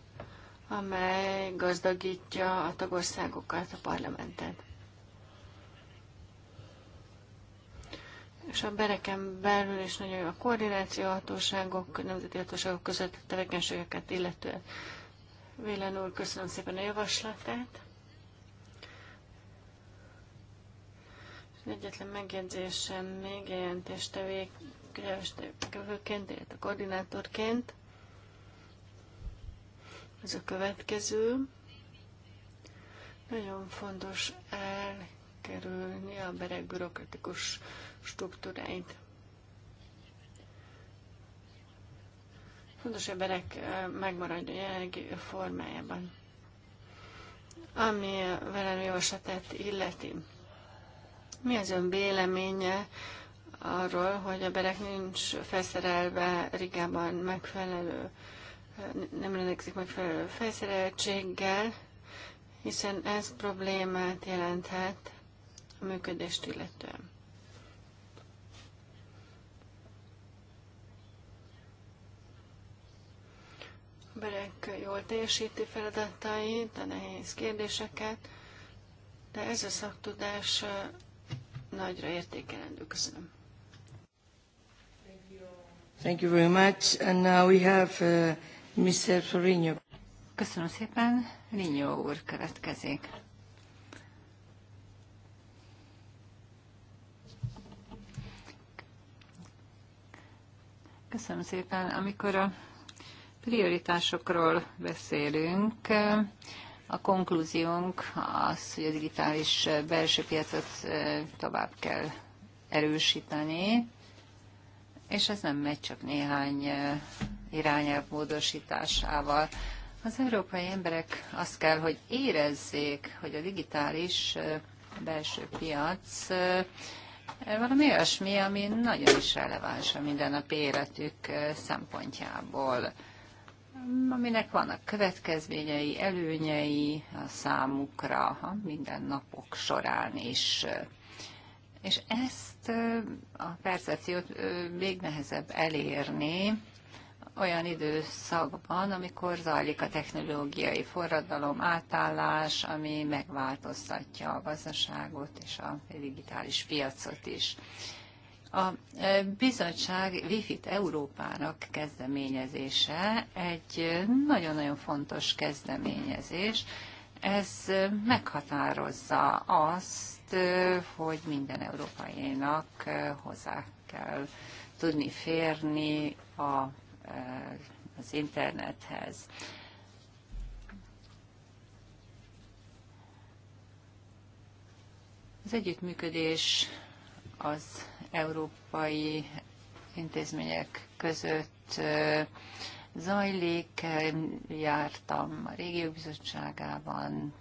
amely gazdagítja a tagországokat, a parlamentet. és a bereken belül is nagyon jó a koordináció hatóságok, nemzeti hatóságok között tevékenységeket illetően. Vélen úr, köszönöm szépen a javaslatát. És Egyetlen megjegyzésem még jelentéstevőként, illetve koordinátorként. Ez a következő. Nagyon fontos elkerülni a bereg bürokratikus struktúráit. Fontos, hogy a megmaradjon jelenlegi formájában. Ami velem javaslatát illeti. Mi az ön véleménye arról, hogy a berek nincs felszerelve Rigában megfelelő, nem rendelkezik megfelelő felszereltséggel, hiszen ez problémát jelenthet a működést illetően. emberek jól teljesíti feladatait, a nehéz kérdéseket, de ez a szaktudás nagyra értékelendő. Köszönöm. Thank you very much. And now we have uh, Mr. Forinho. Köszönöm szépen. Rinyó úr következik. Köszönöm szépen. Amikor a prioritásokról beszélünk, a konklúziónk az, hogy a digitális belső piacot tovább kell erősíteni, és ez nem megy csak néhány irányelv módosításával. Az európai emberek azt kell, hogy érezzék, hogy a digitális belső piac valami olyasmi, ami nagyon is releváns a mindennapi életük szempontjából aminek vannak következményei, előnyei a számukra a mindennapok során is. És ezt a percepciót még nehezebb elérni olyan időszakban, amikor zajlik a technológiai forradalom, átállás, ami megváltoztatja a gazdaságot és a digitális piacot is. A e, bizottság Wifit Európának kezdeményezése egy nagyon-nagyon fontos kezdeményezés. Ez meghatározza azt, e, hogy minden európainak e, hozzá kell tudni férni a, az internethez. Az együttműködés az európai intézmények között zajlik. Jártam a régió bizottságában,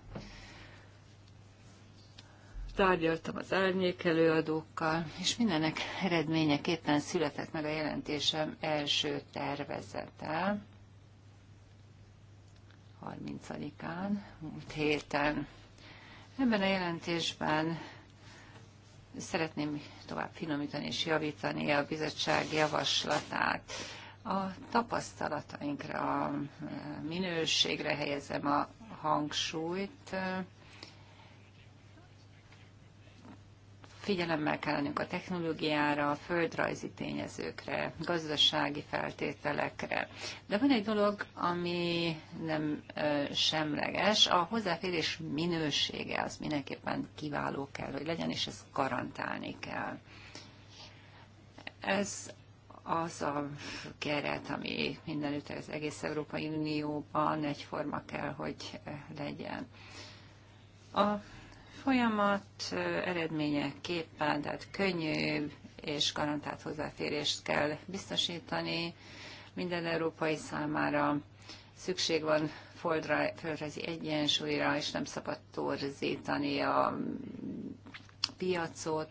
tárgyaltam az árnyék előadókkal, és mindenek eredményeképpen született meg a jelentésem első tervezete 30-án, múlt héten. Ebben a jelentésben Szeretném tovább finomítani és javítani a bizottság javaslatát. A tapasztalatainkra, a minőségre helyezem a hangsúlyt. Figyelemmel kell lennünk a technológiára, a földrajzi tényezőkre, gazdasági feltételekre. De van egy dolog, ami nem semleges, a hozzáférés minősége az mindenképpen kiváló kell, hogy legyen, és ezt garantálni kell. Ez az a keret, ami mindenütt az egész Európai Unióban egyforma kell, hogy legyen. A folyamat eredményeképpen, tehát könnyű és garantált hozzáférést kell biztosítani minden európai számára. Szükség van földrajzi egyensúlyra, és nem szabad torzítani a piacot,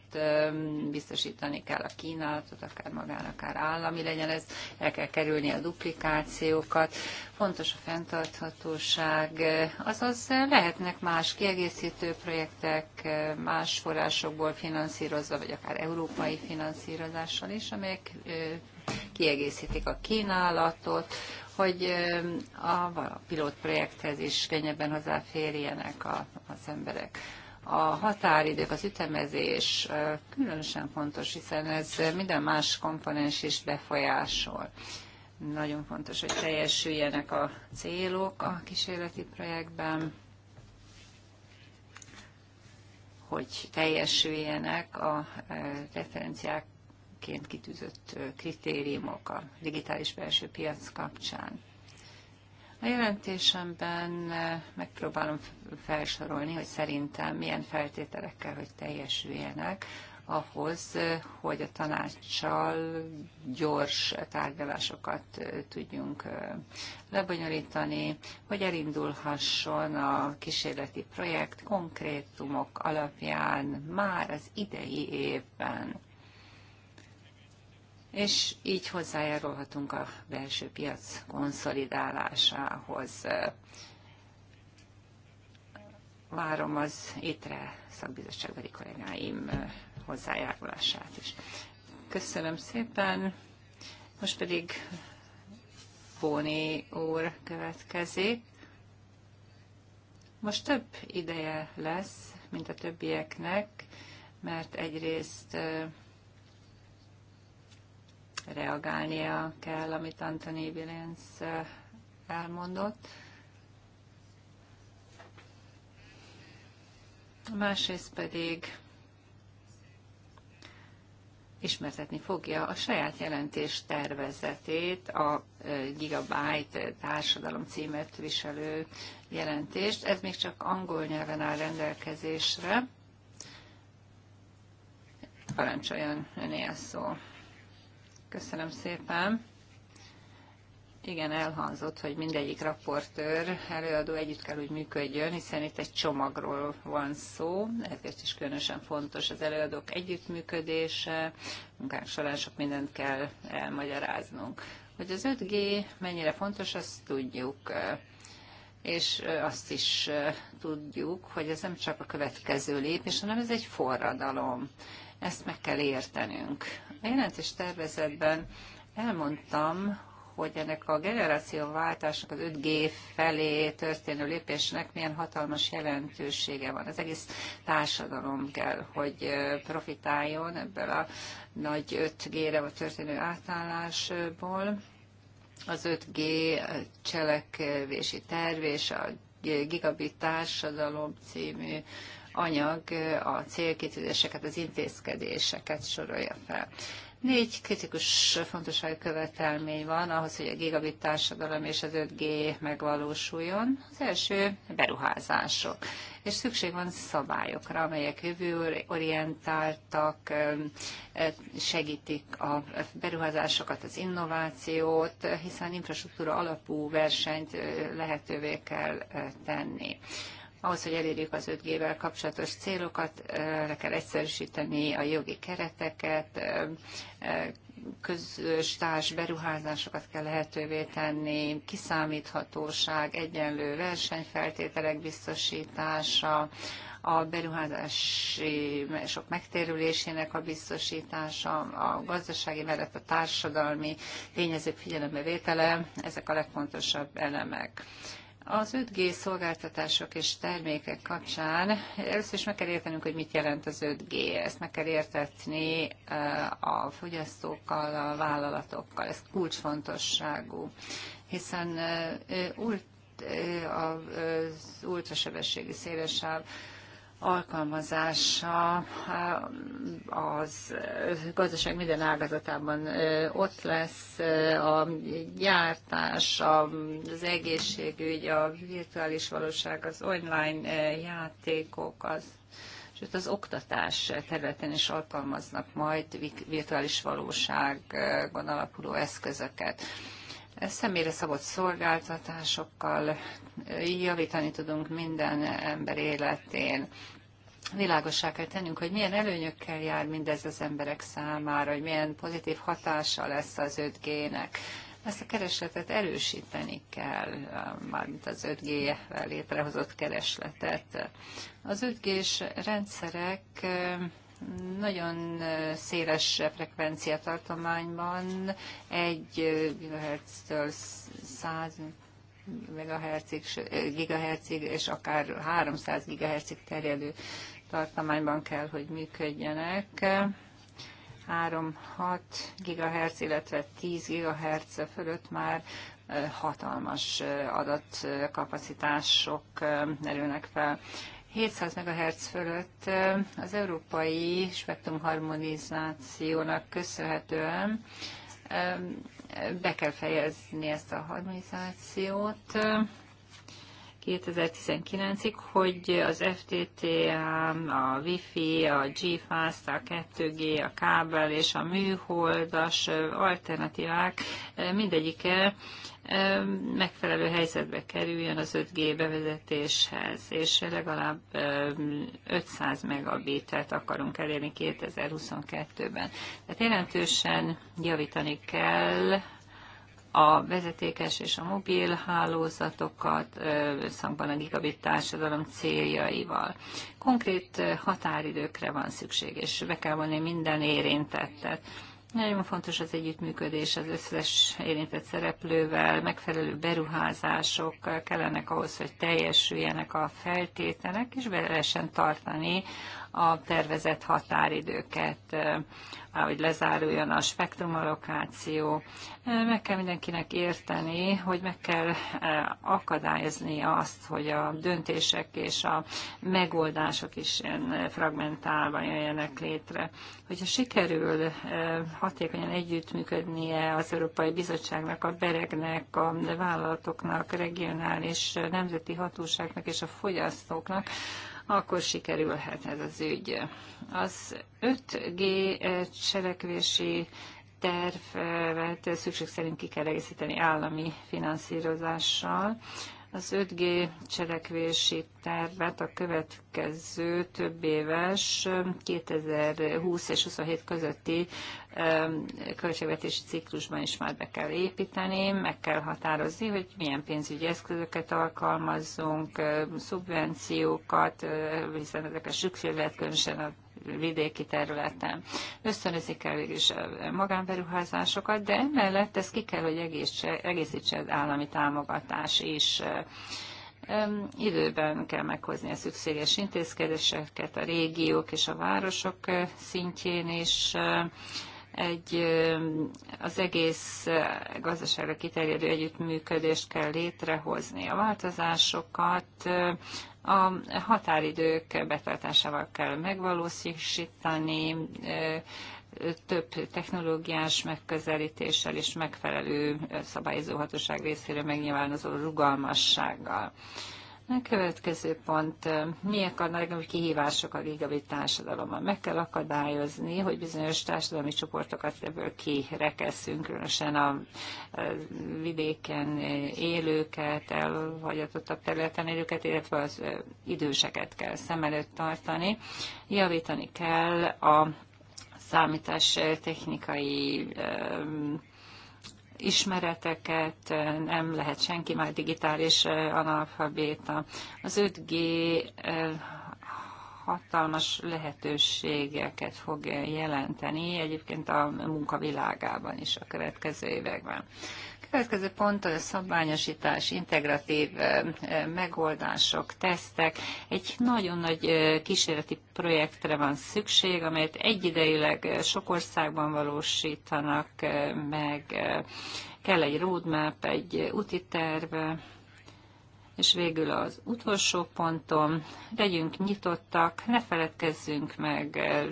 biztosítani kell a kínálatot, akár magán, akár állami legyen ez, el kell kerülni a duplikációkat. Fontos a fenntarthatóság, azaz lehetnek más kiegészítő projektek, más forrásokból finanszírozva, vagy akár európai finanszírozással is, amelyek kiegészítik a kínálatot, hogy a pilotprojekthez is könnyebben hozzáférjenek a, az emberek a határidők, az ütemezés különösen fontos, hiszen ez minden más komponens is befolyásol. Nagyon fontos, hogy teljesüljenek a célok a kísérleti projektben, hogy teljesüljenek a referenciákként kitűzött kritériumok a digitális belső piac kapcsán. A jelentésemben megpróbálom felsorolni, hogy szerintem milyen feltételekkel, hogy teljesüljenek ahhoz, hogy a tanácssal gyors tárgyalásokat tudjunk lebonyolítani, hogy elindulhasson a kísérleti projekt konkrétumok alapján már az idei évben. És így hozzájárulhatunk a belső piac konszolidálásához várom az étre szakbizottságbeli kollégáim hozzájárulását is. Köszönöm szépen. Most pedig Póni úr következik. Most több ideje lesz, mint a többieknek, mert egyrészt reagálnia kell, amit Antoni Vilénz elmondott, másrészt pedig ismertetni fogja a saját jelentés tervezetét, a Gigabyte társadalom címet viselő jelentést. Ez még csak angol nyelven áll rendelkezésre. Parancsoljon öné a szó. Köszönöm szépen igen, elhangzott, hogy mindegyik raportőr, előadó együtt kell, hogy működjön, hiszen itt egy csomagról van szó, ezért is különösen fontos az előadók együttműködése, munkánk során sok mindent kell elmagyaráznunk. Hogy az 5G mennyire fontos, azt tudjuk, és azt is tudjuk, hogy ez nem csak a következő lépés, hanem ez egy forradalom. Ezt meg kell értenünk. A jelentés tervezetben elmondtam, hogy ennek a generációváltásnak, az 5G felé történő lépésnek milyen hatalmas jelentősége van. Az egész társadalom kell, hogy profitáljon ebből a nagy 5G-re történő átállásból. Az 5G cselekvési terv és a Gigabit Társadalom című anyag a célkitűzéseket, az intézkedéseket sorolja fel. Négy kritikus fontosság követelmény van ahhoz, hogy a gigabit társadalom és az 5G megvalósuljon. Az első beruházások. És szükség van szabályokra, amelyek jövőorientáltak, segítik a beruházásokat, az innovációt, hiszen infrastruktúra alapú versenyt lehetővé kell tenni. Ahhoz, hogy elérjük az 5G-vel kapcsolatos célokat, le kell egyszerűsíteni a jogi kereteket, közös társ beruházásokat kell lehetővé tenni, kiszámíthatóság, egyenlő versenyfeltételek biztosítása, a beruházási sok megtérülésének a biztosítása, a gazdasági mellett a társadalmi tényezők figyelembevétele, ezek a legfontosabb elemek. Az 5G szolgáltatások és termékek kapcsán először is meg kell értenünk, hogy mit jelent az 5G. Ezt meg kell értetni eh, a fogyasztókkal, a vállalatokkal. Ez kulcsfontosságú, hiszen eh, eh, az ultrasebességi szélesáv alkalmazása eh, az eh, gazdaság minden ágazatában eh, ott lesz, a gyártás, az egészségügy, a virtuális valóság, az online játékok, az sőt az oktatás területén is alkalmaznak majd virtuális valóságon alapuló eszközöket személyre szabott szolgáltatásokkal javítani tudunk minden ember életén. Világossá kell tennünk, hogy milyen előnyökkel jár mindez az emberek számára, hogy milyen pozitív hatása lesz az 5G-nek. Ezt a keresletet erősíteni kell, mármint az 5G-vel létrehozott keresletet. Az 5G-s rendszerek nagyon széles frekvenciatartományban, egy GHz-től 100 megahertzig, gigahertzig és akár 300 gigahertzig terjedő tartományban kell, hogy működjenek. 3-6 GHz, illetve 10 GHz fölött már hatalmas adatkapacitások merülnek fel. 700 MHz fölött az európai spektrumharmonizációnak köszönhetően be kell fejezni ezt a harmonizációt 2019-ig, hogy az FTT, a Wi-Fi, a G-Fast, a 2G, a kábel és a műholdas alternatívák mindegyike megfelelő helyzetbe kerüljön az 5G bevezetéshez, és legalább 500 megabitet akarunk elérni 2022-ben. Tehát jelentősen javítani kell a vezetékes és a mobil hálózatokat összhangban a gigabit társadalom céljaival. Konkrét határidőkre van szükség, és be kell vonni minden érintettet. Nagyon fontos az együttműködés az összes érintett szereplővel, megfelelő beruházások kellenek ahhoz, hogy teljesüljenek a feltételek, és be lehessen tartani a tervezett határidőket, eh, hogy lezáruljon a spektrumalokáció. Eh, meg kell mindenkinek érteni, hogy meg kell eh, akadályozni azt, hogy a döntések és a megoldások is fragmentálva jöjjenek létre. Hogyha sikerül hatékonyan együttműködnie az Európai Bizottságnak, a beregnek, a vállalatoknak, regionális nemzeti hatóságnak és a fogyasztóknak, akkor sikerülhet ez az ügy. Az 5G eh, cselekvési tervet szükség szerint ki kell egészíteni állami finanszírozással, az 5G cselekvési tervet a következő több éves 2020 és 27 közötti költségvetési ciklusban is már be kell építeni, meg kell határozni, hogy milyen pénzügyi eszközöket alkalmazzunk, szubvenciókat, hiszen ezek a lehet különösen a vidéki területen. Összönözik el is a magánberuházásokat, de emellett ez ki kell, hogy egészítse az állami támogatás is időben kell meghozni a szükséges intézkedéseket a régiók és a városok eh, szintjén is. Egy, az egész eh, gazdaságra kiterjedő együttműködést kell létrehozni. A változásokat a határidők betartásával kell megvalósítani, több technológiás megközelítéssel és megfelelő szabályozóhatóság hatóság részéről megnyilvánozó rugalmassággal. A következő pont, miek a legnagyobb kihívások a gigabit társadalomban? Meg kell akadályozni, hogy bizonyos társadalmi csoportokat ebből kirekesszünk, különösen a vidéken élőket, elhagyatottabb területen élőket, illetve az időseket kell szem előtt tartani. Javítani kell a számítás technikai ismereteket, nem lehet senki már digitális analfabéta. Az 5G hatalmas lehetőségeket fog jelenteni egyébként a munkavilágában is a következő években. Következő pont a szabványosítás, integratív megoldások, tesztek. Egy nagyon nagy kísérleti projektre van szükség, amelyet egyidejűleg sok országban valósítanak meg. Kell egy roadmap, egy úti terve és végül az utolsó pontom, legyünk nyitottak, ne feledkezzünk meg eh,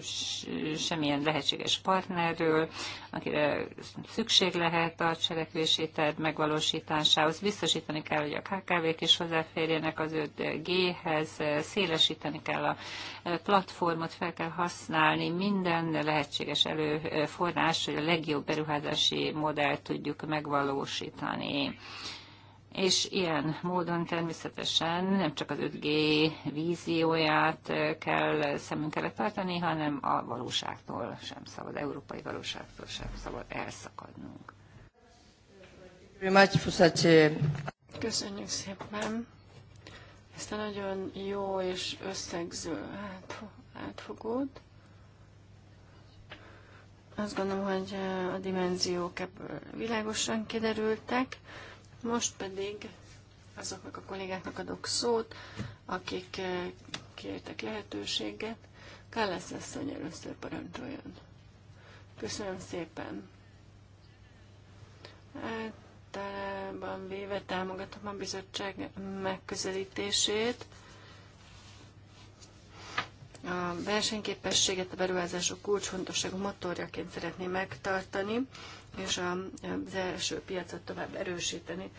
semmilyen lehetséges partnerről, akire szükség lehet a cselekvési terv megvalósításához. Biztosítani kell, hogy a KKV-k is hozzáférjenek az 5G-hez, eh, szélesíteni kell a eh, platformot, fel kell használni minden lehetséges előforrás, hogy a legjobb beruházási modellt tudjuk megvalósítani és ilyen módon természetesen nem csak az 5G vízióját kell szemünk előtt tartani, hanem a valóságtól sem szabad, európai valóságtól sem szabad elszakadnunk. Köszönjük szépen ezt a nagyon jó és összegző átfogót. Azt gondolom, hogy eh, a dimenziók ebből világosan kiderültek. Most pedig azoknak a kollégáknak adok szót, akik eh, kértek lehetőséget. Kállász asszony először parancsoljon. Köszönöm szépen. Általában véve támogatom a bizottság megközelítését. A versenyképességet a beruházások kulcsfontosságú motorjaként szeretné megtartani, és az első piacot tovább erősíteni.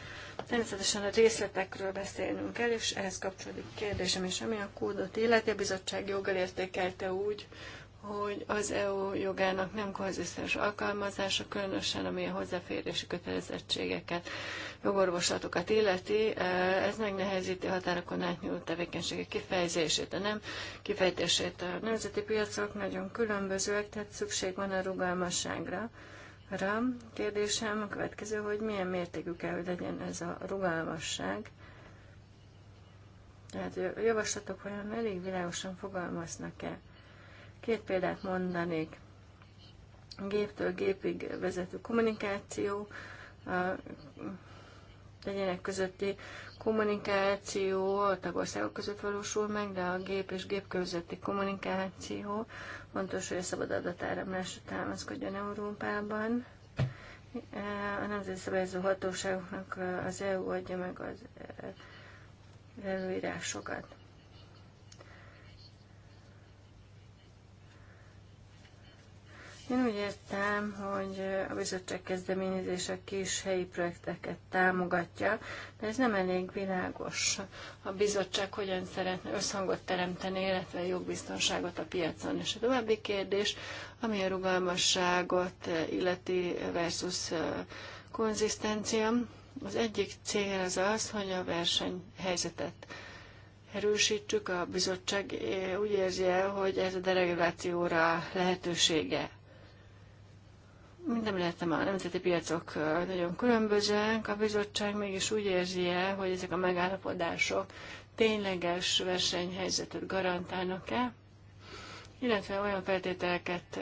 Természetesen a részletekről beszélnünk kell, és ehhez kapcsolódik kérdésem is, ami a kódot illeti. A bizottság joggal értékelte úgy, hogy az EU jogának nem konzisztens alkalmazása, különösen ami a hozzáférési kötelezettségeket, jogorvoslatokat illeti, ez megnehezíti a határokon átnyúló tevékenységek kifejezését, de nem kifejtését. A nemzeti piacok nagyon különbözőek, tehát szükség van a rugalmasságra. Kérdésem a következő, hogy milyen mértékű kell, hogy legyen ez a rugalmasság. Tehát a javaslatok olyan elég világosan fogalmaznak-e? Két példát mondanék. Géptől gépig vezető kommunikáció, a legyenek közötti kommunikáció a tagországok között valósul meg, de a gép és gép közötti kommunikáció fontos, hogy a szabad adatáramlásra támaszkodjon Európában. E, a Nemzeti Szabályozó Hatóságoknak az EU adja meg az e, e, előírásokat. Én úgy értem, hogy a bizottság kezdeményezés a kis helyi projekteket támogatja, de ez nem elég világos. A bizottság hogyan szeretne összhangot teremteni, illetve jogbiztonságot a piacon. És a további kérdés, ami a rugalmasságot illeti versus konzisztencia, az egyik cél az az, hogy a versenyhelyzetet erősítsük. A bizottság úgy érzi el, hogy ez a deregulációra lehetősége mint említettem, a nemzeti piacok nagyon különbözőek, a bizottság mégis úgy érzi -e, hogy ezek a megállapodások tényleges versenyhelyzetet garantálnak-e, illetve olyan feltételeket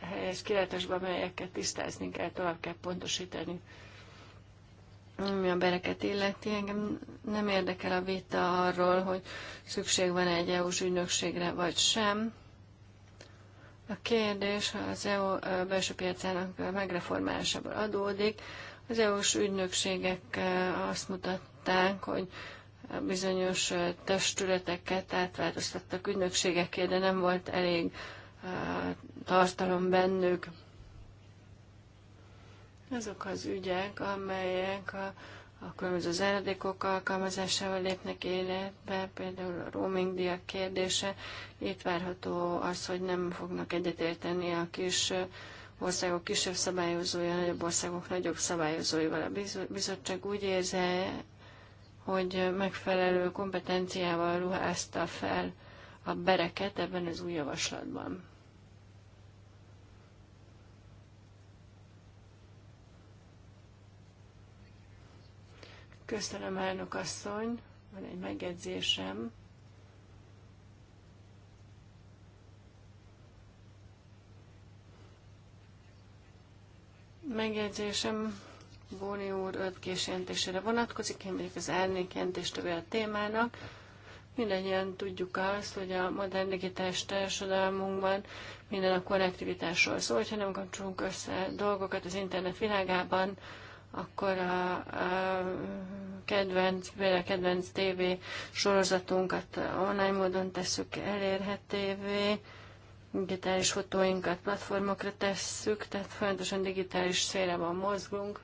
helyez kilátásba, amelyeket tisztázni kell, tovább kell pontosítani. Ami a bereket illeti, engem nem érdekel a vita arról, hogy szükség van egy EU-s ügynökségre vagy sem. A kérdés az EU belső piacának megreformálásából adódik. Az EU-s ügynökségek azt mutatták, hogy bizonyos testületeket átváltoztattak ügynökségeké, de nem volt elég tartalom bennük. Azok az ügyek, amelyek a a különböző záradékok alkalmazásával lépnek életbe, például a roaming díjak kérdése. Itt várható az, hogy nem fognak egyetérteni a kis országok kisebb szabályozója, nagyobb országok nagyobb szabályozóival. A bizottság úgy érze, hogy megfelelő kompetenciával ruházta fel a bereket ebben az új javaslatban. Köszönöm, elnök asszony. Van egy megjegyzésem. Megjegyzésem Bóni úr ötkés jelentésére vonatkozik, én vagyok az árnyék jelentéstevő a témának. Mindennyian tudjuk azt, hogy a modern digitális társadalmunkban minden a konnektivitásról szól, hogyha nem kapcsolunk össze dolgokat az internet világában, akkor a, a kedvenc, például a kedvenc TV sorozatunkat online módon tesszük elérhetővé, digitális fotóinkat platformokra tesszük, tehát folyamatosan digitális van mozgunk.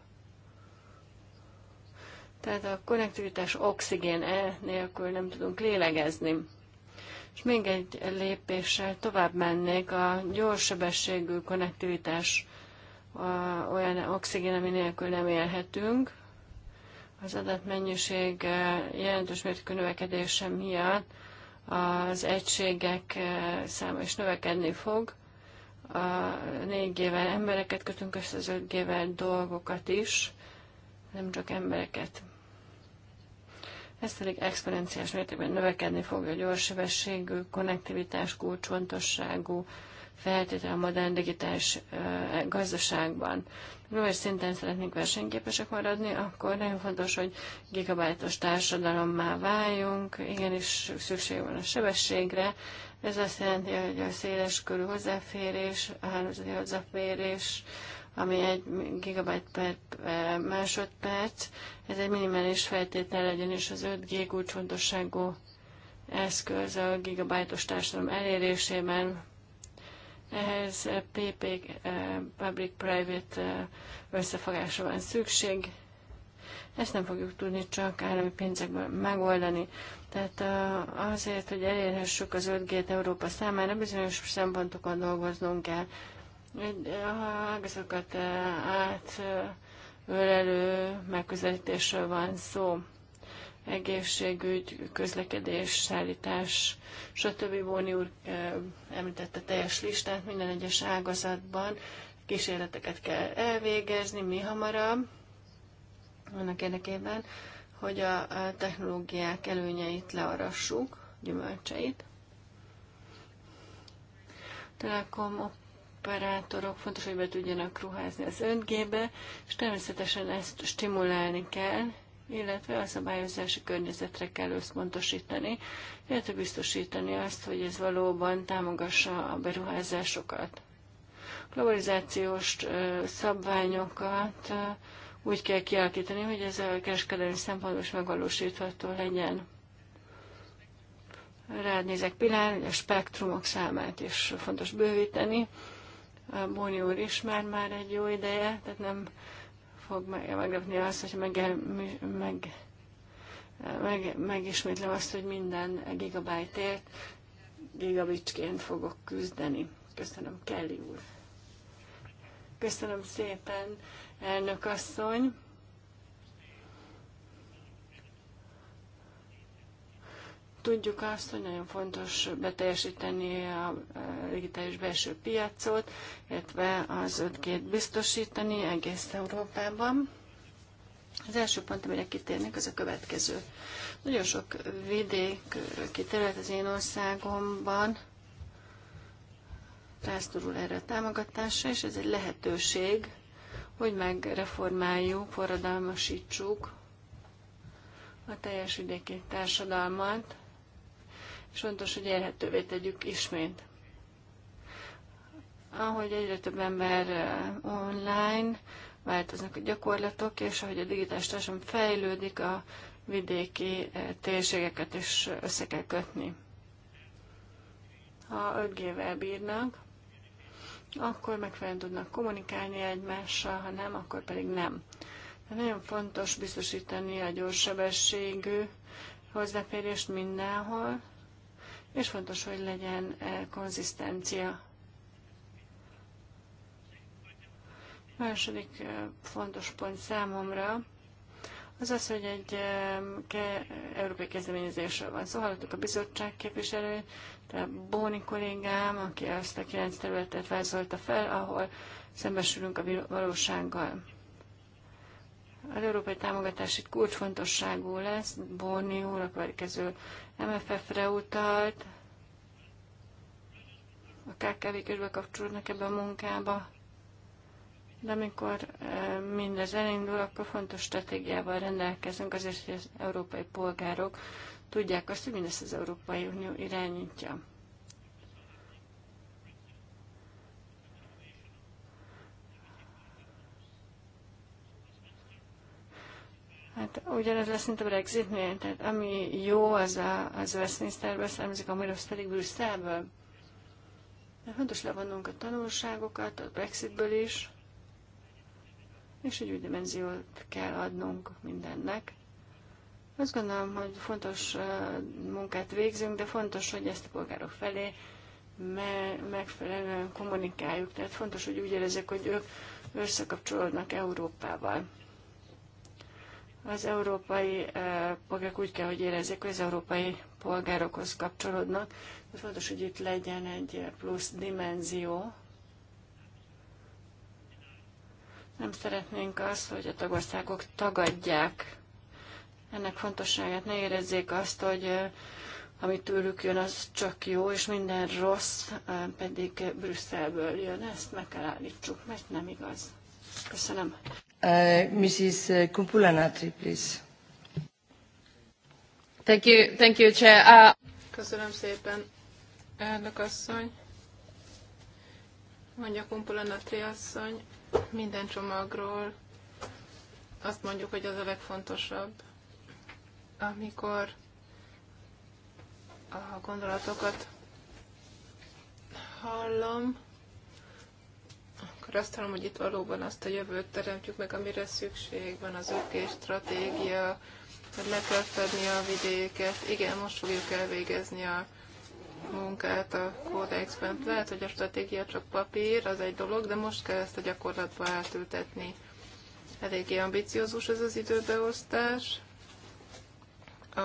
Tehát a konnektivitás oxigén -e nélkül nem tudunk lélegezni. És még egy lépéssel tovább mennék a gyorssebességű konnektivitás a olyan oxigén, ami nélkül nem élhetünk. Az adatmennyiség eh, jelentős mértékű növekedése miatt az egységek eh, száma is növekedni fog. A 4G-vel embereket kötünk össze, az 5G-vel dolgokat is, nem csak embereket. Ez pedig exponenciális mértékben növekedni fog a gyorssebességű, konnektivitás kulcsfontosságú, feltétel a modern digitális gazdaságban. Globális szinten szeretnénk versenyképesek maradni, akkor nagyon fontos, hogy gigabájtos társadalommá váljunk, igenis szükség van a sebességre, ez azt jelenti, hogy a széles körű hozzáférés, a hálózati hozzáférés, ami egy gigabyte per másodperc, ez egy minimális feltétel legyen, és az 5G kulcsfontosságú eszköz a gigabájtos társadalom elérésében ehhez eh, PP, eh, public-private eh, összefogásra van szükség. Ezt nem fogjuk tudni csak állami pénzekből megoldani. Tehát azért, hogy elérhessük az 5G-t Európa számára, bizonyos szempontokon dolgoznunk kell. Ha ágazokat átölelő megközelítésről van szó egészségügy, közlekedés, szállítás, stb. Bóni úr említette teljes listát, minden egyes ágazatban kísérleteket kell elvégezni, mi hamarabb, annak érdekében, hogy a technológiák előnyeit learassuk, gyümölcseit. Telekom operátorok fontos, hogy be tudjanak ruházni az 5 be és természetesen ezt stimulálni kell, illetve a szabályozási környezetre kell összpontosítani, illetve biztosítani azt, hogy ez valóban támogassa a beruházásokat. Globalizációs szabványokat úgy kell kialakítani, hogy ez a kereskedelmi szempontból is megvalósítható legyen. Rád nézek Pilár, a spektrumok számát is fontos bővíteni. Bóni úr ismer már egy jó ideje, tehát nem fog meglepni azt, hogy meg, meg, meg, megismétlem azt, hogy minden gigabájtért gigabicsként fogok küzdeni. Köszönöm, Kelly úr. Köszönöm szépen, elnök asszony. Tudjuk azt, hogy nagyon fontos beteljesíteni a digitális belső piacot, illetve az 5 biztosítani egész Európában. Az első pont, amire kitérnek, az a következő. Nagyon sok vidék kiterület az én országomban rászorul erre a támogatásra, és ez egy lehetőség, hogy megreformáljuk, forradalmasítsuk a teljes vidéki társadalmat, és fontos, hogy érhetővé tegyük ismét. Ahogy egyre több ember eh, online, változnak a gyakorlatok, és ahogy a digitális társadalom fejlődik, a vidéki eh, térségeket is össze kell kötni. Ha 5G-vel bírnak, akkor megfelelően tudnak kommunikálni egymással, ha nem, akkor pedig nem. De nagyon fontos biztosítani a gyorssebességű hozzáférést mindenhol, és fontos, hogy legyen eh, konzisztencia. Második eh, fontos pont számomra az az, hogy egy ke- európai kezdeményezésről van Szóval hallottuk a bizottság képviselőjét, tehát Bóni kollégám, aki azt a kilenc területet vázolta fel, ahol szembesülünk a valósággal. Az európai támogatás itt kulcsfontosságú lesz, Bóni úr a következő MFF-re utalt, a KKV-k is bekapcsolódnak ebbe a munkába, de amikor mindez elindul, akkor fontos stratégiával rendelkezünk azért, hogy az európai polgárok tudják azt, hogy mindezt az Európai Unió irányítja. Hát ugyanez lesz, mint a Brexitnél, tehát ami jó, az, a, az Westminsterből származik, ami rossz pedig Brüsszelből. De fontos levonnunk a tanulságokat, a Brexitből is, és egy új dimenziót kell adnunk mindennek. Azt gondolom, hogy fontos munkát végzünk, de fontos, hogy ezt a polgárok felé me- megfelelően kommunikáljuk. Tehát fontos, hogy úgy érezzék, hogy ők összekapcsolódnak Európával. Az európai eh, polgárok úgy kell, hogy érezzék, hogy az európai polgárokhoz kapcsolódnak. De fontos, hogy itt legyen egy plusz dimenzió. Nem szeretnénk azt, hogy a tagországok tagadják ennek fontosságát. Ne érezzék azt, hogy eh, ami tőlük jön, az csak jó, és minden rossz eh, pedig Brüsszelből jön. Ezt meg kell állítsuk, mert nem igaz. Köszönöm. Uh, Mrs. Uh, Kumpulanatri, please. Thank you, thank you, Chair. Uh... Köszönöm szépen, elnök asszony. Mondja Kumpulanatri asszony, minden csomagról azt mondjuk, hogy az a legfontosabb, amikor a gondolatokat hallom, akkor azt hallom, hogy itt valóban azt a jövőt teremtjük meg, amire szükség van, az 5 stratégia, hogy le kell fedni a vidéket. Igen, most fogjuk elvégezni a munkát a kódexben. Lehet, hogy a stratégia csak papír, az egy dolog, de most kell ezt a gyakorlatba átültetni. Eléggé ambiciózus ez az időbeosztás. A,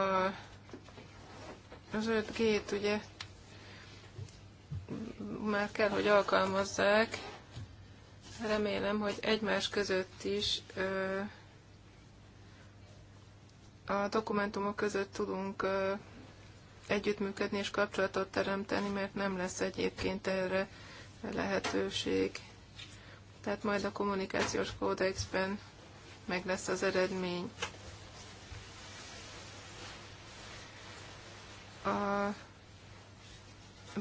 az 5G-t ugye már kell, hogy alkalmazzák, remélem, hogy egymás között is ö, a dokumentumok között tudunk ö, együttműködni és kapcsolatot teremteni, mert nem lesz egyébként erre lehetőség. Tehát majd a kommunikációs kódexben meg lesz az eredmény. A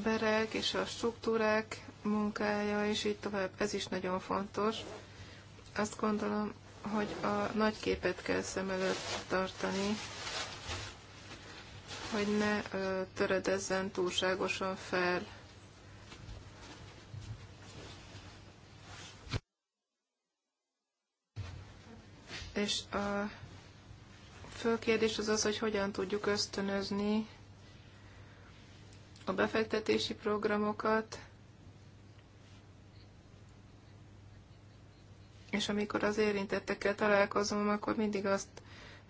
berek és a struktúrák munkája, és így tovább. Ez is nagyon fontos. Azt gondolom, hogy a nagy képet kell szem előtt tartani, hogy ne ö, töredezzen túlságosan fel. És a fő kérdés az az, hogy hogyan tudjuk ösztönözni a befektetési programokat, És amikor az érintettekkel találkozom, akkor mindig azt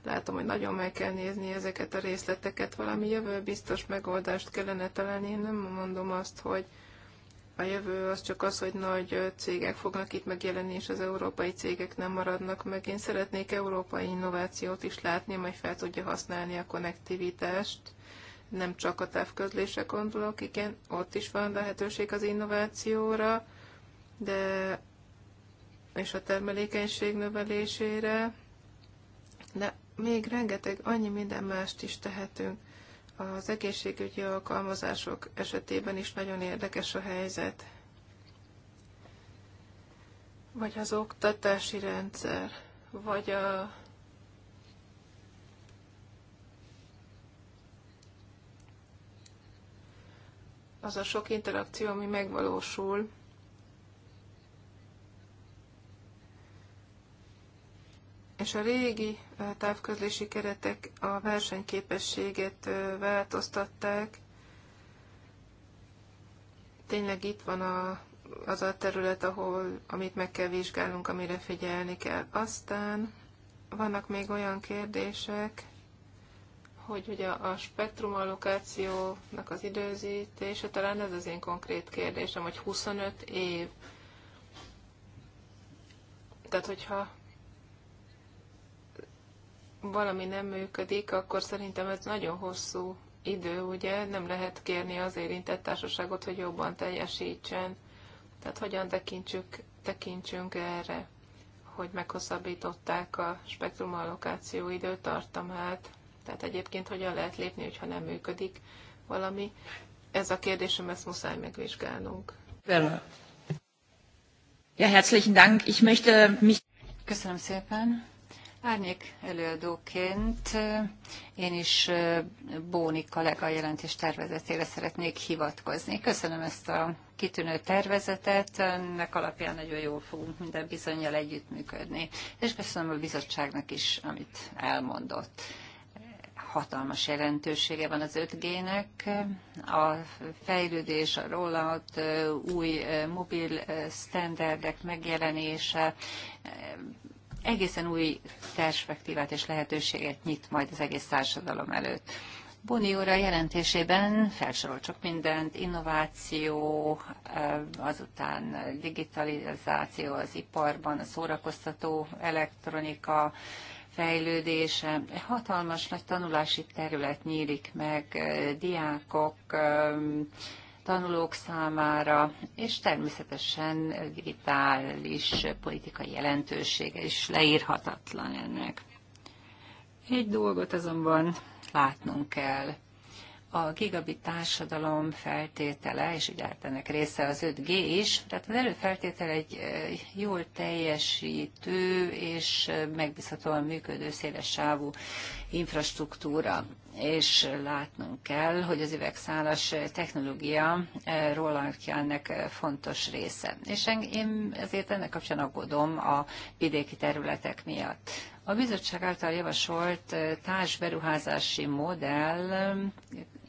látom, hogy nagyon meg kell nézni ezeket a részleteket, valami jövő biztos megoldást kellene találni. Én nem mondom azt, hogy a jövő az csak az, hogy nagy cégek fognak itt megjelenni, és az európai cégek nem maradnak meg. Én szeretnék európai innovációt is látni, majd fel tudja használni a konnektivitást. Nem csak a távközlésre gondolok, igen, ott is van lehetőség az innovációra, de és a termelékenység növelésére, de még rengeteg annyi minden mást is tehetünk. Az egészségügyi alkalmazások esetében is nagyon érdekes a helyzet. Vagy az oktatási rendszer, vagy a az a sok interakció, ami megvalósul és a régi távközlési keretek a versenyképességet változtatták. Tényleg itt van a, az a terület, ahol, amit meg kell vizsgálnunk, amire figyelni kell. Aztán vannak még olyan kérdések, hogy ugye a spektrum allokációnak az időzítése, talán ez az én konkrét kérdésem, hogy 25 év. Tehát, hogyha valami nem működik, akkor szerintem ez nagyon hosszú idő, ugye nem lehet kérni az érintett társaságot, hogy jobban teljesítsen. Tehát hogyan tekintsük, tekintsünk erre, hogy meghosszabbították a spektrumallokáció időtartamát. Tehát egyébként hogyan lehet lépni, hogyha nem működik valami. Ez a kérdésem, ezt muszáj megvizsgálnunk. Ja, herzlichen Dank. Ich möchte mich... Köszönöm szépen. Árnyék előadóként én is Bóni kollega jelentés tervezetére szeretnék hivatkozni. Köszönöm ezt a kitűnő tervezetet, ennek alapján nagyon jól fogunk minden bizonyal együttműködni. És köszönöm a bizottságnak is, amit elmondott hatalmas jelentősége van az 5G-nek. A fejlődés, a rollout, új mobil standardek megjelenése egészen új perspektívát és lehetőséget nyit majd az egész társadalom előtt. Boni úr a jelentésében felsorol csak mindent, innováció, azután digitalizáció az iparban, a szórakoztató elektronika, fejlődése. Hatalmas nagy tanulási terület nyílik meg, diákok, tanulók számára, és természetesen digitális politikai jelentősége is leírhatatlan ennek. Egy dolgot azonban látnunk kell. A gigabit társadalom feltétele, és ugye hát ennek része az 5G is, tehát az előfeltétele egy e, jól teljesítő és e, megbízhatóan működő széles sávú infrastruktúra és látnunk kell, hogy az üvegszálas technológia eh, rollarkjának eh, fontos része. És én ezért ennek kapcsán aggódom a vidéki területek miatt. A bizottság által javasolt eh, társberuházási modell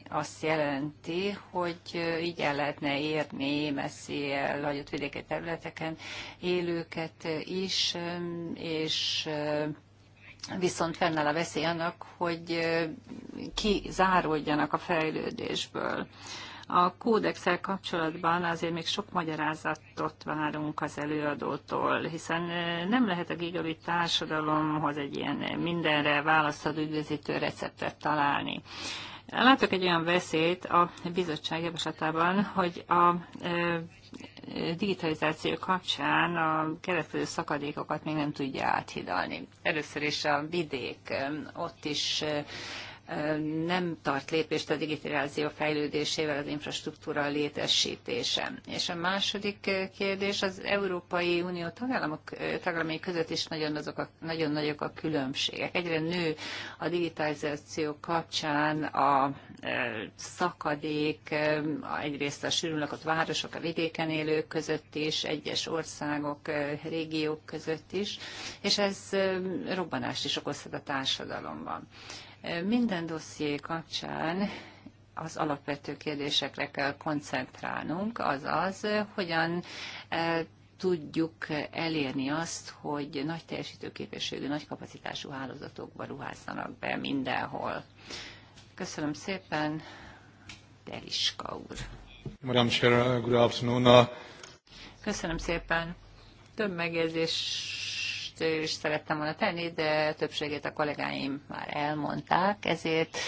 azt jelenti, hogy így el lehetne érni messzi lagyott vidéki területeken élőket is, és viszont fennáll a veszély annak, hogy kizáródjanak a fejlődésből. A kódexel kapcsolatban azért még sok magyarázatot várunk az előadótól, hiszen nem lehet a gigabit társadalomhoz egy ilyen mindenre választható üdvözítő receptet találni. Látok egy olyan veszélyt a bizottság javaslatában, hogy a digitalizáció kapcsán a keletkező szakadékokat még nem tudja áthidalni. Először is a vidék, ott is nem tart lépést a digitalizáció fejlődésével az infrastruktúra létesítése. És a második kérdés, az Európai Unió tagállamok, tagállamai között is nagyon, azok a, nagyon nagyok a különbségek. Egyre nő a digitalizáció kapcsán a szakadék, egyrészt a sűrűlakott városok, a vidéken élők között is, egyes országok, régiók között is, és ez robbanást is okozhat a társadalomban. Minden dosszié kapcsán az alapvető kérdésekre kell koncentrálnunk, azaz, hogyan e, tudjuk elérni azt, hogy nagy teljesítőképességű, nagy kapacitású hálózatokba ruházzanak be mindenhol. Köszönöm szépen, Deliska úr. Köszönöm szépen. Több megjegyzés is szerettem volna tenni, de többségét a kollégáim már elmondták, ezért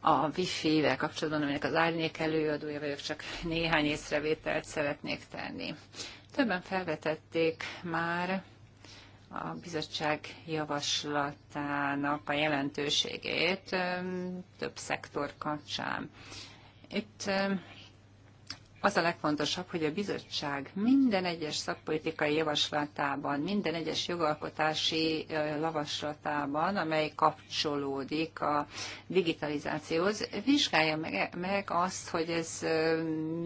a wifi-vel kapcsolatban, aminek az árnyék előadója vagyok, csak néhány észrevételt szeretnék tenni. Többen felvetették már a bizottság javaslatának a jelentőségét több szektor kapcsán. Itt az a legfontosabb, hogy a bizottság minden egyes szakpolitikai javaslatában, minden egyes jogalkotási javaslatában, amely kapcsolódik a digitalizációhoz, vizsgálja meg azt, hogy ez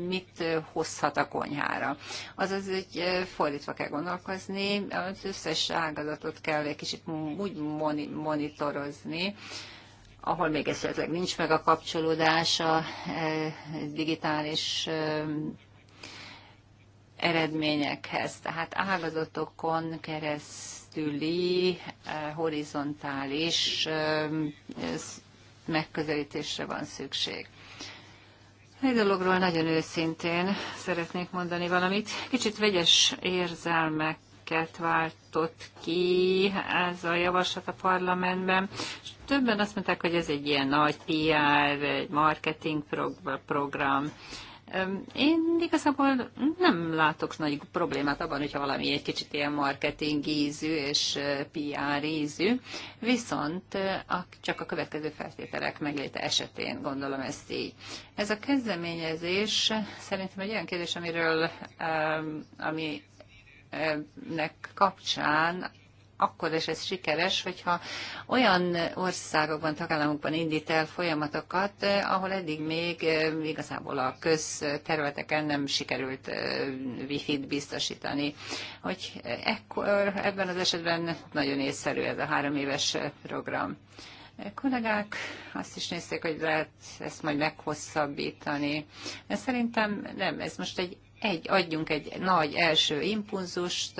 mit hozhat a konyhára. Azaz, hogy fordítva kell gondolkozni, az összes ágazatot kell egy kicsit úgy monitorozni, ahol még esetleg nincs meg a kapcsolódás a e, digitális e, eredményekhez. Tehát ágazatokon keresztüli e, horizontális megközelítésre van szükség. Egy dologról nagyon őszintén szeretnék mondani valamit. Kicsit vegyes érzelmek érdeket váltott ki ez a javaslat a parlamentben, és többen azt mondták, hogy ez egy ilyen nagy PR, egy marketing program. Én igazából nem látok nagy problémát abban, hogyha valami egy kicsit ilyen marketing ízű és PR ízű, viszont csak a következő feltételek megléte esetén gondolom ezt így. Ez a kezdeményezés szerintem egy olyan kérdés, amiről ami nek kapcsán akkor is ez sikeres, hogyha olyan országokban, tagállamokban indít el folyamatokat, ahol eddig még eh, igazából a közterületeken nem sikerült eh, wifi-t biztosítani. Hogy ekkor, ebben az esetben nagyon észszerű ez a három éves program. A kollégák azt is nézték, hogy lehet ezt majd meghosszabbítani. De szerintem nem, ez most egy egy, adjunk egy nagy első impulzust,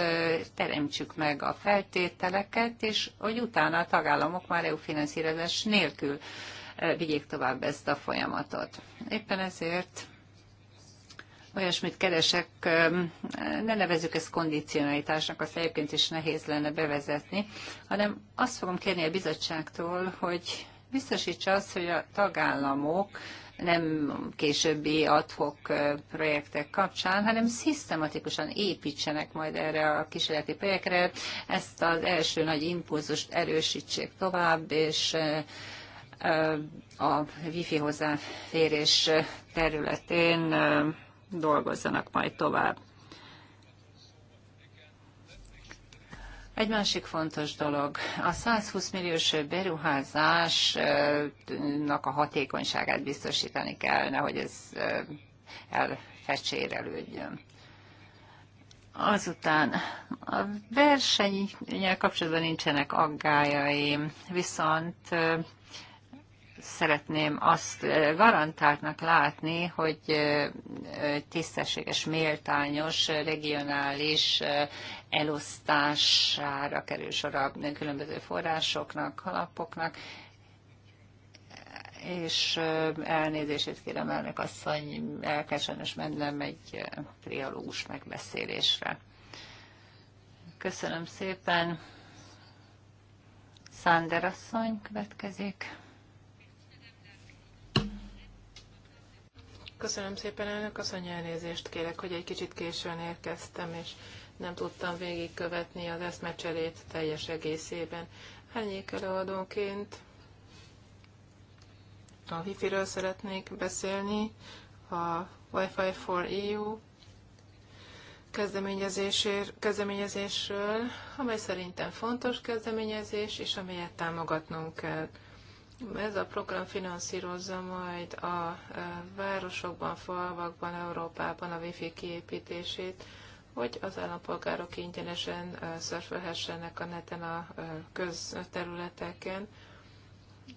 teremtsük meg a feltételeket, és hogy utána a tagállamok már EU finanszírozás nélkül vigyék tovább ezt a folyamatot. Éppen ezért olyasmit keresek, ne nevezzük ezt kondicionalitásnak, azt egyébként is nehéz lenne bevezetni, hanem azt fogom kérni a bizottságtól, hogy biztosítsa azt, hogy a tagállamok nem későbbi adhok projektek kapcsán, hanem szisztematikusan építsenek majd erre a kísérleti projektre, ezt az első nagy impulzust erősítsék tovább, és a wifi hozzáférés területén dolgozzanak majd tovább. Egy másik fontos dolog, a 120 milliós beruházásnak a hatékonyságát biztosítani kell, hogy ez elfecsérelődjön. Azután a versenyel kapcsolatban nincsenek aggájaim, viszont szeretném azt garantáltnak látni, hogy tisztességes, méltányos, regionális elosztására kerül sor a különböző forrásoknak, alapoknak, és elnézését kérem elnök asszony, el kell sajnos mennem egy trialógus megbeszélésre. Köszönöm szépen. Sander asszony következik. Köszönöm szépen, elnök asszony, elnézést kérek, hogy egy kicsit későn érkeztem, és nem tudtam végigkövetni az eszmecserét teljes egészében. Ennyik előadóként a Wi-Fi-ről szeretnék beszélni, a Wi-Fi for EU kezdeményezésről, amely szerintem fontos kezdeményezés, és amelyet támogatnunk kell. Ez a program finanszírozza majd a e, városokban, falvakban, Európában a wifi kiépítését, hogy az állampolgárok ingyenesen e, szörfölhessenek a neten a e, közterületeken.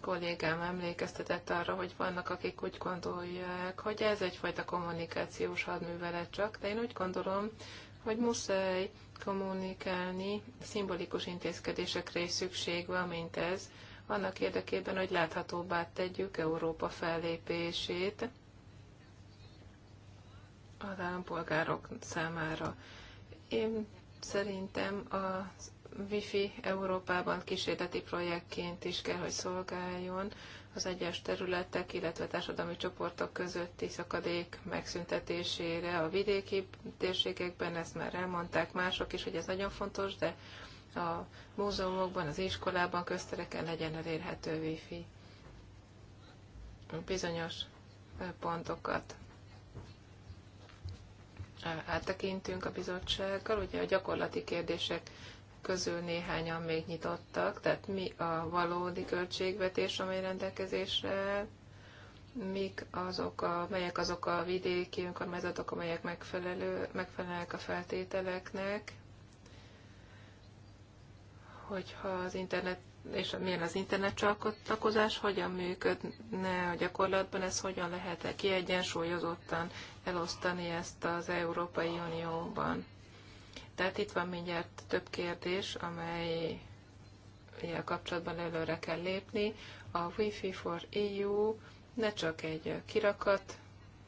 Kollégám emlékeztetett arra, hogy vannak, akik úgy gondolják, hogy ez egyfajta kommunikációs hadművelet csak, de én úgy gondolom, hogy muszáj kommunikálni, szimbolikus intézkedésekre is szükség van, mint ez, annak érdekében, hogy láthatóbbá tegyük Európa fellépését az állampolgárok számára. Én szerintem a Wi-Fi Európában kísérleti projektként is kell, hogy szolgáljon az egyes területek, illetve társadalmi csoportok közötti szakadék megszüntetésére. A vidéki térségekben ezt már elmondták mások is, hogy ez nagyon fontos, de a múzeumokban, az iskolában, köztereken legyen elérhető wifi bizonyos pontokat áttekintünk a bizottsággal. Ugye a gyakorlati kérdések közül néhányan még nyitottak, tehát mi a valódi költségvetés, amely rendelkezésre áll, mik azok a, melyek azok a vidéki önkormányzatok, amelyek megfelelő, megfelelnek a feltételeknek, hogyha az internet és milyen az internet csatlakozás, hogyan működne a gyakorlatban, ez hogyan lehet -e kiegyensúlyozottan elosztani ezt az Európai Unióban. Tehát itt van mindjárt több kérdés, amely ilyen kapcsolatban előre kell lépni. A Wi-Fi for EU ne csak egy kirakat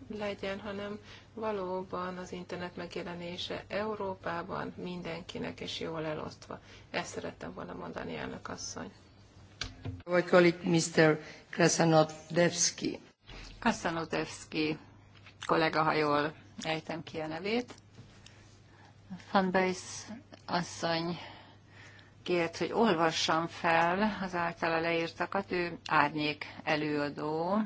legyen, hanem valóban az internet megjelenése Európában mindenkinek és jól elosztva. Ezt szerettem volna mondani, elnök asszony. Our colleague Mr. Krasanodevski. Krasanodevski kollega, ha jól ejtem ki a nevét. Fanbase asszony kért, hogy olvassam fel az általa leírtakat. Ő árnyék előadó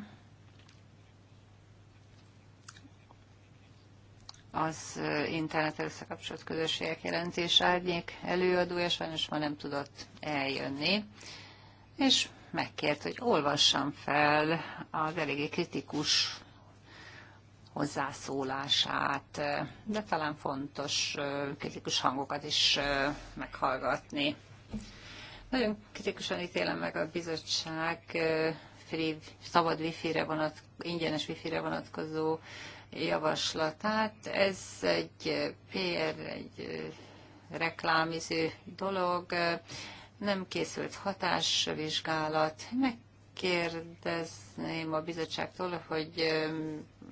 az internet összekapcsolt közösségek jelentés árnyék előadója, sajnos ma nem tudott eljönni, és megkért, hogy olvassam fel az eléggé kritikus hozzászólását, de talán fontos kritikus hangokat is meghallgatni. Nagyon kritikusan ítélem meg a bizottság free, szabad wifi-re vonat, ingyenes wifi-re vonatkozó javaslatát. Ez egy PR, egy reklámiző dolog, nem készült hatásvizsgálat. Megkérdezném a bizottságtól, hogy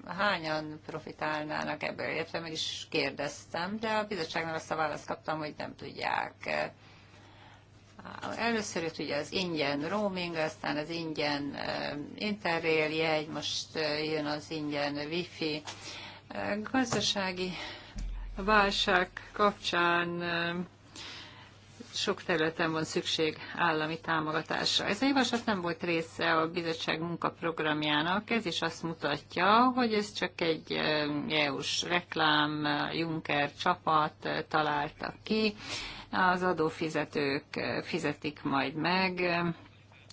hányan profitálnának ebből, illetve meg is kérdeztem, de a bizottságnál azt a választ kaptam, hogy nem tudják. Először jött ugye az ingyen roaming, aztán az ingyen eh, interrail jegy, most eh, jön az ingyen wifi. Eh, gazdasági válság kapcsán sok területen van szükség állami támogatásra. Ez a javaslat nem volt része a bizottság munkaprogramjának, ez is azt mutatja, hogy ez csak egy EU-s reklám, Juncker csapat találta ki, az adófizetők fizetik majd meg,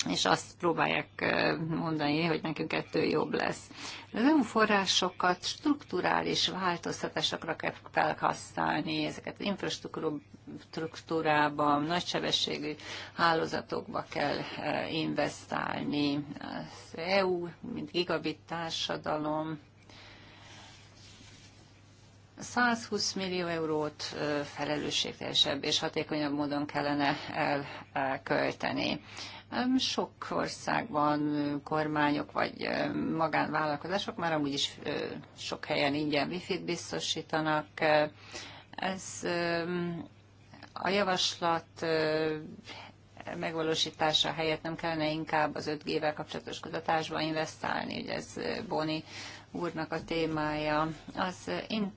és azt próbálják mondani, hogy nekünk ettől jobb lesz. Az önforrásokat strukturális változtatásokra kell felhasználni, ezeket infrastruktúrában, nagysebességű hálózatokba kell investálni. Az EU, mint gigabit társadalom, 120 millió eurót felelősségteljesebb és hatékonyabb módon kellene elkölteni. Sok országban kormányok vagy magánvállalkozások már amúgy is sok helyen ingyen wifi-t biztosítanak. Ez a javaslat megvalósítása helyett nem kellene inkább az 5G-vel kapcsolatos kutatásba investálni, ugye ez Boni úrnak a témája. Az int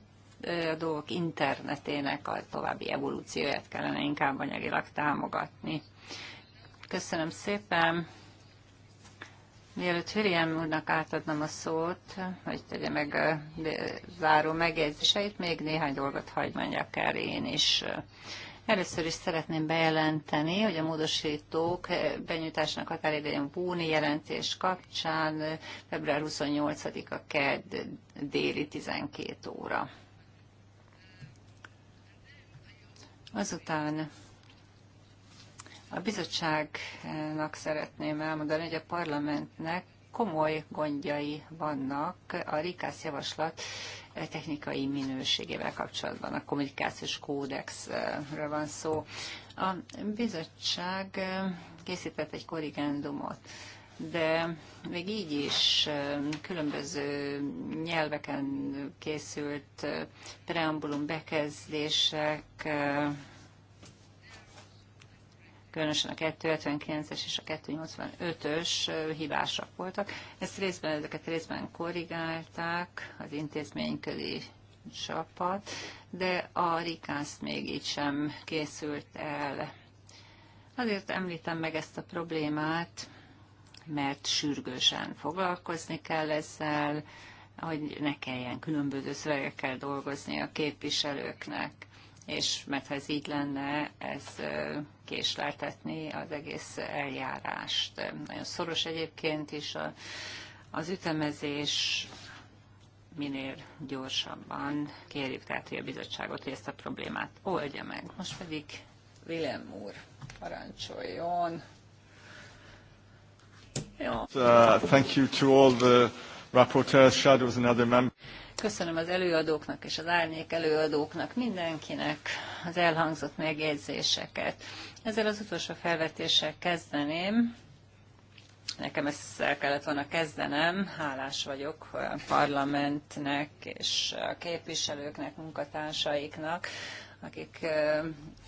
a dolgok internetének a további evolúcióját kellene inkább anyagilag támogatni. Köszönöm szépen! Mielőtt Hüriem úrnak átadnom a szót, hogy tegye meg a záró megjegyzéseit, még néhány dolgot hagyd mondjak el én is. Először is szeretném bejelenteni, hogy a módosítók benyújtásnak határidején Búni jelentés kapcsán február 28-a kedd déli 12 óra. Azután a bizottságnak szeretném elmondani, hogy a parlamentnek komoly gondjai vannak a Rikász javaslat technikai minőségével kapcsolatban. A kommunikációs kódexről van szó. A bizottság készített egy korrigendumot de még így is különböző nyelveken készült preambulum bekezdések, különösen a 259 es és a 285-ös hibásak voltak. Ezt részben, ezeket részben korrigálták az intézményközi csapat, de a rikászt még így sem készült el. Azért említem meg ezt a problémát, mert sürgősen foglalkozni kell ezzel, hogy ne kelljen különböző szövegekkel dolgozni a képviselőknek, és mert ha ez így lenne, ez késleltetni az egész eljárást. Nagyon szoros egyébként is a, az ütemezés minél gyorsabban kérjük tehát, hogy a bizottságot, hogy ezt a problémát oldja meg. Most pedig Willem úr parancsoljon. Köszönöm az előadóknak és az árnyék előadóknak, mindenkinek az elhangzott megjegyzéseket. Ezzel az utolsó felvetéssel kezdeném. Nekem ezzel kellett volna kezdenem. Hálás vagyok a parlamentnek és a képviselőknek, munkatársaiknak, akik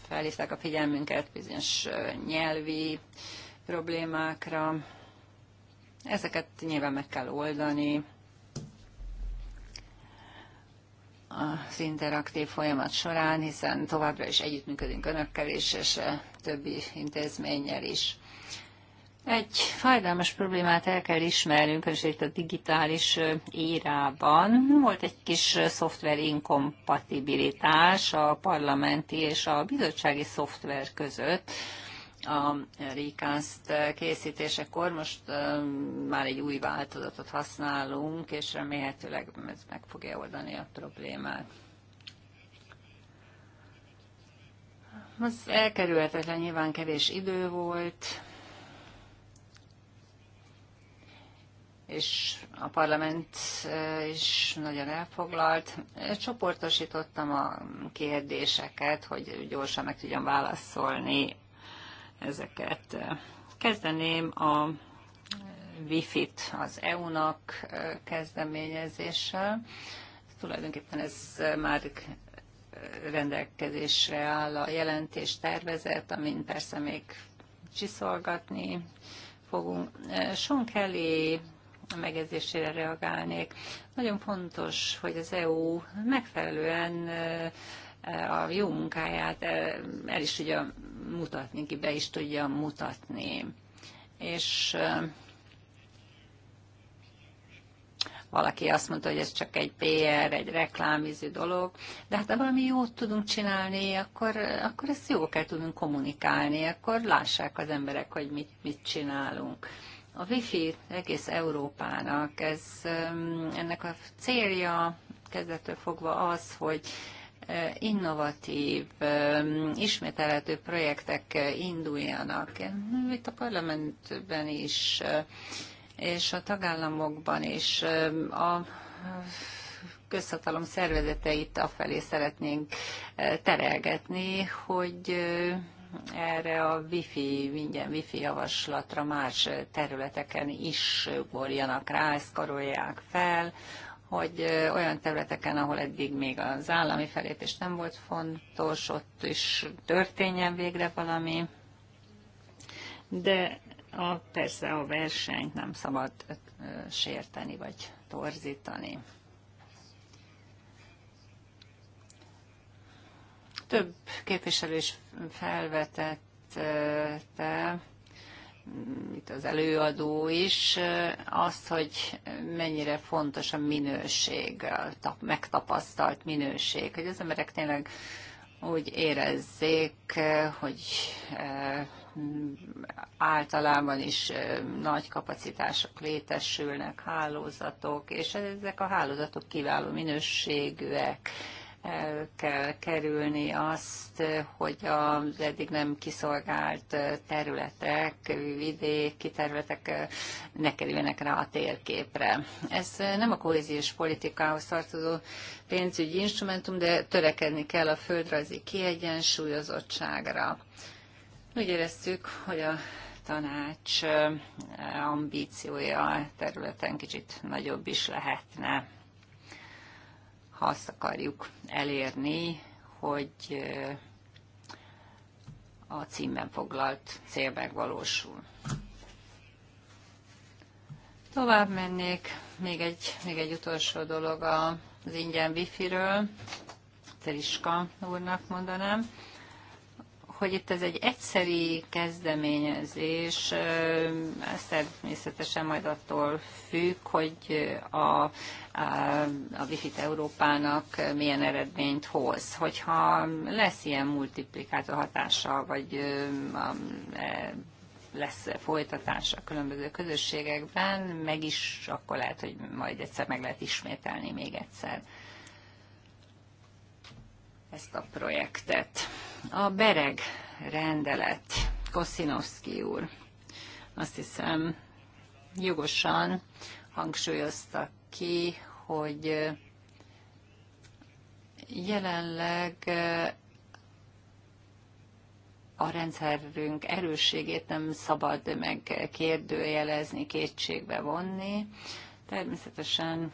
felhívták a figyelmünket bizonyos nyelvi problémákra, Ezeket nyilván meg kell oldani. az interaktív folyamat során, hiszen továbbra is együttműködünk önökkel is, és eh, többi intézménnyel is. Egy fájdalmas problémát el kell ismernünk, és itt a digitális eh, érában volt egy kis eh, szoftver inkompatibilitás a parlamenti és a bizottsági szoftver között, a recast készítésekor. Most már egy új változatot használunk, és remélhetőleg ez meg fogja oldani a problémát. Az elkerülhetetlen, nyilván kevés idő volt, és a parlament is nagyon elfoglalt. Csoportosítottam a kérdéseket, hogy gyorsan meg tudjam válaszolni ezeket. Eh, kezdeném a WIFIT az EU-nak eh, kezdeményezéssel. Tulajdonképpen ez eh, már rendelkezésre áll a jelentés tervezet, amin persze még csiszolgatni fogunk. Sean Kelly megjegyzésére reagálnék. Nagyon fontos, hogy az EU megfelelően Eh, a jó munkáját eh, el is tudja mutatni, ki be is tudja mutatni. És eh, valaki azt mondta, hogy ez csak egy PR, egy reklámízű dolog, de hát ha valami jót tudunk csinálni, akkor, akkor ezt jól kell tudnunk kommunikálni, akkor lássák az emberek, hogy mit, mit csinálunk. A Wi-Fi egész Európának, ez, ennek a célja kezdettől fogva az, hogy innovatív, ismételhető projektek induljanak. Itt a parlamentben is, és a tagállamokban is a közhatalom szervezeteit afelé szeretnénk terelgetni, hogy erre a wifi, ingyen wifi javaslatra más területeken is borjanak rá, ezt karolják fel, hogy olyan területeken, ahol eddig még az állami felépés nem volt fontos, ott is történjen végre valami, de a, persze a versenyt nem szabad sérteni vagy torzítani. Több képviselő is felvetette, itt az előadó is, azt, hogy mennyire fontos a minőség, a megtapasztalt minőség, hogy az emberek tényleg úgy érezzék, hogy e, általában is e, nagy kapacitások létesülnek, hálózatok, és ezek a hálózatok kiváló minőségűek, el kell kerülni azt, hogy az eddig nem kiszolgált területek, vidéki területek ne kerüljenek rá a térképre. Ez nem a kohéziós politikához tartozó pénzügyi instrumentum, de törekedni kell a földrajzi kiegyensúlyozottságra. Úgy éreztük, hogy a tanács eh, ambíciója területen kicsit nagyobb is lehetne ha azt akarjuk elérni, hogy a címben foglalt cél megvalósul. Tovább mennék, még egy, még egy utolsó dolog az ingyen wifi-ről, Teriska úrnak mondanám hogy itt ez egy egyszeri kezdeményezés, ez természetesen majd attól függ, hogy a a vifit Európának milyen eredményt hoz. Hogyha lesz ilyen multiplikátor hatása, vagy e, lesz folytatása a különböző közösségekben, meg is akkor lehet, hogy majd egyszer meg lehet ismételni még egyszer ezt a projektet. A bereg rendelet, Koszinovszki úr, azt hiszem jogosan hangsúlyozta ki, hogy jelenleg a rendszerünk erősségét nem szabad megkérdőjelezni, kétségbe vonni. Természetesen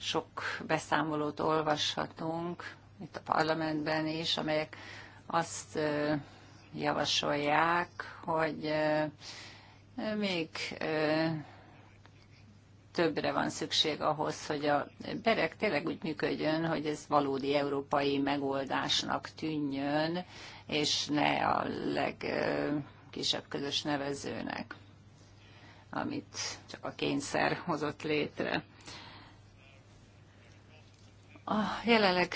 sok beszámolót olvashatunk itt a parlamentben is, amelyek azt javasolják, hogy még többre van szükség ahhoz, hogy a berek tényleg úgy működjön, hogy ez valódi európai megoldásnak tűnjön, és ne a legkisebb közös nevezőnek, amit csak a kényszer hozott létre. A jelenleg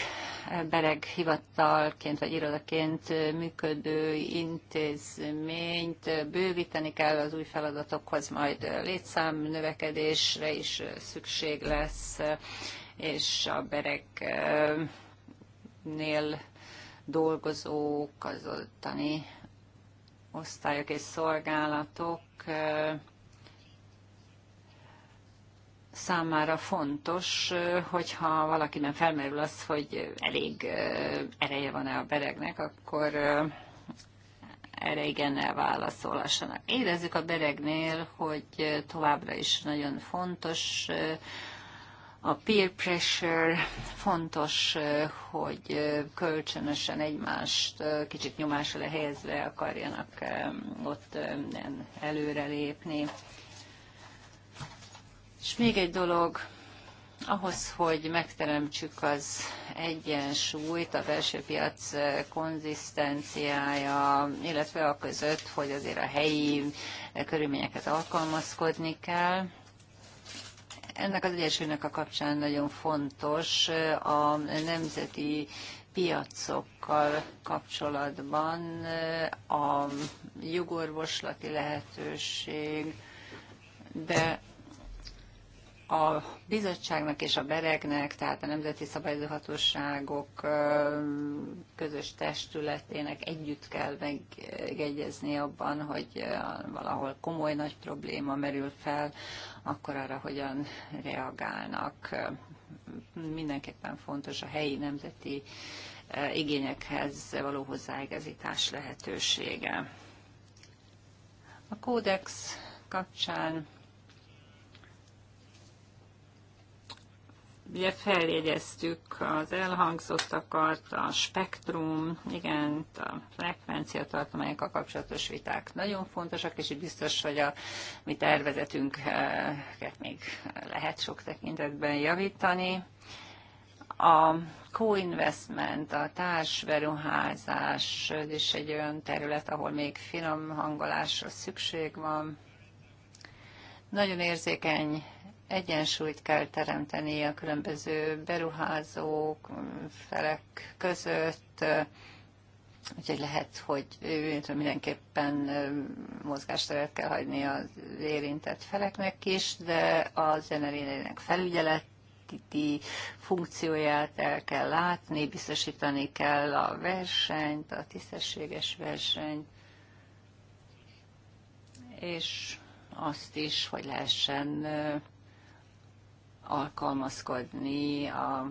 bereg hivatalként vagy irodaként működő intézményt bővíteni kell az új feladatokhoz, majd létszám növekedésre is szükség lesz, és a beregnél dolgozók, az ottani osztályok és szolgálatok számára fontos, hogyha valakiben felmerül az, hogy elég ereje van-e a beregnek, akkor erre igennel válaszolhassanak. Érezzük a beregnél, hogy továbbra is nagyon fontos a peer pressure, fontos, hogy kölcsönösen egymást kicsit nyomásra helyezve akarjanak ott előrelépni. És még egy dolog, ahhoz, hogy megteremtsük az egyensúlyt, a belső piac konzisztenciája, illetve a között, hogy azért a helyi körülményeket alkalmazkodni kell. Ennek az egyensúlynak a kapcsán nagyon fontos a nemzeti piacokkal kapcsolatban a jogorvoslati lehetőség, de a bizottságnak és a bereknek, tehát a Nemzeti Szabályozóhatóságok közös testületének együtt kell megegyezni abban, hogy valahol komoly nagy probléma merül fel, akkor arra hogyan reagálnak. Mindenképpen fontos a helyi nemzeti igényekhez való hozzáigazítás lehetősége. A kódex kapcsán ugye feljegyeztük az elhangzottakat, a spektrum, igen, a frekvencia tartományokkal kapcsolatos viták nagyon fontosak, és biztos, hogy a mi tervezetünket még lehet sok tekintetben javítani. A co-investment, a társveruházás, ez is egy olyan terület, ahol még finom hangolásra szükség van. Nagyon érzékeny egyensúlyt kell teremteni a különböző beruházók, felek között, úgyhogy lehet, hogy mindenképpen mozgásteret kell hagyni az érintett feleknek is, de a zenelének felügyelet funkcióját el kell látni, biztosítani kell a versenyt, a tisztességes versenyt, és azt is, hogy lehessen alkalmazkodni a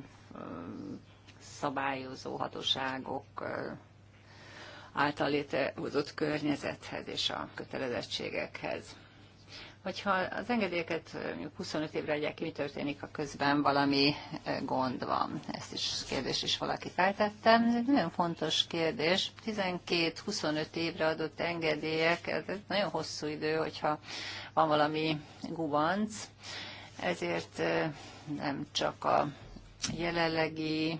szabályozó hatóságok által létrehozott környezethez és a kötelezettségekhez. Hogyha az engedélyeket 25 évre adják ki, mi történik, a közben valami gond van? Ezt is kérdés is valaki feltette. Ez egy nagyon fontos kérdés. 12-25 évre adott engedélyek, ez nagyon hosszú idő, hogyha van valami gubanc. Ezért nem csak a jelenlegi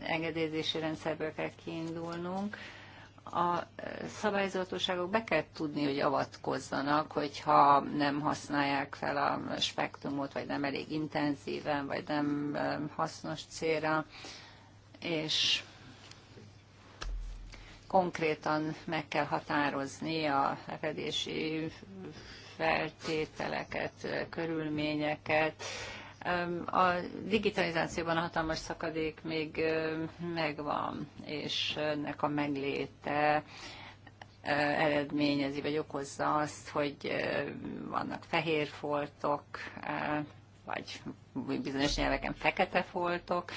engedélyezési rendszerből kell kiindulnunk, a szabályzatóságok be kell tudni, hogy avatkozzanak, hogyha nem használják fel a spektrumot, vagy nem elég intenzíven, vagy nem hasznos célra, és konkrétan meg kell határozni a fedési feltételeket, körülményeket. A digitalizációban a hatalmas szakadék még megvan, és ennek a megléte eredményezi, vagy okozza azt, hogy vannak fehér foltok, vagy bizonyos nyelveken fekete foltok,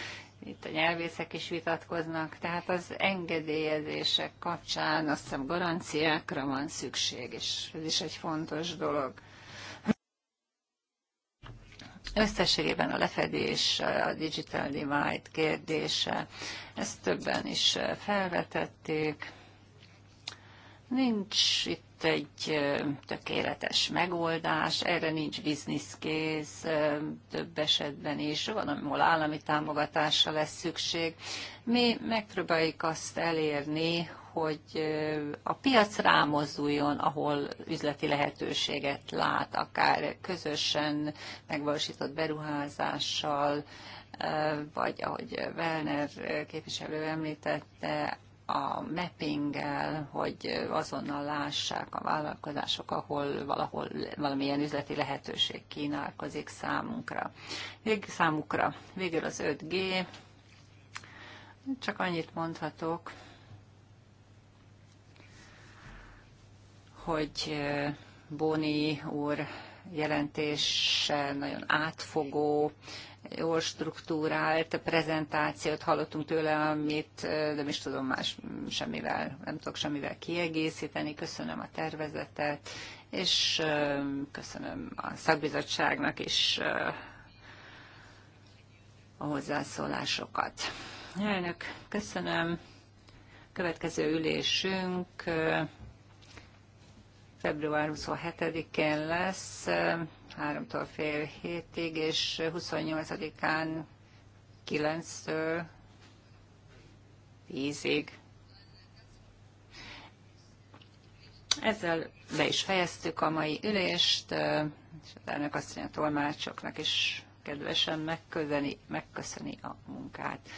itt a nyelvészek is vitatkoznak, tehát az engedélyezések kapcsán azt hiszem garanciákra van szükség, és ez is egy fontos dolog. Összességében a lefedés, a digital divide kérdése, ezt többen is felvetették. Nincs itt itt egy tökéletes megoldás, erre nincs bizniszkész több esetben is, van, ahol állami támogatásra lesz szükség. Mi megpróbáljuk azt elérni, hogy a piac rámozduljon, ahol üzleti lehetőséget lát, akár közösen megvalósított beruházással, vagy ahogy Werner képviselő említette, a mappinggel, hogy azonnal lássák a vállalkozások, ahol valahol valamilyen üzleti lehetőség kínálkozik számunkra. Vég, számukra. Végül az 5G. Csak annyit mondhatok, hogy Boni úr jelentése nagyon átfogó, jól struktúrált prezentációt hallottunk tőle, amit nem is tudom más semmivel, nem tudok semmivel kiegészíteni. Köszönöm a tervezetet, és köszönöm a szakbizottságnak is a hozzászólásokat. Elnök, köszönöm. Következő ülésünk február 27-én lesz. 3-tól fél hétig, és 28-án 9-től 10-ig. Ezzel le is fejeztük a mai ülést, és az elnök mondja, a tolmácsoknak is kedvesen megköszöni, megköszöni a munkát.